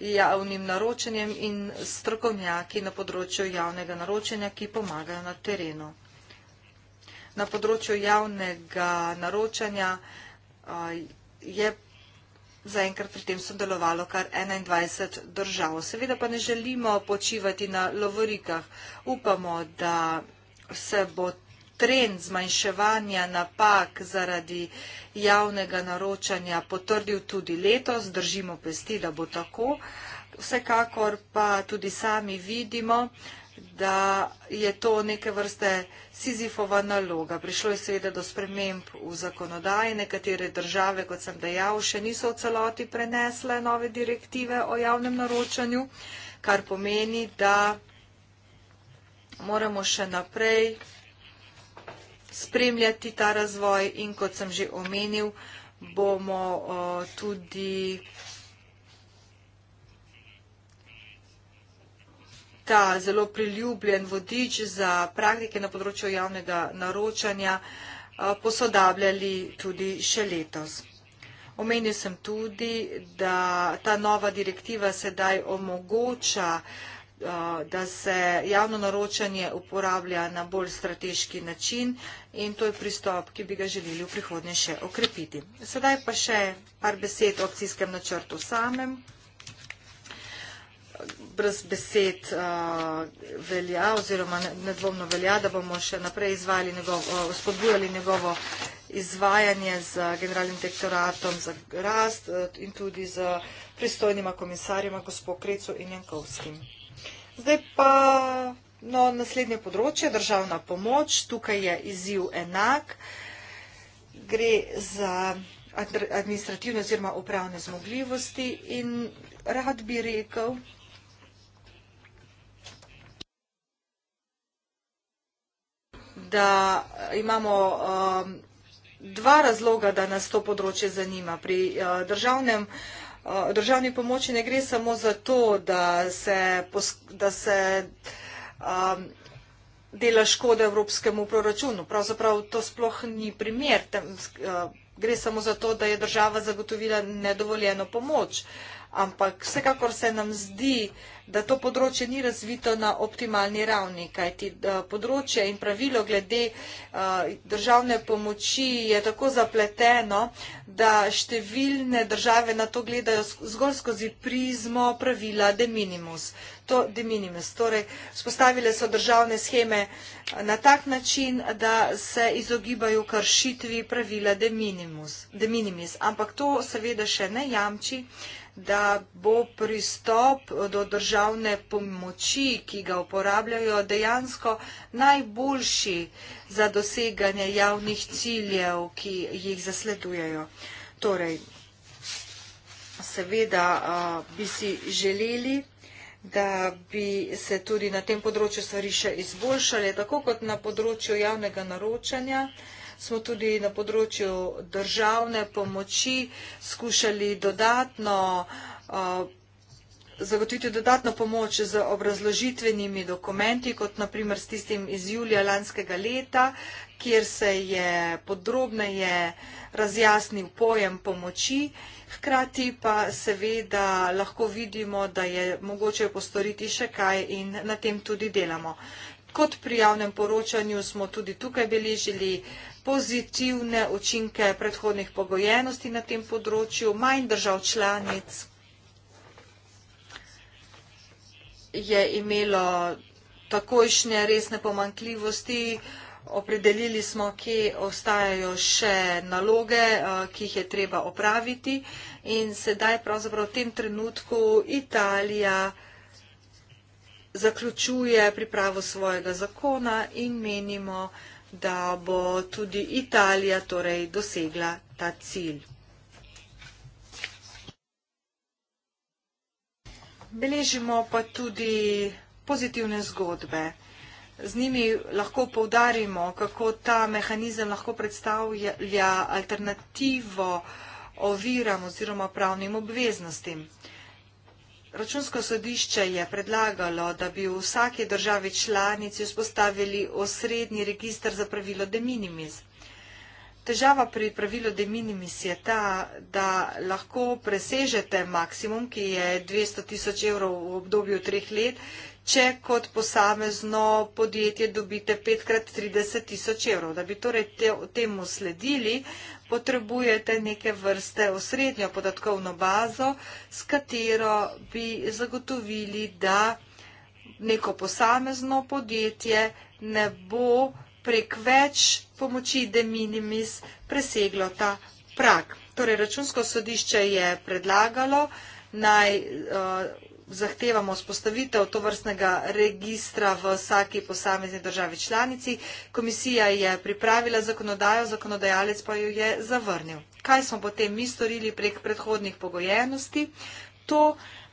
javnim naročenjem in strokovnjaki na področju javnega naročenja, ki pomagajo na terenu. Na področju javnega naročanja je Zaenkrat pri tem sodelovalo kar 21 držav. Seveda pa ne želimo počivati na lovorikah. Upamo, da se bo trend zmanjševanja napak zaradi javnega naročanja potrdil tudi letos. Držimo pesti, da bo tako. Vsekakor pa tudi sami vidimo, da je to neke vrste Sizifova naloga. Prišlo je seveda do sprememb v zakonodaji. Nekatere države, kot sem dejal, še niso v celoti prenesle nove direktive o javnem naročanju, kar pomeni, da moramo še naprej spremljati ta razvoj in, kot sem že omenil, bomo eh, tudi ta zelo priljubljen vodič za praktike na področju javnega naročanja eh, posodabljali tudi še letos. Omenil sem tudi, da ta nova direktiva sedaj omogoča, eh, da se javno naročanje uporablja na bolj strateški način in to je pristop, ki bi ga želeli v prihodnje še okrepiti. Sedaj pa še par besed o akcijskem načrtu samem brez besed uh, velja oziroma nedvomno velja, da bomo še naprej izvajali njegovo, uh, spodbujali njegovo izvajanje z generalnim direktoratom za rast uh, in tudi z pristojnima komisarjima, gospod Krecu in Jankovskim. Zdaj pa no, naslednje področje, državna pomoč. Tukaj je izziv enak. Gre za administrativne oziroma upravne zmogljivosti in rad bi rekel, da imamo um, dva razloga, da nas to področje zanima. Pri uh, državnem uh, državni pomoči ne gre samo za to, da se, da se um, dela škode evropskemu proračunu. Pravzaprav to sploh ni primer. Tem, uh, gre samo za to, da je država zagotovila nedovoljeno pomoč. Uh, ampak vsekakor se nam zdi, da to področje ni razvito na optimalni ravni, kajti eh, področje in pravilo glede eh, državne pomoči je tako zapleteno, da številne države na to gledajo zgolj skozi prizmo pravila de minimis. To de minimis, torej spostavile so državne scheme eh, na tak način, da se izogibajo kršitvi pravila de minimis, ampak to seveda še ne jamči, da bo pristop do državne pomoči, ki ga uporabljajo, dejansko najboljši za doseganje javnih ciljev, ki jih zasledujejo. Torej, seveda a, bi si želeli da bi se tudi na tem področju stvari še izboljšali, tako kot na področju javnega naročanja smo tudi na področju državne pomoči skušali dodatno zagotoviti dodatno pomoč z obrazložitvenimi dokumenti, kot naprimer s tistim iz julija lanskega leta, kjer se je podrobneje razjasnil pojem pomoči, hkrati pa seveda lahko vidimo, da je mogoče postoriti še kaj in na tem tudi delamo. Kot pri javnem poročanju smo tudi tukaj beležili pozitivne učinke predhodnih pogojenosti na tem področju, manj držav članic je imelo takojšnje resne pomankljivosti. Opredelili smo, kje ostajajo še naloge, eh, ki jih je treba opraviti. In sedaj pravzaprav v tem trenutku Italija zaključuje pripravo svojega zakona in menimo, da bo tudi Italija torej dosegla ta cilj. Beležimo pa tudi pozitivne zgodbe. Z njimi lahko povdarimo, kako ta mehanizem lahko predstavlja alternativo oviram oziroma pravnim obveznostim. Računsko sodišče je predlagalo, da bi v vsaki državi članici vzpostavili osrednji registr za pravilo de minimis. Težava pri pravilu de minimis je ta, da lahko presežete maksimum, ki je 200 tisoč evrov v obdobju treh let, če kot posamezno podjetje dobite 5x30 tisoč evrov. Da bi torej te, temu sledili, potrebujete neke vrste osrednjo podatkovno bazo, s katero bi zagotovili, da neko posamezno podjetje ne bo prek več pomoči de minimis preseglo ta prak. Torej, računsko sodišče je predlagalo, naj eh, zahtevamo spostavitev tovrstnega registra v vsaki posamezni državi članici. Komisija je pripravila zakonodajo, zakonodajalec pa jo je zavrnil. Kaj smo potem mi storili prek predhodnih pogojenosti? To,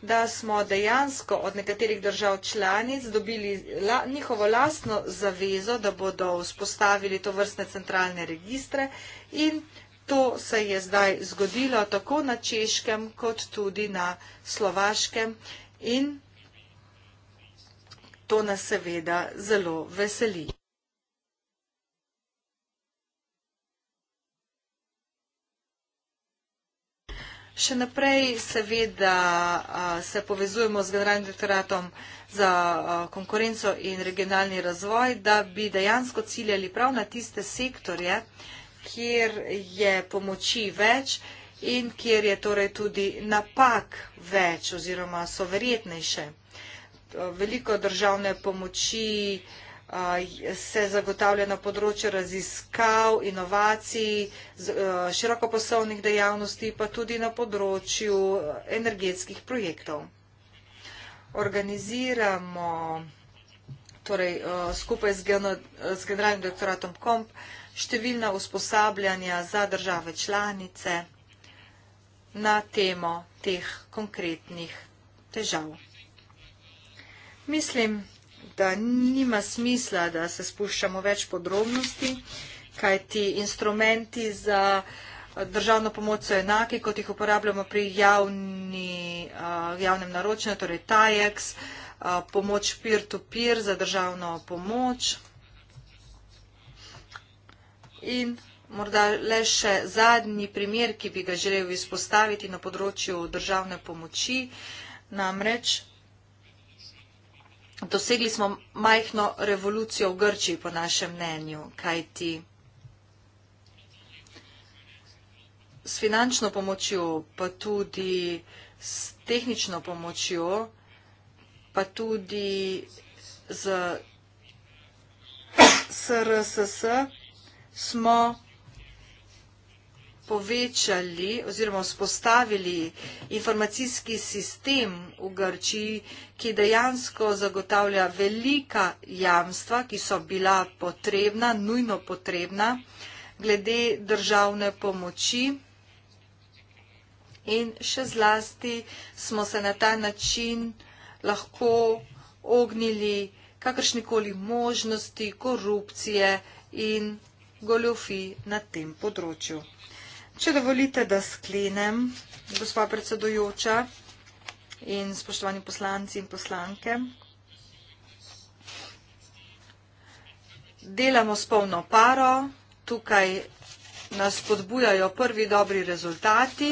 da smo dejansko od nekaterih držav članic dobili la, njihovo lastno zavezo, da bodo vzpostavili to vrstne centralne registre in to se je zdaj zgodilo tako na češkem kot tudi na slovaškem. Uh, in to nas seveda zelo veseli. Še naprej seveda se povezujemo z generalnim direktoratom za konkurenco in regionalni razvoj, da bi dejansko ciljali prav na tiste sektorje, kjer je pomoči več in kjer je torej tudi napak več oziroma so verjetnejše. Veliko državne pomoči se zagotavlja na področju raziskav, inovacij, širokoposlovnih dejavnosti, pa tudi na področju energetskih projektov. Organiziramo torej, skupaj z generalnim doktoratom KOMP številna usposabljanja za države članice na temo teh konkretnih težav. Mislim, da nima smisla, da se spuščamo več podrobnosti, kaj ti instrumenti za eh, državno pomoč so enaki, kot jih uporabljamo pri javni, eh, javnem naročenju, torej TAEX, eh, pomoč peer-to-peer -peer za državno pomoč. In Morda le še zadnji primer, ki bi ga želel izpostaviti na področju državne pomoči. Namreč dosegli smo majhno revolucijo v Grčiji, po našem mnenju, kajti s finančno pomočjo, pa tudi s tehnično pomočjo, pa tudi z SRSS smo povečali oziroma spostavili informacijski sistem v Grčiji, ki dejansko zagotavlja velika jamstva, ki so bila potrebna, nujno potrebna, glede državne pomoči. In še zlasti smo se na ta način lahko ognili kakršnikoli možnosti korupcije in goljofi na tem področju. Če dovolite, da sklenem, gospod predsedojoča in spoštovani poslanci in poslanke, delamo s polno paro, tukaj nas podbujajo prvi dobri rezultati,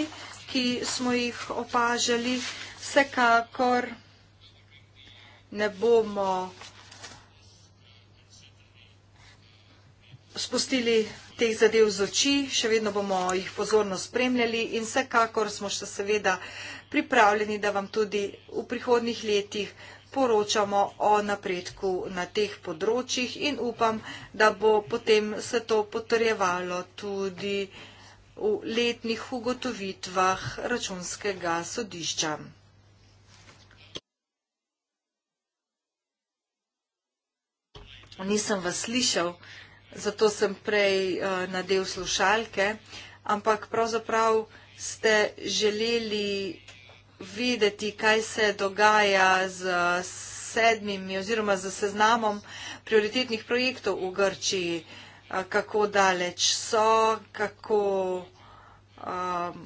ki smo jih opažali. Vsekakor ne bomo spustili teh zadev z oči, še vedno bomo jih pozorno spremljali in vsekakor smo še seveda pripravljeni, da vam tudi v prihodnih letih poročamo o napredku na teh področjih in upam, da bo potem se to potrjevalo tudi v letnih ugotovitvah računskega sodišča. Nisem vas slišal zato sem prej eh, nadel slušalke, ampak pravzaprav ste želeli videti, kaj se dogaja z sedmimi oziroma z seznamom prioritetnih projektov v Grčiji, eh, kako daleč so, kako, um,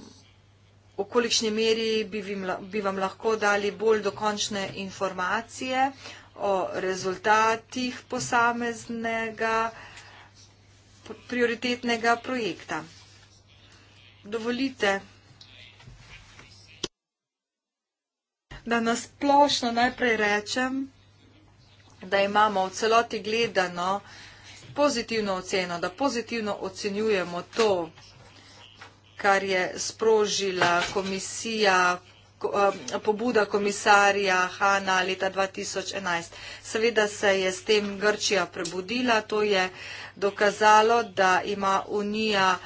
v kolikšni meri bi, vim, bi vam lahko dali bolj dokončne informacije o rezultatih posameznega projekta prioritetnega projekta. Dovolite, da nas splošno najprej rečem, da imamo v celoti gledano pozitivno oceno, da pozitivno ocenjujemo to, kar je sprožila komisija Eh, pobuda komisarja Hana leta 2011. Seveda se je s tem Grčija prebudila, to je dokazalo, da ima Unija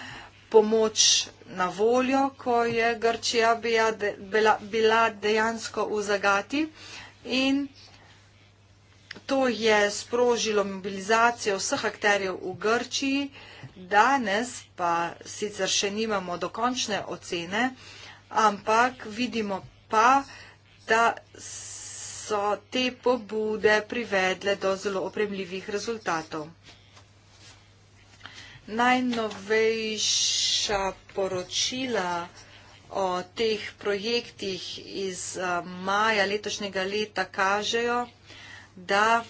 pomoč na voljo, ko je Grčija bila dejansko v zagati in to je sprožilo mobilizacijo vseh akterjev v Grčiji. Danes pa sicer še nimamo dokončne ocene, ampak vidimo pa, da so te pobude privedle do zelo opremljivih rezultatov. Najnovejša poročila o teh projektih iz eh, maja letošnjega leta kažejo, da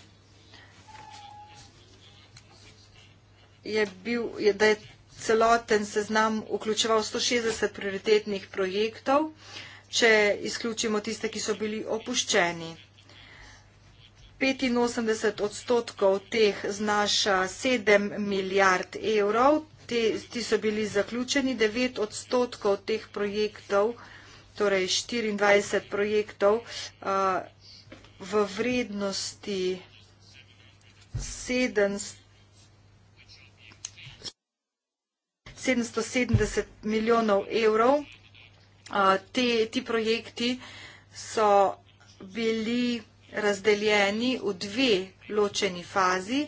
je, bil, da je celoten seznam vključeval 160 prioritetnih projektov, če izključimo tiste, ki so bili opuščeni. 85 odstotkov teh znaša 7 milijard evrov, te, ti so bili zaključeni, 9 odstotkov teh projektov, torej 24 projektov v vrednosti 700 770 milijonov evrov. Te, ti projekti so bili razdeljeni v dve ločeni fazi,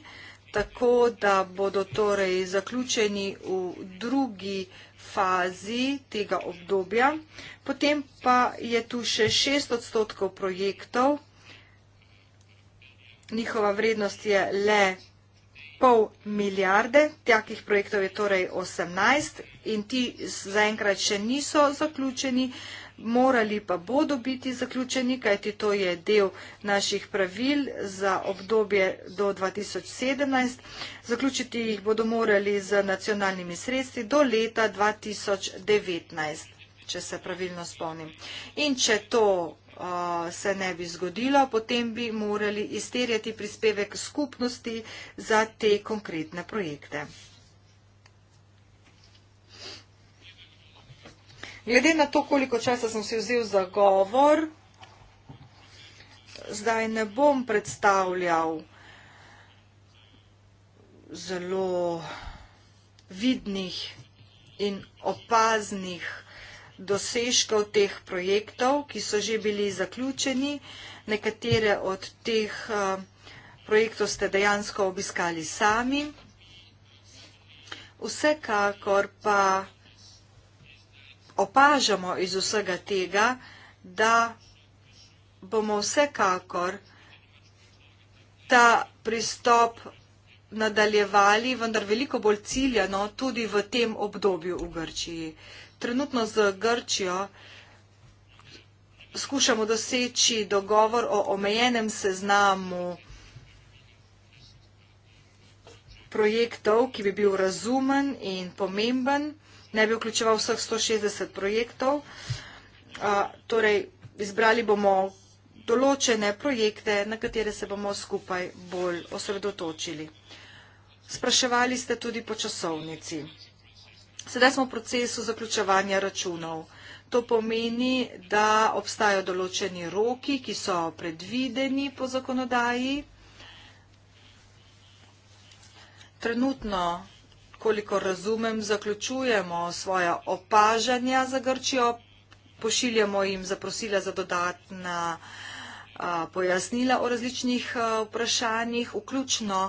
tako da bodo torej zaključeni v drugi fazi tega obdobja. Potem pa je tu še 6 odstotkov projektov. Njihova vrednost je le pol milijarde, takih projektov je torej 18 in ti zaenkrat še niso zaključeni, morali pa bodo biti zaključeni, kajti to je del naših pravil za obdobje do 2017. Zaključiti jih bodo morali z nacionalnimi sredstvi do leta 2019, če se pravilno spomnim. In če to Eh, se ne bi zgodilo, potem bi morali izterjati prispevek skupnosti za te konkretne projekte. Glede na to, koliko časa sem si vzel za govor, zdaj ne bom predstavljal zelo vidnih in opaznih projekte, dosežkov teh projektov, ki so že bili zaključeni. Nekatere od teh eh, projektov ste dejansko obiskali sami. Vsekakor pa opažamo iz vsega tega, da bomo vsekakor ta pristop nadaljevali, vendar veliko bolj ciljano tudi v tem obdobju v Grčiji trenutno z Grčijo skušamo doseči dogovor o omejenem seznamu projektov, ki bi bil razumen in pomemben, ne bi vključeval vseh 160 projektov. Torej, izbrali bomo določene projekte, na katere se bomo skupaj bolj osredotočili. Spraševali ste tudi po časovnici. Sedaj smo v procesu zaključevanja računov. To pomeni, da obstajajo določeni roki, ki so predvideni po zakonodaji. Trenutno, koliko razumem, zaključujemo svoja opažanja za Grčijo, pošiljamo jim zaprosila za dodatna pojasnila o različnih vprašanjih, vključno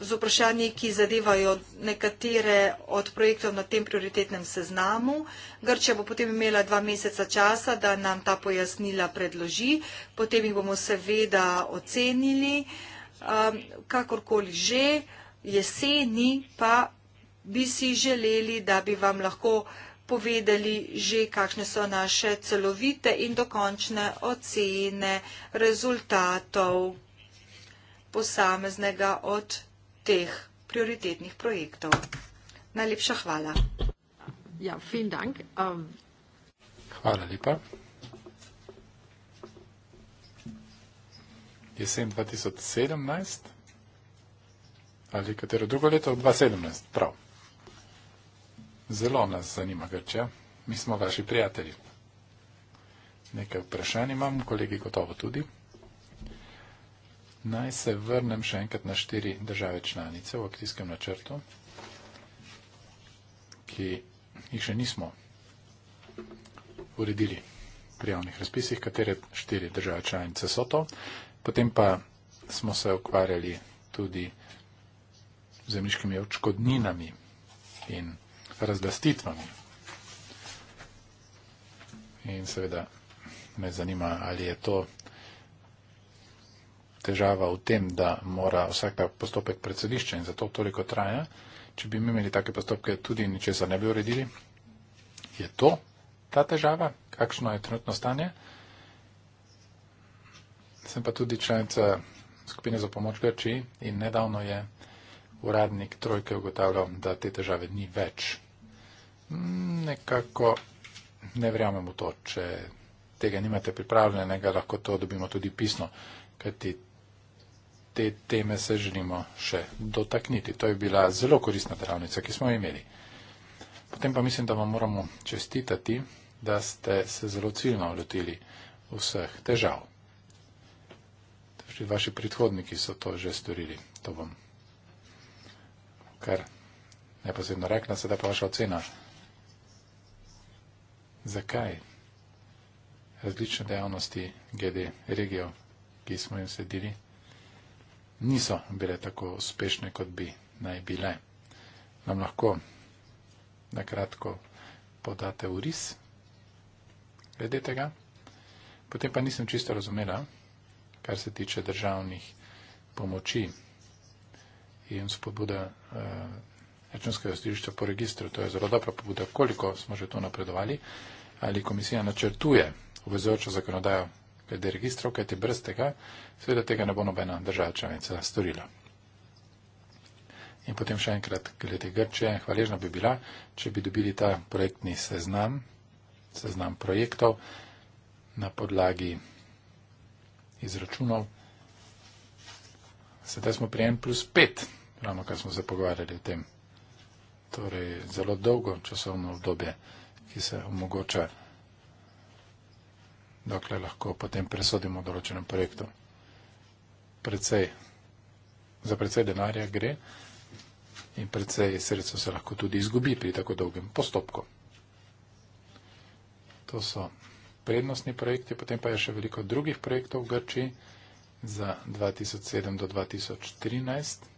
z vprašanji, ki zadevajo nekatere od projektov na tem prioritetnem seznamu. Grčija bo potem imela dva meseca časa, da nam ta pojasnila predloži, potem jih bomo seveda ocenili, ehm, kakorkoli že, jeseni pa bi si želeli, da bi vam lahko povedali že, kakšne so naše celovite in dokončne ocene rezultatov posameznega od teh prioritetnih projektov. Najlepša hvala. Ja, fin dank. Um... Hvala lepa. Jesen 2017 ali katero drugo leto? 2017, prav. Zelo nas zanima Grčija. Mi smo vaši prijatelji. Nekaj vprašanj imam, kolegi gotovo tudi. Naj se vrnem še enkrat na štiri države članice v akcijskem načrtu, ki jih še nismo uredili pri javnih razpisih, katere štiri države članice so to. Potem pa smo se ukvarjali tudi z zemljiškimi očkodninami in razlastitvami. In seveda me zanima, ali je to težava v tem, da mora vsak postopek pred sodišče in zato toliko traja. Če bi mi imeli take postopke, tudi ničesar ne bi uredili. Je to ta težava? Kakšno je trenutno stanje? Sem pa tudi članica skupine za pomoč Grčiji in nedavno je uradnik Trojke ugotavljal, da te težave ni več. Mm, nekako ne verjamem v to, če tega nimate pripravljenega, lahko to dobimo tudi pisno, kajti te teme se želimo še dotakniti. To je bila zelo koristna delavnica, ki smo jo imeli. Potem pa mislim, da vam moramo čestitati, da ste se zelo ciljno lotili vseh težav. Vaši predhodniki so to že storili. To bom kar neposredno rekla, sedaj pa vaša ocena. Zakaj različne dejavnosti GD regijo, ki smo jim sedili? niso bile tako uspešne, kot bi naj bile. Nam lahko na kratko podate uris glede tega. Potem pa nisem čisto razumela, kar se tiče državnih pomoči in spodbuda uh, računskega sodišča po registru. To je zelo dobra pobuda, koliko smo že to napredovali, ali komisija načrtuje obvezujočo zakonodajo glede registrov, kajti brez tega, seveda tega ne bo nobena država članica storila. In potem še enkrat glede Grče, hvaležna bi bila, če bi dobili ta projektni seznam, seznam projektov na podlagi izračunov. Sedaj smo pri en plus pet, ravno kar smo se pogovarjali o tem. Torej zelo dolgo časovno obdobje, ki se omogoča dokler lahko potem presodimo o določenem projektu. Predvsej, za precej denarja gre in precej sredstva se lahko tudi izgubi pri tako dolgem postopku. To so prednostni projekti, potem pa je še veliko drugih projektov v Grčiji za 2007 do 2013.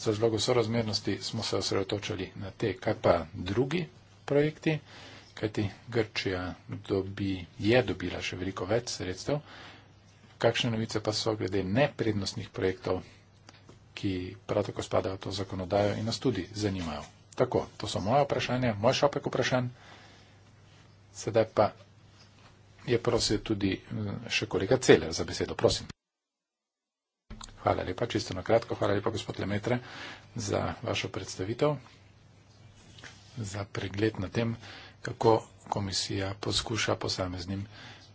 Za zlogo sorazmernosti smo se osredotočali na te, kaj pa drugi projekti kajti Grčija dobi, je dobila še veliko več sredstev. Kakšne novice pa so glede neprednostnih projektov, ki prav tako spadajo v to zakonodajo in nas tudi zanimajo? Tako, to so moje vprašanje, moj šopek vprašanj. Sedaj pa je prosil tudi eh, še kolega Celer za besedo, prosim. Hvala lepa, čisto na kratko, hvala lepa gospod Lemetre za vašo predstavitev, za pregled na tem, kako komisija poskuša posameznim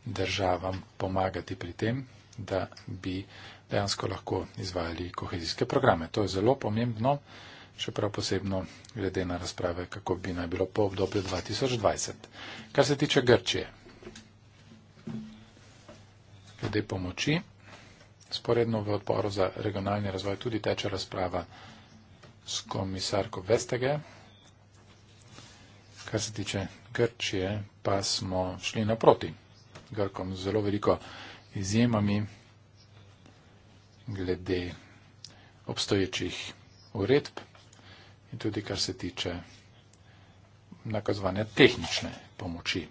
državam pomagati pri tem, da bi dejansko lahko izvajali kohezijske programe. To je zelo pomembno, še prav posebno glede na razprave, kako bi naj bilo po obdobju 2020. Kar se tiče Grčije, glede pomoči, sporedno v odporu za regionalni razvoj tudi teče razprava s komisarko Vestege, kar se tiče Grčije pa smo šli naproti Grkom z zelo veliko izjemami glede obstoječih uredb in tudi kar se tiče nakazovanja tehnične pomoči.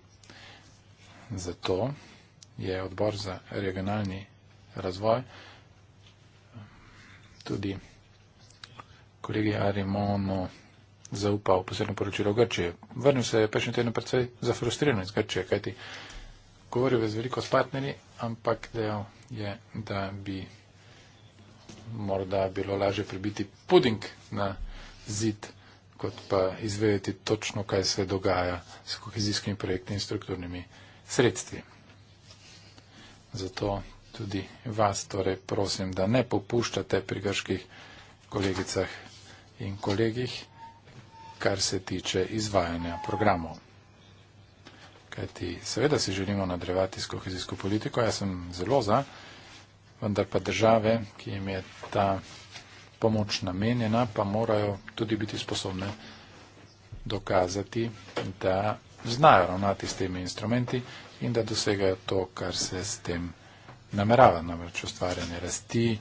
Zato je odbor za regionalni razvoj tudi kolegi Arimono zaupal posebno poročilo Grčije. Vrnil se je prejšnji teden predvsej zafrustriran iz Grčije, kajti govoril je z veliko s partnerji, ampak dejal je, da bi morda bilo lažje pribiti puding na zid, kot pa izvedeti točno, kaj se dogaja s kohezijskimi projekti in strukturnimi sredstvi. Zato tudi vas torej prosim, da ne popuščate pri grških kolegicah in kolegih kar se tiče izvajanja programov. Kajti seveda si želimo nadrevati s kohezijsko politiko, jaz sem zelo za, vendar pa države, ki jim je ta pomoč namenjena, pa morajo tudi biti sposobne dokazati, da znajo ravnati s temi instrumenti in da dosegajo to, kar se s tem namerava, namreč ustvarjanje rasti,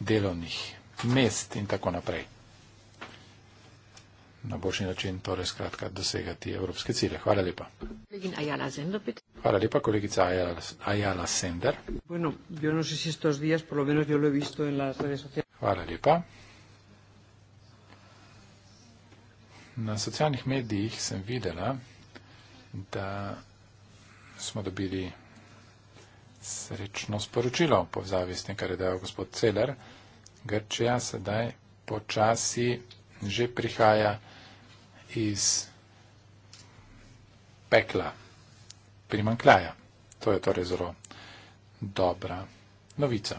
delovnih mest in tako naprej na boljši način torej skratka dosegati evropske cilje. Hvala lepa. Hvala lepa, kolegica Ajala Sender. No Hvala lepa. Na socialnih medijih sem videla, da smo dobili srečno sporočilo v povzavi s tem, kar je dejal gospod Celer. Grčija sedaj počasi že prihaja iz pekla primankljaja. To je torej zelo dobra novica.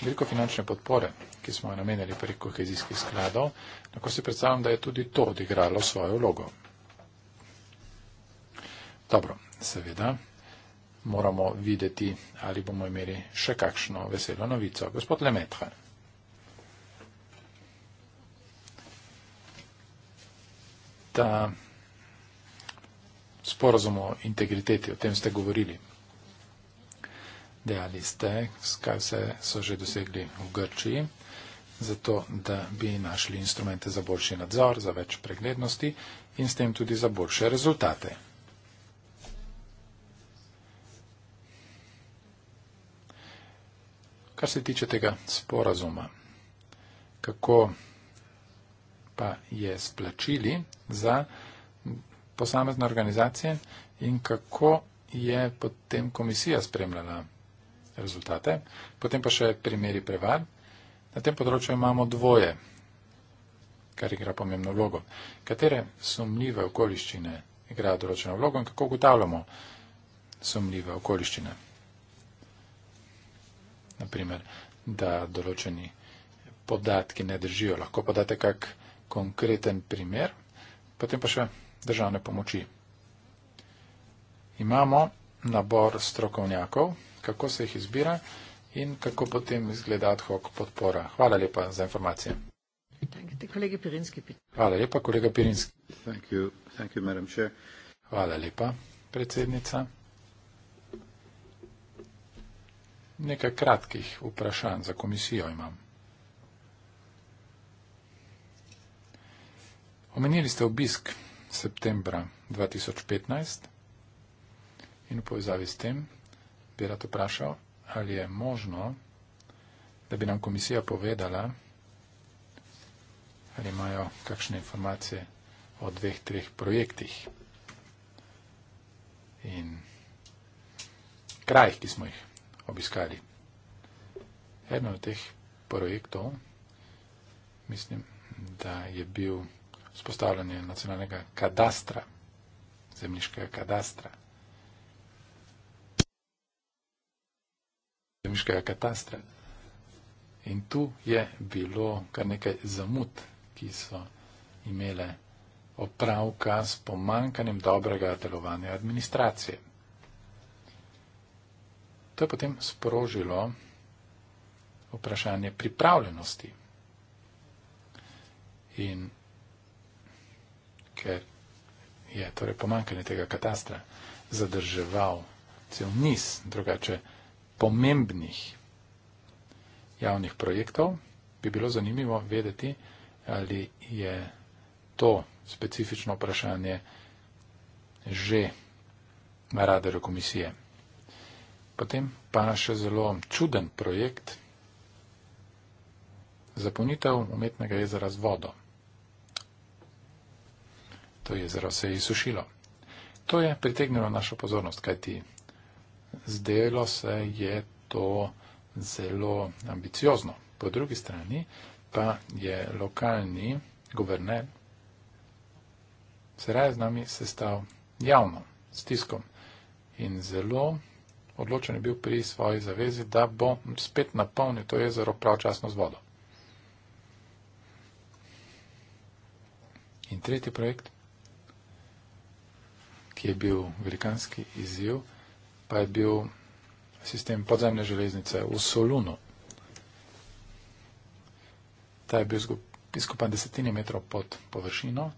Veliko finančne podpore, ki smo jo namenjali prek kohezijskih skladov, lahko si predstavljam, da je tudi to odigralo svojo vlogo. Dobro, seveda, moramo videti, ali bomo imeli še kakšno veselo novico. Gospod Lemetre. ta sporozum o integriteti, o tem ste govorili. Dejali ste, kaj vse so že dosegli v Grčiji, zato da bi našli instrumente za boljši nadzor, za več preglednosti in s tem tudi za boljše rezultate. Kar se tiče tega sporazuma, kako pa je s plačili za posamezne organizacije in kako je potem komisija spremljala rezultate. Potem pa še primeri prevar. Na tem področju imamo dvoje, kar igra pomembno vlogo. Katere sumljive okoliščine igrajo določeno vlogo in kako ugotavljamo sumljive okoliščine? Naprimer, da določeni podatki ne držijo. Lahko podate, kako konkreten primer, potem pa še državne pomoči. Imamo nabor strokovnjakov, kako se jih izbira in kako potem izgleda ad hoc podpora. Hvala lepa za informacije. Hvala lepa, kolega Pirinski. Hvala lepa, predsednica. Nekaj kratkih vprašanj za komisijo imam. Omenili ste obisk septembra 2015 in v povezavi s tem bi rad vprašal, ali je možno, da bi nam komisija povedala, ali imajo kakšne informacije o dveh, treh projektih in krajih, ki smo jih obiskali. Eno od teh projektov, mislim, da je bil projekt, spostavljanje nacionalnega kadastra, zemljiškega kadastra. Zemljiškega kadastra. In tu je bilo kar nekaj zamud, ki so imele opravka s pomankanjem dobrega delovanja administracije. To je potem sprožilo vprašanje pripravljenosti. In ker je torej pomankanje tega katastra zadrževal cel niz drugače pomembnih javnih projektov, bi bilo zanimivo vedeti, ali je to specifično vprašanje že na radarju komisije. Potem pa še zelo čuden projekt zapolnitev umetnega jezera z vodom to jezero se je izsušilo. To je pritegnilo našo pozornost, kajti zdelo se je to zelo ambiciozno. Po drugi strani pa je lokalni guverner se raje z nami sestal javno, s tiskom in zelo odločen je bil pri svoji zavezi, da bo spet napolnil to jezero pravčasno z vodo. In tretji projekt ki je bil velikanski izziv, pa je bil sistem podzemne železnice v Solunu. Ta je bil izkopan desetine metrov pod površino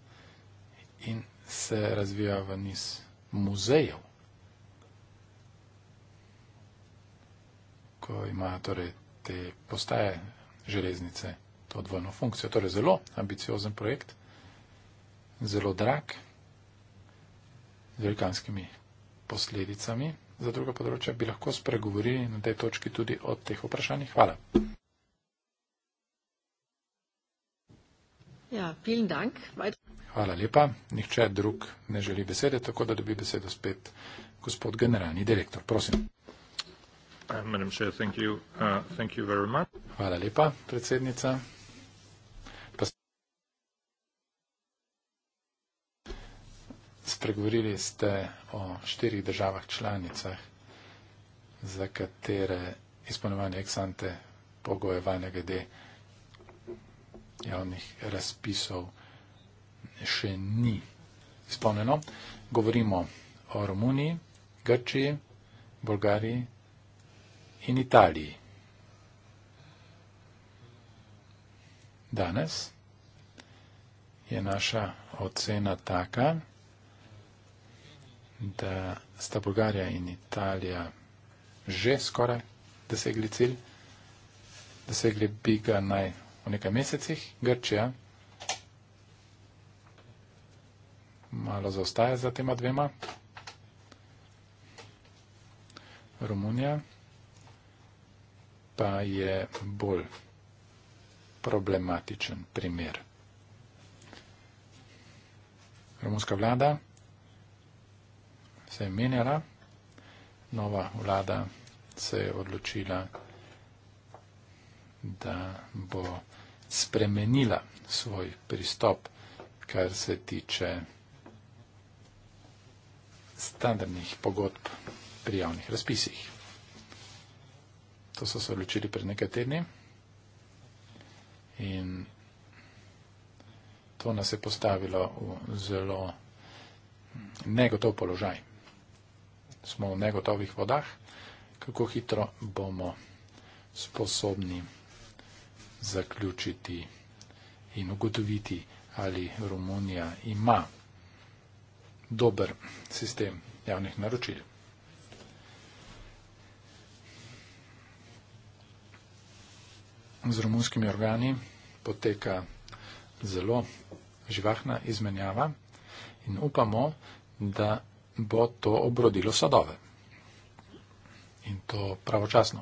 in se razvija v niz muzejev. ko ima torej te postaje železnice to dvojno funkcijo. Torej zelo ambiciozen projekt, zelo drag z velikanskimi posledicami za druga področja, bi lahko spregovorili na tej točki tudi o teh vprašanjih. Hvala. Ja, dank. Hvala lepa. Nihče drug ne želi besede, tako da dobi besedo spet gospod generalni direktor. Prosim. Uh, Chair, thank you. Uh, thank you very much. Hvala lepa, predsednica. spregovorili ste o štirih državah članicah, za katere izpolnjevanje eksante pogojevanja glede javnih razpisov še ni izpolnjeno. Govorimo o Romuniji, Grčiji, Bolgariji in Italiji. Danes je naša ocena taka, da sta Bolgarija in Italija že skoraj dosegli cilj, dosegli bi ga naj v nekaj mesecih, Grčija malo zaostaja za tema dvema, Romunija pa je bolj problematičen primer. Romunska vlada se je menjala, nova vlada se je odločila, da bo spremenila svoj pristop, kar se tiče standardnih pogodb pri javnih razpisih. To so se odločili pred nekaj tedni in to nas je postavilo v zelo negotov položaj smo v negotovih vodah, kako hitro bomo sposobni zaključiti in ugotoviti, ali Romunija ima dober sistem javnih naročil. Z romunskimi organi poteka zelo živahna izmenjava in upamo, da bo to obrodilo sadove. In to pravočasno.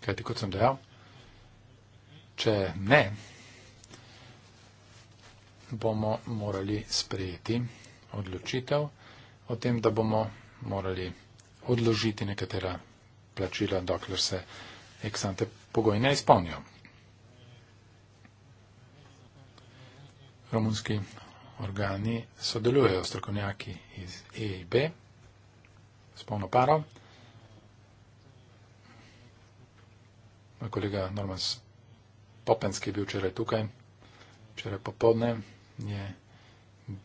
Kajti, kot sem dejal, če ne, bomo morali sprejeti odločitev o tem, da bomo morali odložiti nekatera plačila, dokler se eksante pogoji ne izpolnijo. Romunski organi sodelujejo strokovnjaki iz EIB, spolno paro. Moj kolega Norman Popens, ki je bil včeraj tukaj, včeraj popodne, je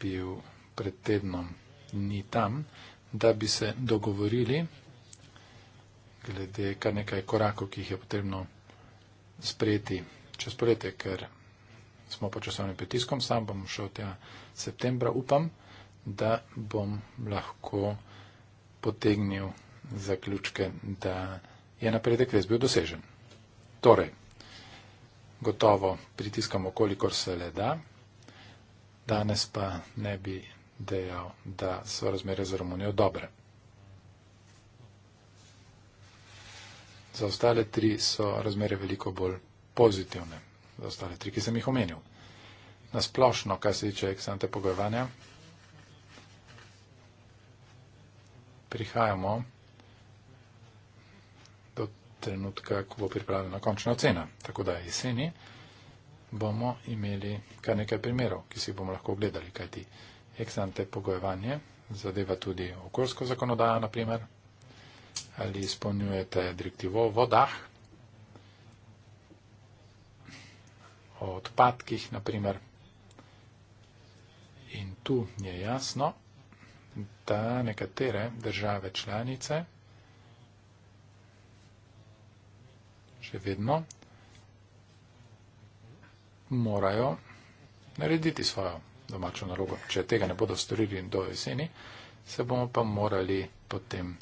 bil pred tednom ni tam, da bi se dogovorili glede kar nekaj korakov, ki jih je potrebno sprejeti čez poletje, ker smo pod časovnim pritiskom, sam bom šel tja septembra, upam, da bom lahko potegnil zaključke, da je napredek res bil dosežen. Torej, gotovo pritiskamo, kolikor se le da, danes pa ne bi dejal, da so razmere za Romunijo dobre. Za ostale tri so razmere veliko bolj pozitivne ostale tri, ki sem jih omenil. Nasplošno, kar se tiče eksante pogojevanja, prihajamo do trenutka, ko bo pripravljena končna ocena. Tako da jeseni bomo imeli kar nekaj primerov, ki si bomo lahko ogledali, kajti eksante pogojevanje zadeva tudi okoljsko zakonodajo, naprimer, ali izpolnjujete direktivo o vodah, o odpadkih, naprimer. In tu je jasno, da nekatere države članice še vedno morajo narediti svojo domačo nalogo. Če tega ne bodo storili do jeseni, se bomo pa morali potem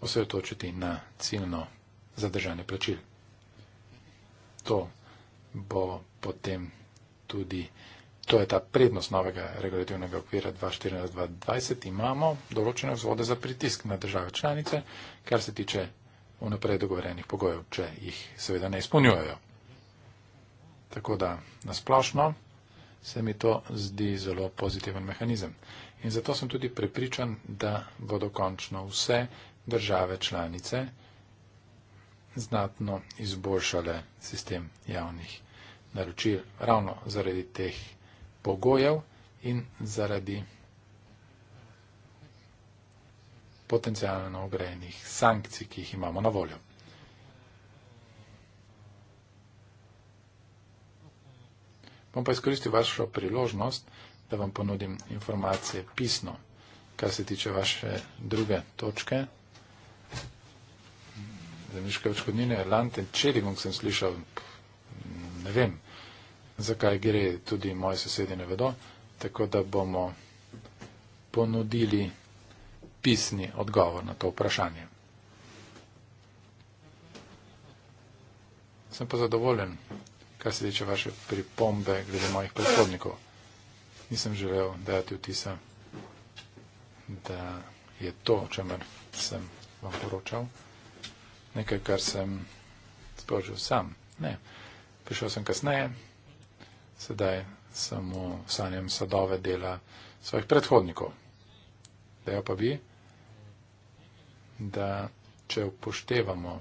osredotočiti na ciljno zadržanje plačil. To bo potem tudi, to je ta prednost novega regulativnega okvira 2014-2020, imamo določene vzvode za pritisk na države članice, kar se tiče vnaprej dogovorenih pogojev, če jih seveda ne izpolnjujejo. Tako da nasplošno se mi to zdi zelo pozitiven mehanizem. In zato sem tudi prepričan, da bodo končno vse države članice znatno izboljšale sistem javnih naročil ravno zaradi teh pogojev in zaradi potencijalno ogrejenih sankcij, ki jih imamo na voljo. Bom pa izkoristil vašo priložnost, da vam ponudim informacije pisno, kar se tiče vaše druge točke zemljiške odškodnine, Erlante, Čedigong sem slišal, ne vem, zakaj gre, tudi moji sosedje ne vedo, tako da bomo ponudili pisni odgovor na to vprašanje. Sem pa zadovoljen, kar se tiče vaše pripombe glede mojih predhodnikov. Nisem želel dajati vtisa, da je to, o čemer sem vam poročal nekaj, kar sem sprožil sam. Ne. Prišel sem kasneje, sedaj samo sanjam sadove dela svojih predhodnikov. Dejo pa bi, da če upoštevamo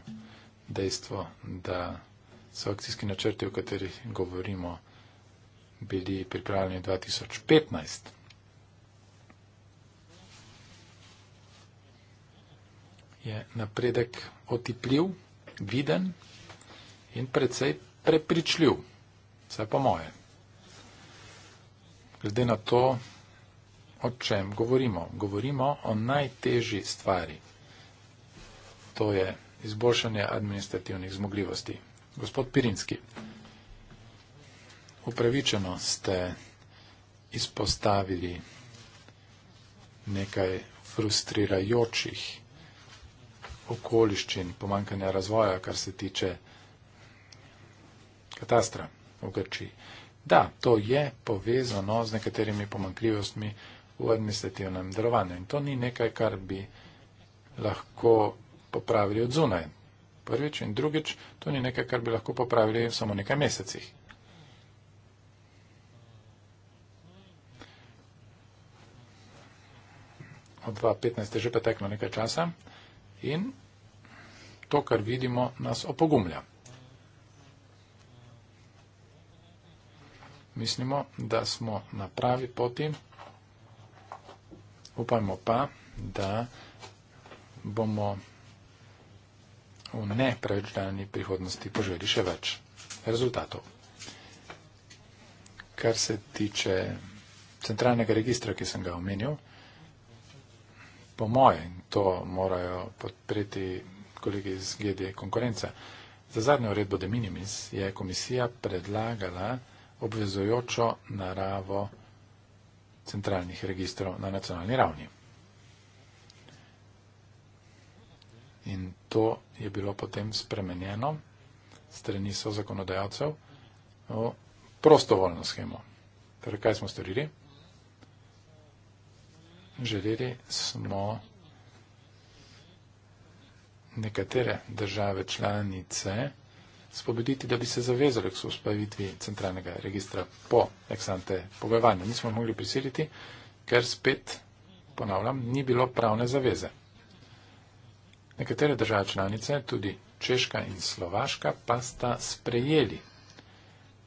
dejstvo, da so akcijski načrti, o katerih govorimo, bili pripravljeni 2015. je napredek otipljiv, viden in predvsej prepričljiv, vse po moje. Glede na to, o čem govorimo. Govorimo o najtežji stvari. To je izboljšanje administrativnih zmogljivosti. Gospod Pirinski, upravičeno ste izpostavili nekaj frustrirajočih okoliščin, pomankanja razvoja, kar se tiče katastra v Grčiji. Da, to je povezano z nekaterimi pomankljivostmi v administrativnem delovanju in to ni nekaj, kar bi lahko popravili od zunaj. Prvič in drugič, to ni nekaj, kar bi lahko popravili v samo nekaj mesecih. Od 2015 je že preteklo nekaj časa. In to, kar vidimo, nas opogumlja. Mislimo, da smo na pravi poti. Upajmo pa, da bomo v ne preveč daljni prihodnosti poželi še več rezultatov. Kar se tiče centralnega registra, ki sem ga omenil, po moje, in to morajo podpreti kolegi iz GD konkurence. Za zadnjo uredbo de minimis je komisija predlagala obvezujočo naravo centralnih registrov na nacionalni ravni. In to je bilo potem spremenjeno strani so zakonodajalcev v prostovoljno schemo. Torej, kaj smo storili? Želeli smo nekatere države članice spobuditi, da bi se zavezali k vzpostavitvi centralnega registra po eksante pogajanja. Nismo mogli prisiliti, ker spet, ponavljam, ni bilo pravne zaveze. Nekatere države članice, tudi Češka in Slovaška, pa sta sprejeli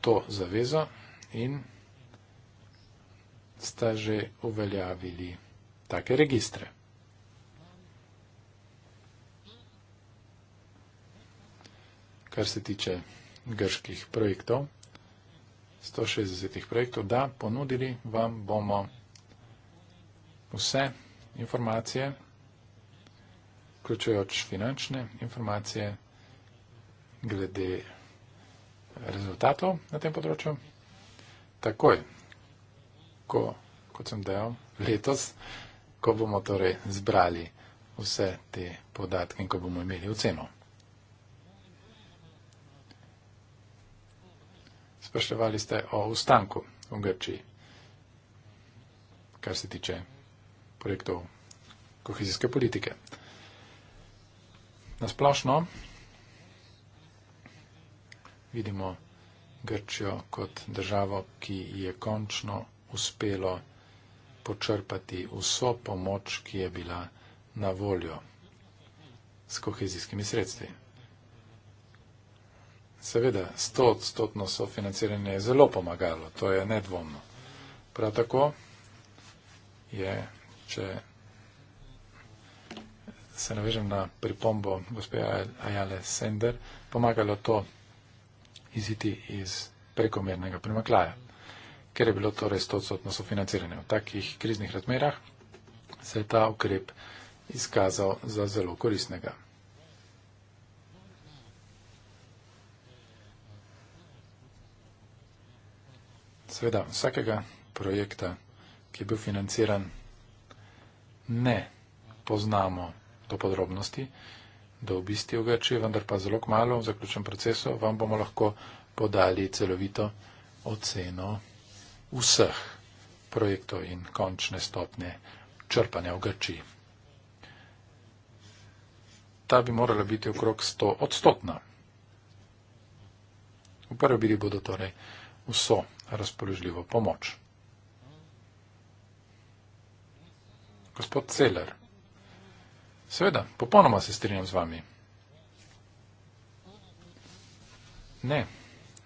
to zavezo in sta že uveljavili take registre. Kar se tiče grških projektov, 160 projektov, da, ponudili vam bomo vse informacije, vključujoč finančne informacije glede rezultatov na tem področju. Takoj, ko, kot sem dejal, letos ko bomo torej zbrali vse te podatke in ko bomo imeli oceno. Spraševali ste o ustanku v Grčiji, kar se tiče projektov kohezijske politike. Nasplošno vidimo Grčijo kot državo, ki je končno uspelo počrpati vso pomoč, ki je bila na voljo s kohezijskimi sredstvi. Seveda, 100-odstotno sofinanciranje je zelo pomagalo, to je nedvomno. Prav tako je, če se navežem na pripombo gospoda Ajale Sender, pomagalo to iziti iz prekomernega primaklaja ker je bilo torej 100% sofinanciranje. V takih kriznih razmerah se je ta ukrep izkazal za zelo koristnega. Seveda, vsakega projekta, ki je bil financiran, ne poznamo do podrobnosti, do obisti ogači, vendar pa zelo k malo v zaključnem procesu vam bomo lahko podali celovito oceno vseh projektov in končne stopnje črpanja v Grči. Ta bi morala biti okrog 100 odstotna. V prvi bili bodo torej vso razpoložljivo pomoč. Gospod Celer, seveda, popolnoma se strinjam z vami. Ne,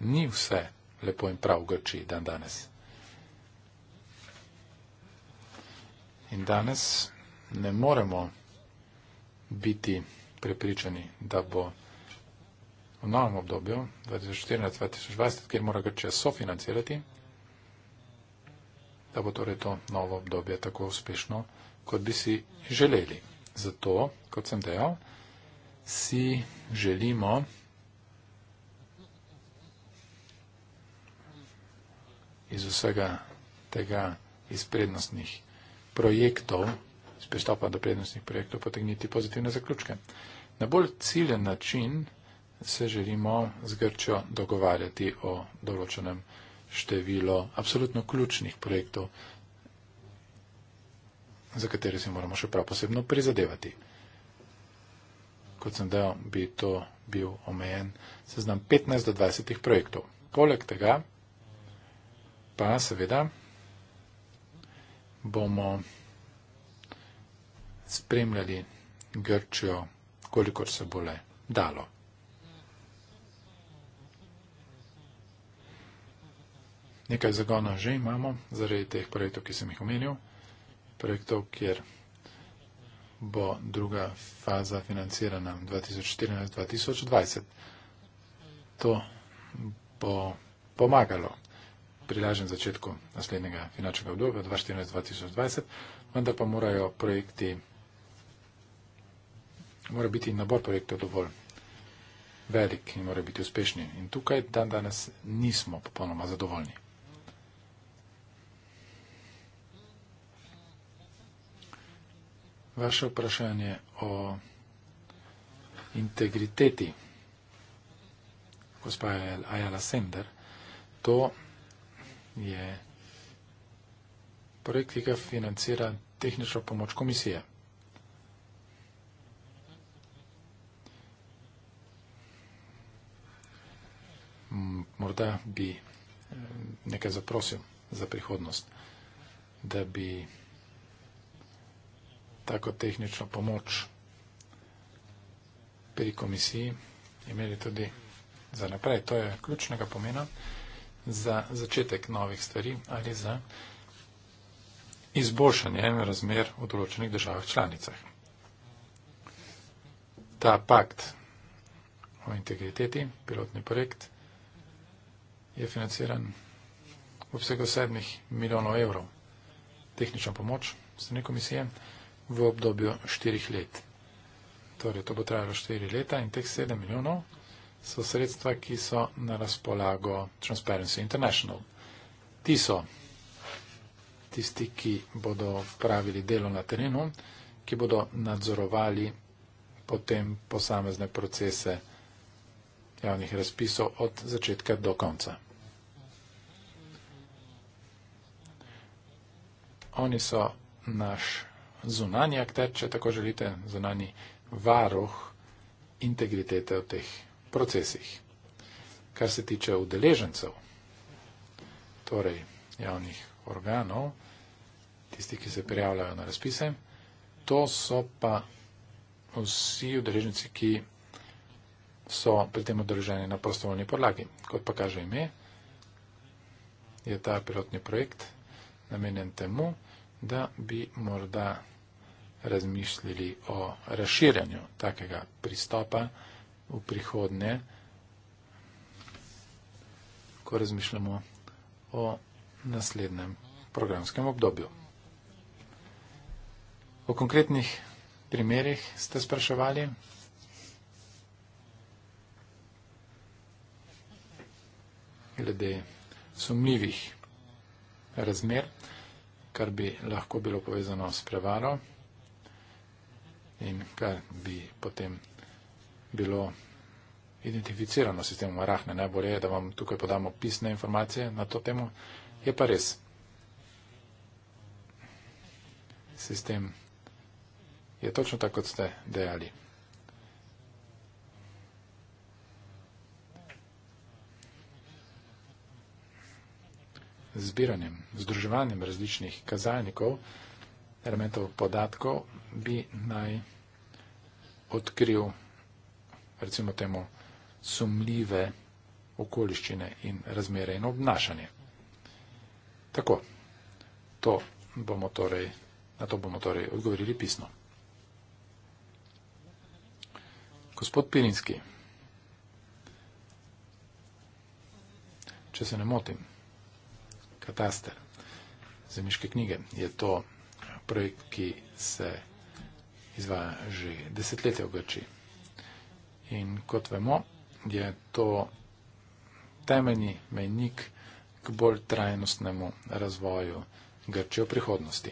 ni vse lepo in prav v Grčiji dan danes. In danes ne moremo biti prepričani, da bo v novem obdobju 2014-2020, kjer mora Grčija sofinancirati, da bo torej to novo obdobje tako uspešno, kot bi si želeli. Zato, kot sem dejal, si želimo iz vsega tega iz prednostnih projektov, s pristopom do prednostnih projektov, potegniti pozitivne zaključke. Na bolj ciljen način se želimo z Grčjo dogovarjati o določenem številu absolutno ključnih projektov, za katere si moramo še prav posebno prizadevati. Kot sem dejal, bi to bil omejen seznam 15 do 20 projektov. Poleg tega pa seveda bomo spremljali Grčijo, kolikor se bo le dalo. Nekaj zagona že imamo zaradi teh projektov, ki sem jih omenil. Projektov, kjer bo druga faza financirana 2014-2020. To bo pomagalo prilažen začetku naslednjega finančnega obdobja 2014-2020, vendar pa morajo projekti, mora biti nabor projektov dovolj velik in mora biti uspešni. In tukaj dan danes nismo popolnoma zadovoljni. Vaše vprašanje o integriteti, gospa Ajala Sender, to je projekt, ki ga financira tehnično pomoč komisije. Morda bi eh, nekaj zaprosil za prihodnost, da bi tako tehnično pomoč pri komisiji imeli tudi za naprej. To je ključnega pomena za začetek novih stvari ali za izboljšanje razmer v določenih državah članicah. Ta pakt o integriteti, pilotni projekt, je financiran v obsegu sedmih milijonov evrov tehnično pomoč strani komisije v obdobju štirih let. Torej, to bo trajalo štiri leta in teh sedem milijonov so sredstva, ki so na razpolago Transparency International. Ti so tisti, ki bodo pravili delo na terenu, ki bodo nadzorovali potem posamezne procese javnih razpisov od začetka do konca. Oni so naš zunani akter, če tako želite, zunani varuh integritete v teh procesih. Kar se tiče udeležencev, torej javnih organov, tisti, ki se prijavljajo na razpise, to so pa vsi udeleženci, ki so pri tem udeleženi na prostovoljni podlagi. Kot pa kaže ime, je ta pilotni projekt namenjen temu, da bi morda razmišljali o razširjanju takega pristopa v prihodnje, ko razmišljamo o naslednjem programskem obdobju. O konkretnih primerjih ste spraševali. glede sumljivih razmer, kar bi lahko bilo povezano s prevaro in kar bi potem bilo identificirano s sistemom Arahne. Najbolje je, da vam tukaj podamo pisne informacije na to temo. Je pa res. Sistem je točno tako, kot ste dejali. Zbiranjem, združevanjem različnih kazalnikov, elementov podatkov bi naj odkril recimo temu, sumljive okoliščine in razmere in obnašanje. Tako, to bomo torej, na to bomo torej odgovorili pisno. Gospod Pirinski, če se ne motim, kataster zemljiške knjige je to projekt, ki se izvaja že desetletja v Grčiji. In kot vemo, je to temeljni menik k bolj trajnostnemu razvoju Grčije v prihodnosti.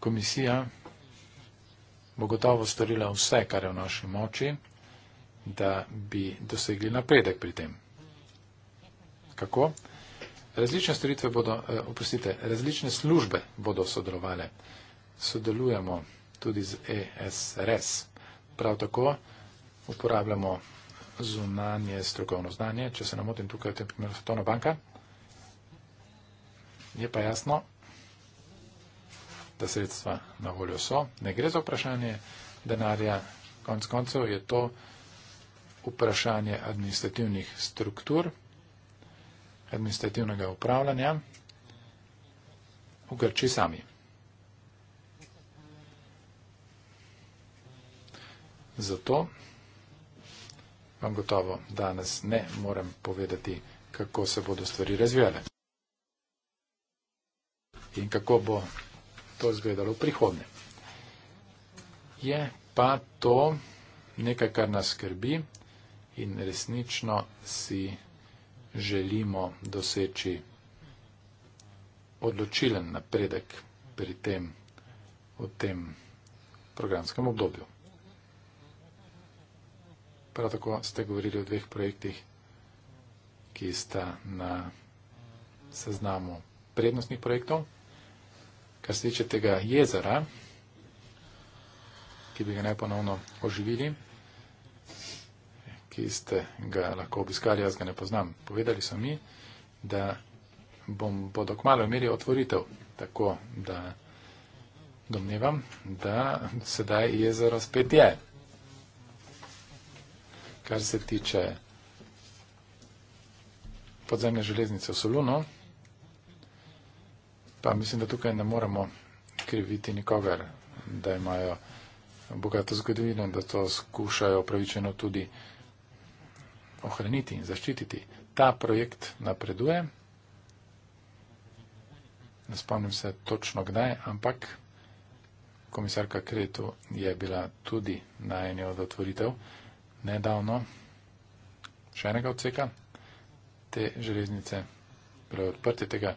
Komisija bo gotovo storila vse, kar je v naši moči, da bi dosegli napredek pri tem. Kako? Različne storitve bodo, eh, oprostite, različne službe bodo sodelovale. Sodelujemo tudi z ESRS. Prav tako uporabljamo zunanje strokovno znanje, če se namotim tukaj, v tem primeru Svetovna banka. Je pa jasno, da sredstva na voljo so. Ne gre za vprašanje denarja, konc koncev je to vprašanje administrativnih struktur, administrativnega upravljanja v Grči sami. Zato vam gotovo danes ne morem povedati, kako se bodo stvari razvijale in kako bo to izgledalo v prihodnje. Je pa to nekaj, kar nas skrbi in resnično si želimo doseči odločilen napredek pri tem, v tem programskem obdobju. Prav tako ste govorili o dveh projektih, ki sta na seznamu prednostnih projektov. Kar se tiče tega jezera, ki bi ga naj ponovno oživili, ki ste ga lahko obiskali, jaz ga ne poznam. Povedali so mi, da bom, bodo kmalo imeli otvoritev, tako da domnevam, da sedaj jezero spet je kar se tiče podzemne železnice v Soluno. Pa mislim, da tukaj ne moremo kriviti nikogar, da imajo bogato zgodovino in da to skušajo pravičeno tudi ohraniti in zaščititi. Ta projekt napreduje. Ne spomnim se točno kdaj, ampak komisarka Kretu je bila tudi na eni od otvoritev nedavno še enega odseka te železnice, bilo je odprti tega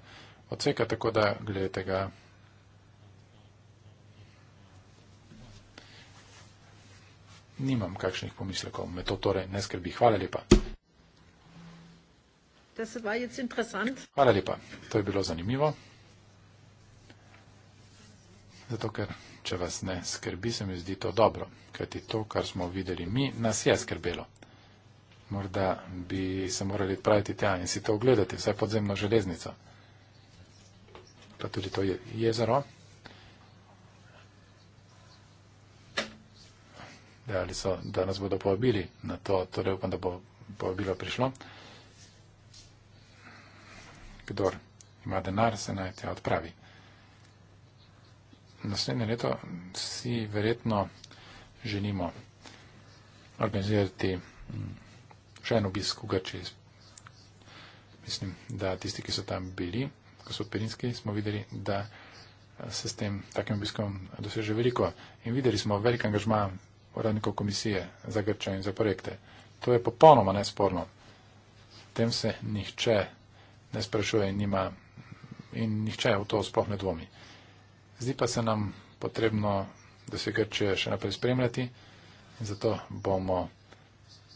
odseka, tako da gledajte ga. Nimam kakšnih pomislekov, me to torej ne skrbi. Hvala lepa. Hvala lepa, to je bilo zanimivo. Zato ker če vas ne skrbi, se mi zdi to dobro, kajti to, kar smo videli mi, nas je skrbelo. Morda bi se morali praviti tja in si to ogledati, vsaj podzemno železnico. Pa tudi to jezero. Dejali so, da nas bodo povabili na to, torej upam, da bo povabilo prišlo. Kdor ima denar, se naj tja odpravi naslednje leto si verjetno želimo organizirati mm, še en obisk v Grčiji. Mislim, da tisti, ki so tam bili, ko so perinski, smo videli, da se s tem takim obiskom doseže veliko. In videli smo velik angažma uradnikov komisije za Grčijo in za projekte. To je popolnoma nesporno. Tem se nihče ne sprašuje in nima in nihče v to sploh ne dvomi. Zdi pa se nam potrebno, da se Grčija še naprej spremljati in zato bomo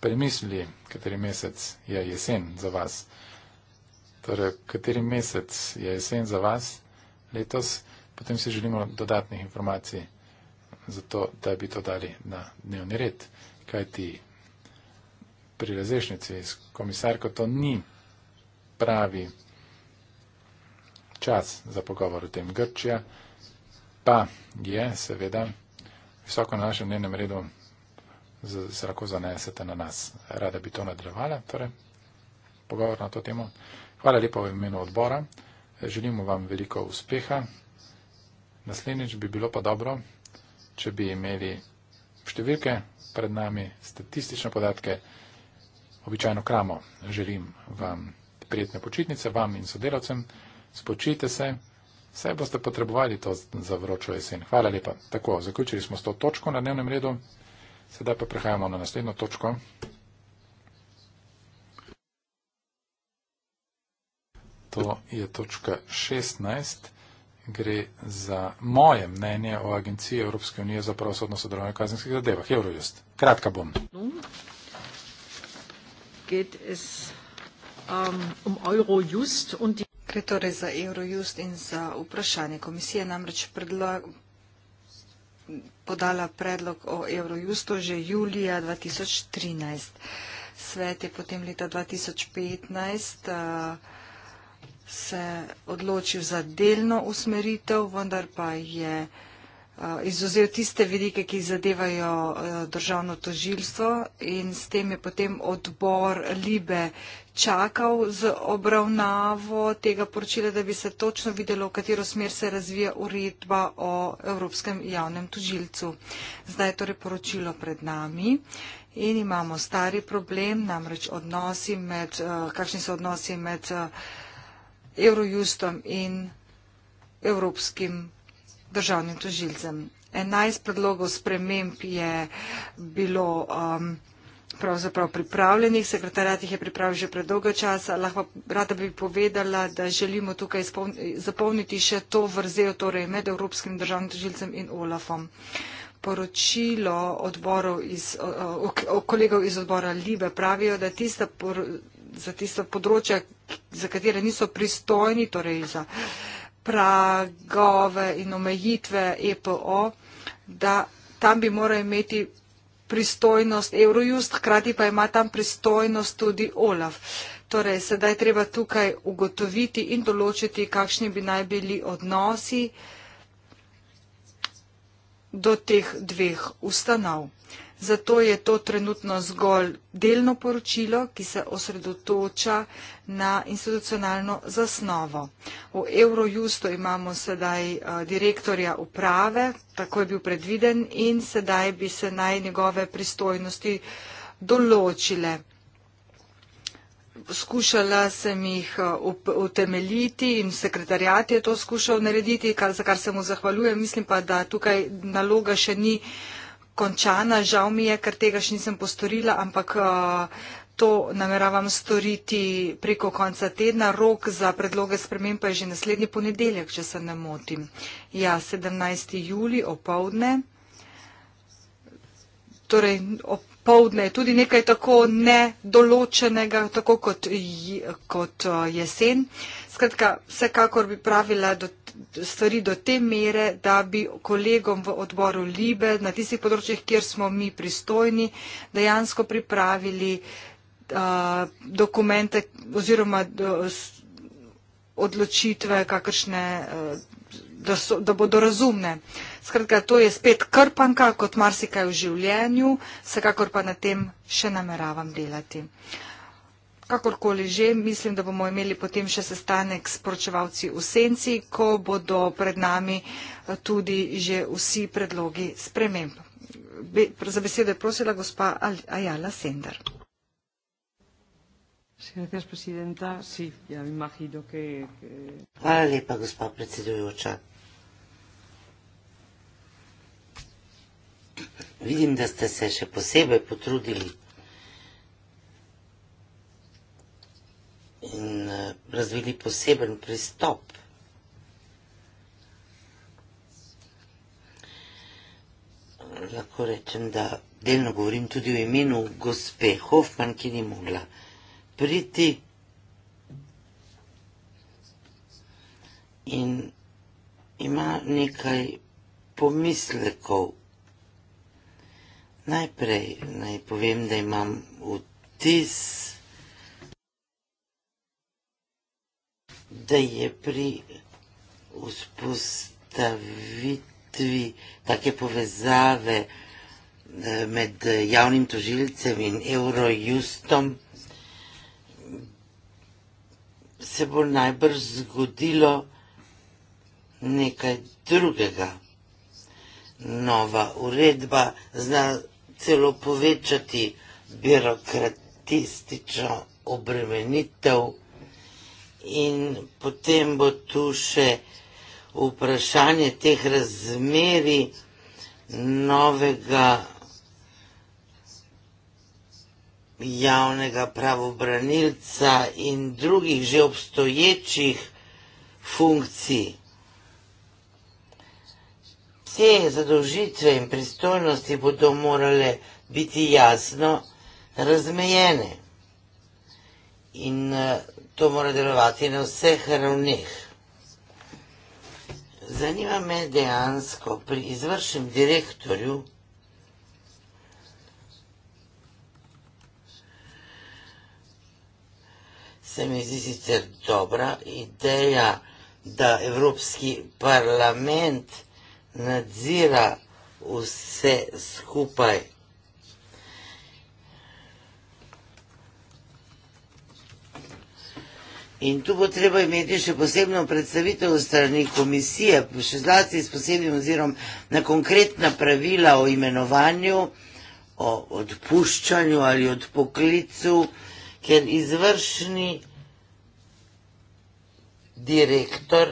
premislili, kateri mesec je jesen za vas. Torej, kateri mesec je jesen za vas letos, potem si želimo dodatnih informacij, zato da bi to dali na dnevni red, kajti pri razrešnici s komisarko to ni pravi čas za pogovor o tem Grčija pa je seveda visoko na našem dnevnem redu, se lahko zanesete na nas. Rada bi to nadaljevala, torej pogovor na to temo. Hvala lepa v imenu odbora, želimo vam veliko uspeha. Naslednjič bi bilo pa dobro, če bi imeli številke pred nami, statistične podatke, običajno kramo. Želim vam prijetne počitnice, vam in sodelavcem. Spočite se. Vse boste potrebovali to za vročo jesen. Hvala lepa. Tako, zaključili smo s to točko na dnevnem redu. Sedaj pa prehajamo na naslednjo točko. To je točka 16. Gre za moje mnenje o agenciji Evropske unije za pravosodno sodelovanje v kazenskih zadevah. Eurojust. Kratka bom. Geht es um, um Eurojust und die gre torej za Eurojust in za vprašanje. Komisija namreč podala predlog o Eurojustu že julija 2013. Svet je potem leta 2015 se odločil za delno usmeritev, vendar pa je vprašanje, izuzel tiste vidike, ki zadevajo državno tožilstvo in s tem je potem odbor Libe čakal z obravnavo tega poročila, da bi se točno videlo, v katero smer se razvija uredba o Evropskem javnem tožilcu. Zdaj je torej poročilo pred nami. In imamo stari problem, namreč odnosi med, kakšni so odnosi med Eurojustom in Evropskim državnim tožilcem. 11 predlogov sprememb je bilo um, pravzaprav pripravljenih, sekretarjat jih je pripravil že predolgo časa, lahko rada bi povedala, da želimo tukaj izpolni, zapolniti še to vrzel torej med Evropskim državnim tožilcem in OLAFom. Poročilo odborov iz, o, o, kolegov iz odbora Libe pravijo, da tista por, za tista področja, za katere niso pristojni, torej za pragove in omejitve EPO, da tam bi morali imeti pristojnost Eurojust, hkrati pa ima tam pristojnost tudi OLAF. Torej, sedaj treba tukaj ugotoviti in določiti, kakšni bi naj bili odnosi do teh dveh ustanov. Zato je to trenutno zgolj delno poročilo, ki se osredotoča na institucionalno zasnovo. V Eurojusto imamo sedaj eh, direktorja uprave, tako je bil predviden in sedaj bi se naj njegove pristojnosti določile. Skušala sem jih eh, utemeljiti in sekretarjat je to skušal narediti, za kar se mu zahvaljujem. Mislim pa, da tukaj naloga še ni končana, žal mi je, ker tega še nisem postorila, ampak uh, to nameravam storiti preko konca tedna. Rok za predloge sprememb pa je že naslednji ponedeljek, če se ne motim. Ja, 17. juli opovdne. Torej, opovdne je tudi nekaj tako nedoločenega, tako kot, kot eh, jesen. Skratka, vsekakor bi pravila do tega stvari do te mere, da bi kolegom v odboru Libe na tistih področjih, kjer smo mi pristojni, dejansko pripravili uh, dokumente oziroma do, odločitve, kakršne, uh, da, so, da bodo razumne. Skratka, to je spet krpanka, kot marsikaj v življenju, vsekakor pa na tem še nameravam delati. Uh, Kakorkoli že, mislim, da bomo imeli potem še sestanek s poročevalci v senci, ko bodo pred nami eh, tudi že vsi predlogi sprememb. Be, za besedo je prosila gospa Ajala Sender. Hvala lepa, gospa predsedujoča. Vidim, da ste se še posebej potrudili in eh, razvili poseben pristop. Lahko rečem, da delno govorim tudi v imenu gospe Hoffman, ki ni mogla priti. In ima nekaj pomislekov. Najprej naj povem, da imam vtis, da je pri vzpostavitvi take povezave eh, med javnim tožilcem in Eurojustom se bo najbrž zgodilo nekaj drugega. Nova uredba zna celo povečati birokratistično obremenitev in potem bo tu še vprašanje teh razmeri novega javnega pravobranilca in drugih že obstoječih funkcij. Te zadožitve in pristojnosti bodo morale biti jasno razmejene. In eh, to mora delovati na vseh ravneh. Zanima me dejansko pri izvršnem direktorju, se mi zdi sicer dobra ideja, da Evropski parlament nadzira vse skupaj. In tu bo treba imeti še posebno predstavitev strani komisije, še zlasti s posebnim ozirom na konkretna pravila o imenovanju, o odpuščanju ali odpoklicu, ker izvršni direktor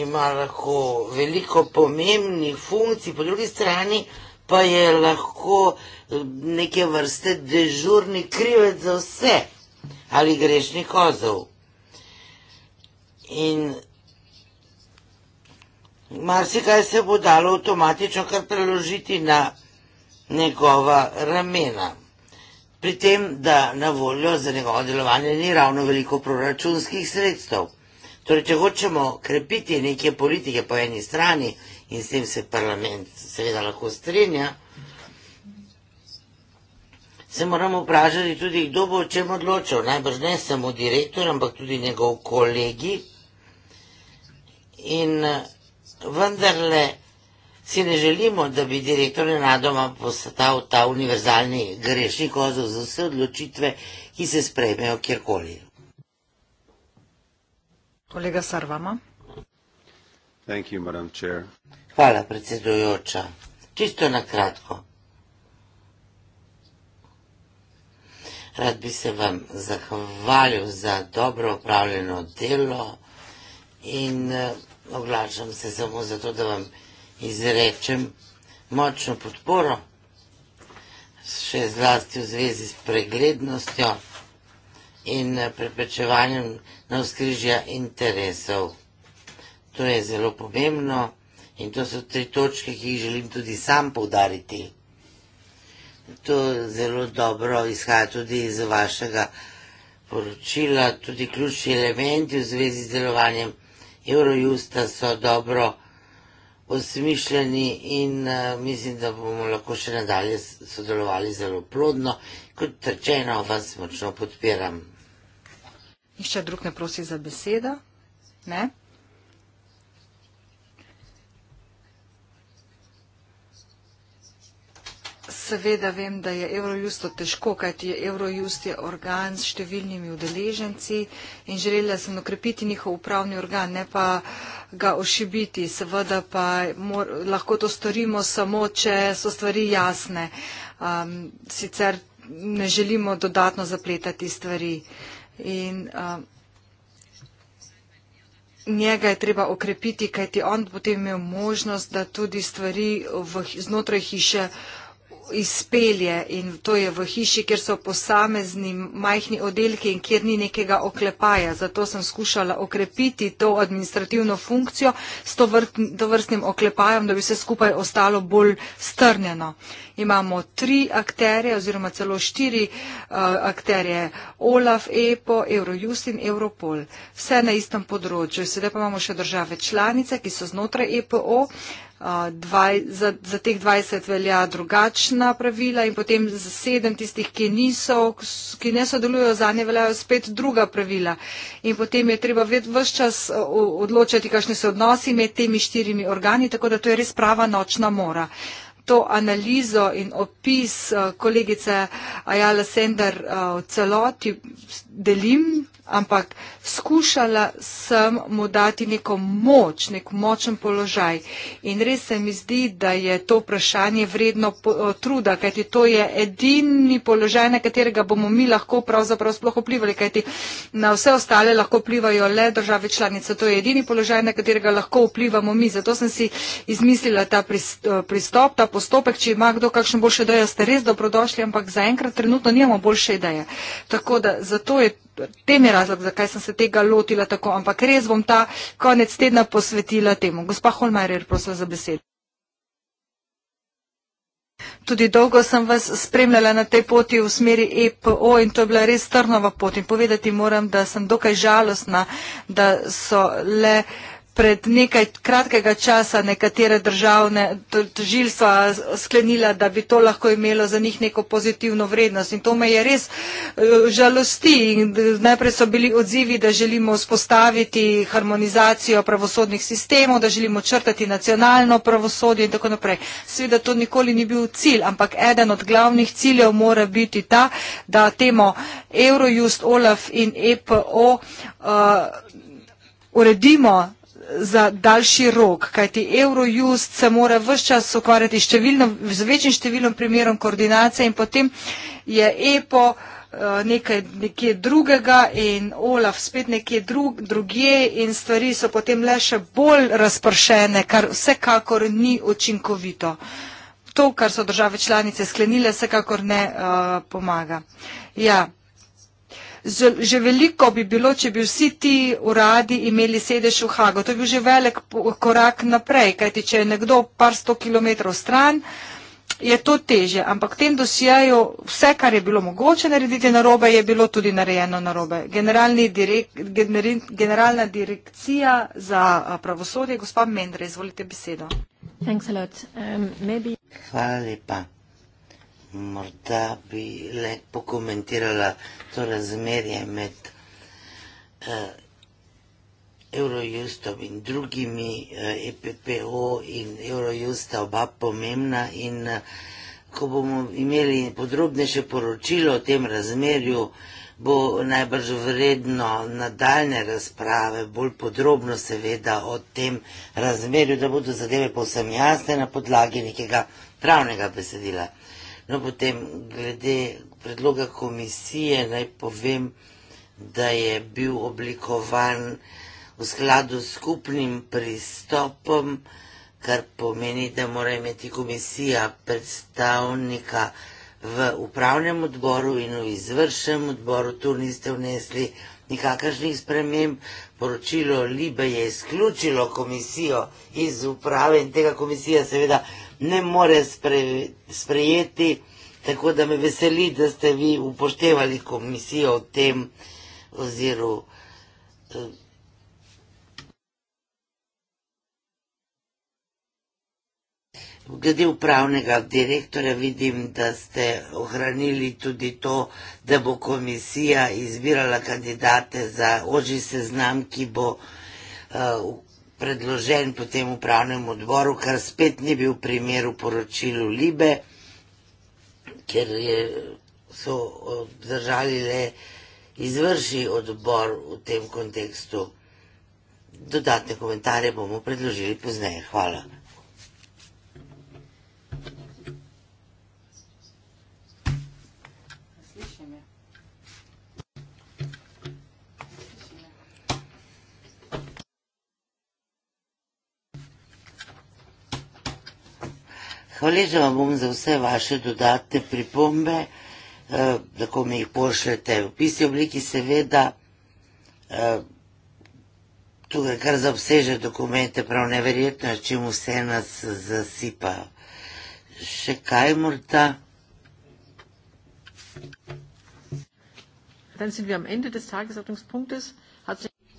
ima lahko veliko pomembnih funkcij, po drugi strani pa je lahko eh, neke vrste dežurni krivec za vse ali grešni kozov. In marsikaj se bo dalo avtomatično kar preložiti na njegova ramena. Pri tem, da na voljo za njegovo delovanje ni ravno veliko proračunskih sredstev. Torej, če hočemo krepiti neke politike po eni strani in s tem se parlament seveda lahko strinja, se moramo vprašati tudi, kdo bo o čem odločil. Najbrž ne samo direktor, ampak tudi njegov kolegi. In eh, vendarle si ne želimo, da bi direktor nenadoma postal ta univerzalni grešni kozel za vse odločitve, ki se sprejmejo kjerkoli. Kolega Sarvama. Thank you, Madam Chair. Hvala, predsedujoča. Čisto na kratko. Rad bi se vam zahvalil za dobro upravljeno delo in eh, oglašam se samo zato, da vam izrečem močno podporo, še zlasti v zvezi s preglednostjo in eh, preprečevanjem na vzkrižja interesov. To je zelo pomembno. In to so tri točke, ki jih želim tudi sam povdariti. To zelo dobro izhaja tudi iz vašega poročila, tudi ključni elementi v zvezi z delovanjem Eurojusta so dobro osmišljeni in eh, mislim, da bomo lahko še nadalje sodelovali zelo plodno. Kot trčeno vas močno podpiram. Nihče drug ne prosi za besedo? Ne? seveda vem, da je Eurojust to težko, kajti Eurojust je organ s številnimi udeleženci in želela sem okrepiti njihov upravni organ, ne pa ga ošibiti. Seveda pa mor, lahko to storimo samo, če so stvari jasne. Um, sicer ne želimo dodatno zapletati stvari. In, um, Njega je treba okrepiti, kajti on potem imel možnost, da tudi stvari v, znotraj hiše uh, izpelje in to je v hiši, kjer so posamezni majhni oddelki in kjer ni nekega oklepaja. Zato sem skušala okrepiti to administrativno funkcijo s to, vrt, to vrstnim oklepajem, da bi se skupaj ostalo bolj strnjeno. Imamo tri akterje oziroma celo štiri uh, akterje OLAF, EPO, Eurojust in Europol. Vse na istem področju. Sedaj pa imamo še države članice, ki so znotraj EPO. Uh, dvaj, za, za teh 20 velja drugačna pravila in potem za sedem tistih, ki, niso, ki ne sodelujo za nje, veljajo spet druga pravila. In potem je treba vse čas odločati, kakšne so odnosi med temi štirimi organi, tako da to je res prava nočna mora. To analizo in opis kolegice Ajala Sender v celoti delim, ampak skušala sem mu dati neko moč, nek močen položaj. In res se mi zdi, da je to vprašanje vredno eh, truda, kajti to je edini položaj, na katerega bomo mi lahko pravzaprav sploh vplivali, kajti na vse ostale lahko vplivajo le države članice. To je edini položaj, na katerega lahko vplivamo mi. Zato sem si izmislila ta eh, pristop, ta postopek, če ima kdo kakšen boljše dojo, ste res dobrodošli, ampak zaenkrat trenutno nimamo boljše ideje. Tako da zato je tem je razlog, zakaj sem se tega lotila tako, ampak res bom ta konec tedna posvetila temu. Gospa Holmajer, prosim za besedo. Tudi dolgo sem vas spremljala na tej poti v smeri EPO in to je bila res trnova pot in povedati moram, da sem dokaj žalostna, da so le. Uh, pred nekaj kratkega časa nekatere državne tožilstva sklenila, da bi to lahko imelo za njih neko pozitivno vrednost. In to me je res e, žalosti. In e, najprej so bili odzivi, da želimo spostaviti harmonizacijo pravosodnih sistemov, da želimo črtati nacionalno pravosodje in tako naprej. Sveda to nikoli ni bil cilj, ampak eden od glavnih ciljev mora biti ta, da temo Eurojust, OLAF in EPO uh, e, uredimo za daljši rok, kajti Eurojust se mora vse čas ukvarjati številno, z večjim številom primerom koordinacije in potem je EPO eh, nekaj nekje drugega in Olaf spet nekje drug, drugje in stvari so potem le še bolj razpršene, kar vsekakor ni učinkovito. To, kar so države članice sklenile, vsekakor ne uh, pomaga. Ja. Že veliko bi bilo, če bi vsi ti uradi imeli sedež v Hago. To je bil že velik korak naprej, kajti če je nekdo par sto kilometrov stran, je to teže. Ampak v tem dosijaju vse, kar je bilo mogoče narediti narobe, je bilo tudi narejeno narobe. Direk, generi, generalna direkcija za pravosodje, gospod Mendre, izvolite besedo. Um, Hvala lepa morda bi le pokomentirala to razmerje med uh, Eurojustom in drugimi, uh, eh, EPPO in Eurojusta, oba pomembna in uh, ko bomo imeli podrobnejše poročilo o tem razmerju, bo najbrž vredno nadaljne razprave, bolj podrobno seveda o tem razmerju, da bodo zadeve povsem jasne na podlagi nekega pravnega besedila. No, potem glede predloga komisije naj povem, da je bil oblikovan v skladu s skupnim pristopom, kar pomeni, da mora imeti komisija predstavnika v upravnem odboru in v izvršnem odboru. Tu niste vnesli nikakršnih sprememb. Poročilo Libe je izključilo komisijo iz uprave in tega komisija seveda ne more spre, sprejeti, tako da me veseli, da ste vi upoštevali komisijo o tem oziru. Eh, glede upravnega direktorja vidim, da ste ohranili tudi to, da bo komisija izbirala kandidate za oži seznam, ki bo uh, predložen potem upravnem odboru, kar spet ni bil primer v poročilu Libe, ker je, so obdržali le izvrši odbor v tem kontekstu. Dodatne komentarje bomo predložili pozneje. Hvala. Hvala bom za vse vaše dodatne pripombe, eh, tako mi jih pošljete v pisni obliki, seveda. Eh, tukaj kar zaobseže dokumente, prav neverjetno, če mu vse nas zasipa. Še kaj morda?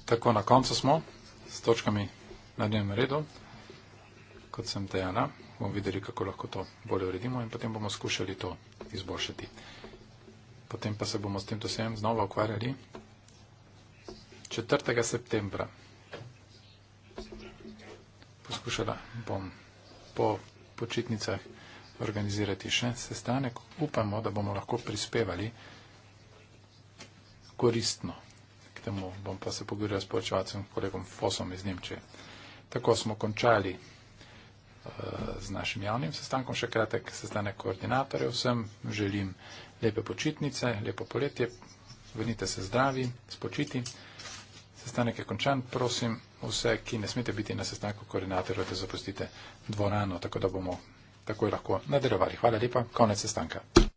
Tako na koncu smo s točkami na dnevnem redu, kot sem dejala bomo videli, kako lahko to bolje uredimo in potem bomo skušali to izboljšati. Potem pa se bomo s tem dosem znova ukvarjali 4. septembra. Poskušala bom po počitnicah organizirati še sestanek. Upamo, da bomo lahko prispevali koristno. K temu bom pa se pogovorila s poročevalcem kolegom Fosom iz Nemčije. Tako smo končali z našim javnim sestankom, še kratek sestanek koordinatorjev vsem, želim lepe počitnice, lepo poletje, venite se zdravi, spočiti. Sestanek je končan, prosim vse, ki ne smete biti na sestanku koordinatorjev, da zapustite dvorano, tako da bomo takoj lahko nadaljevali. Hvala lepa, konec sestanka.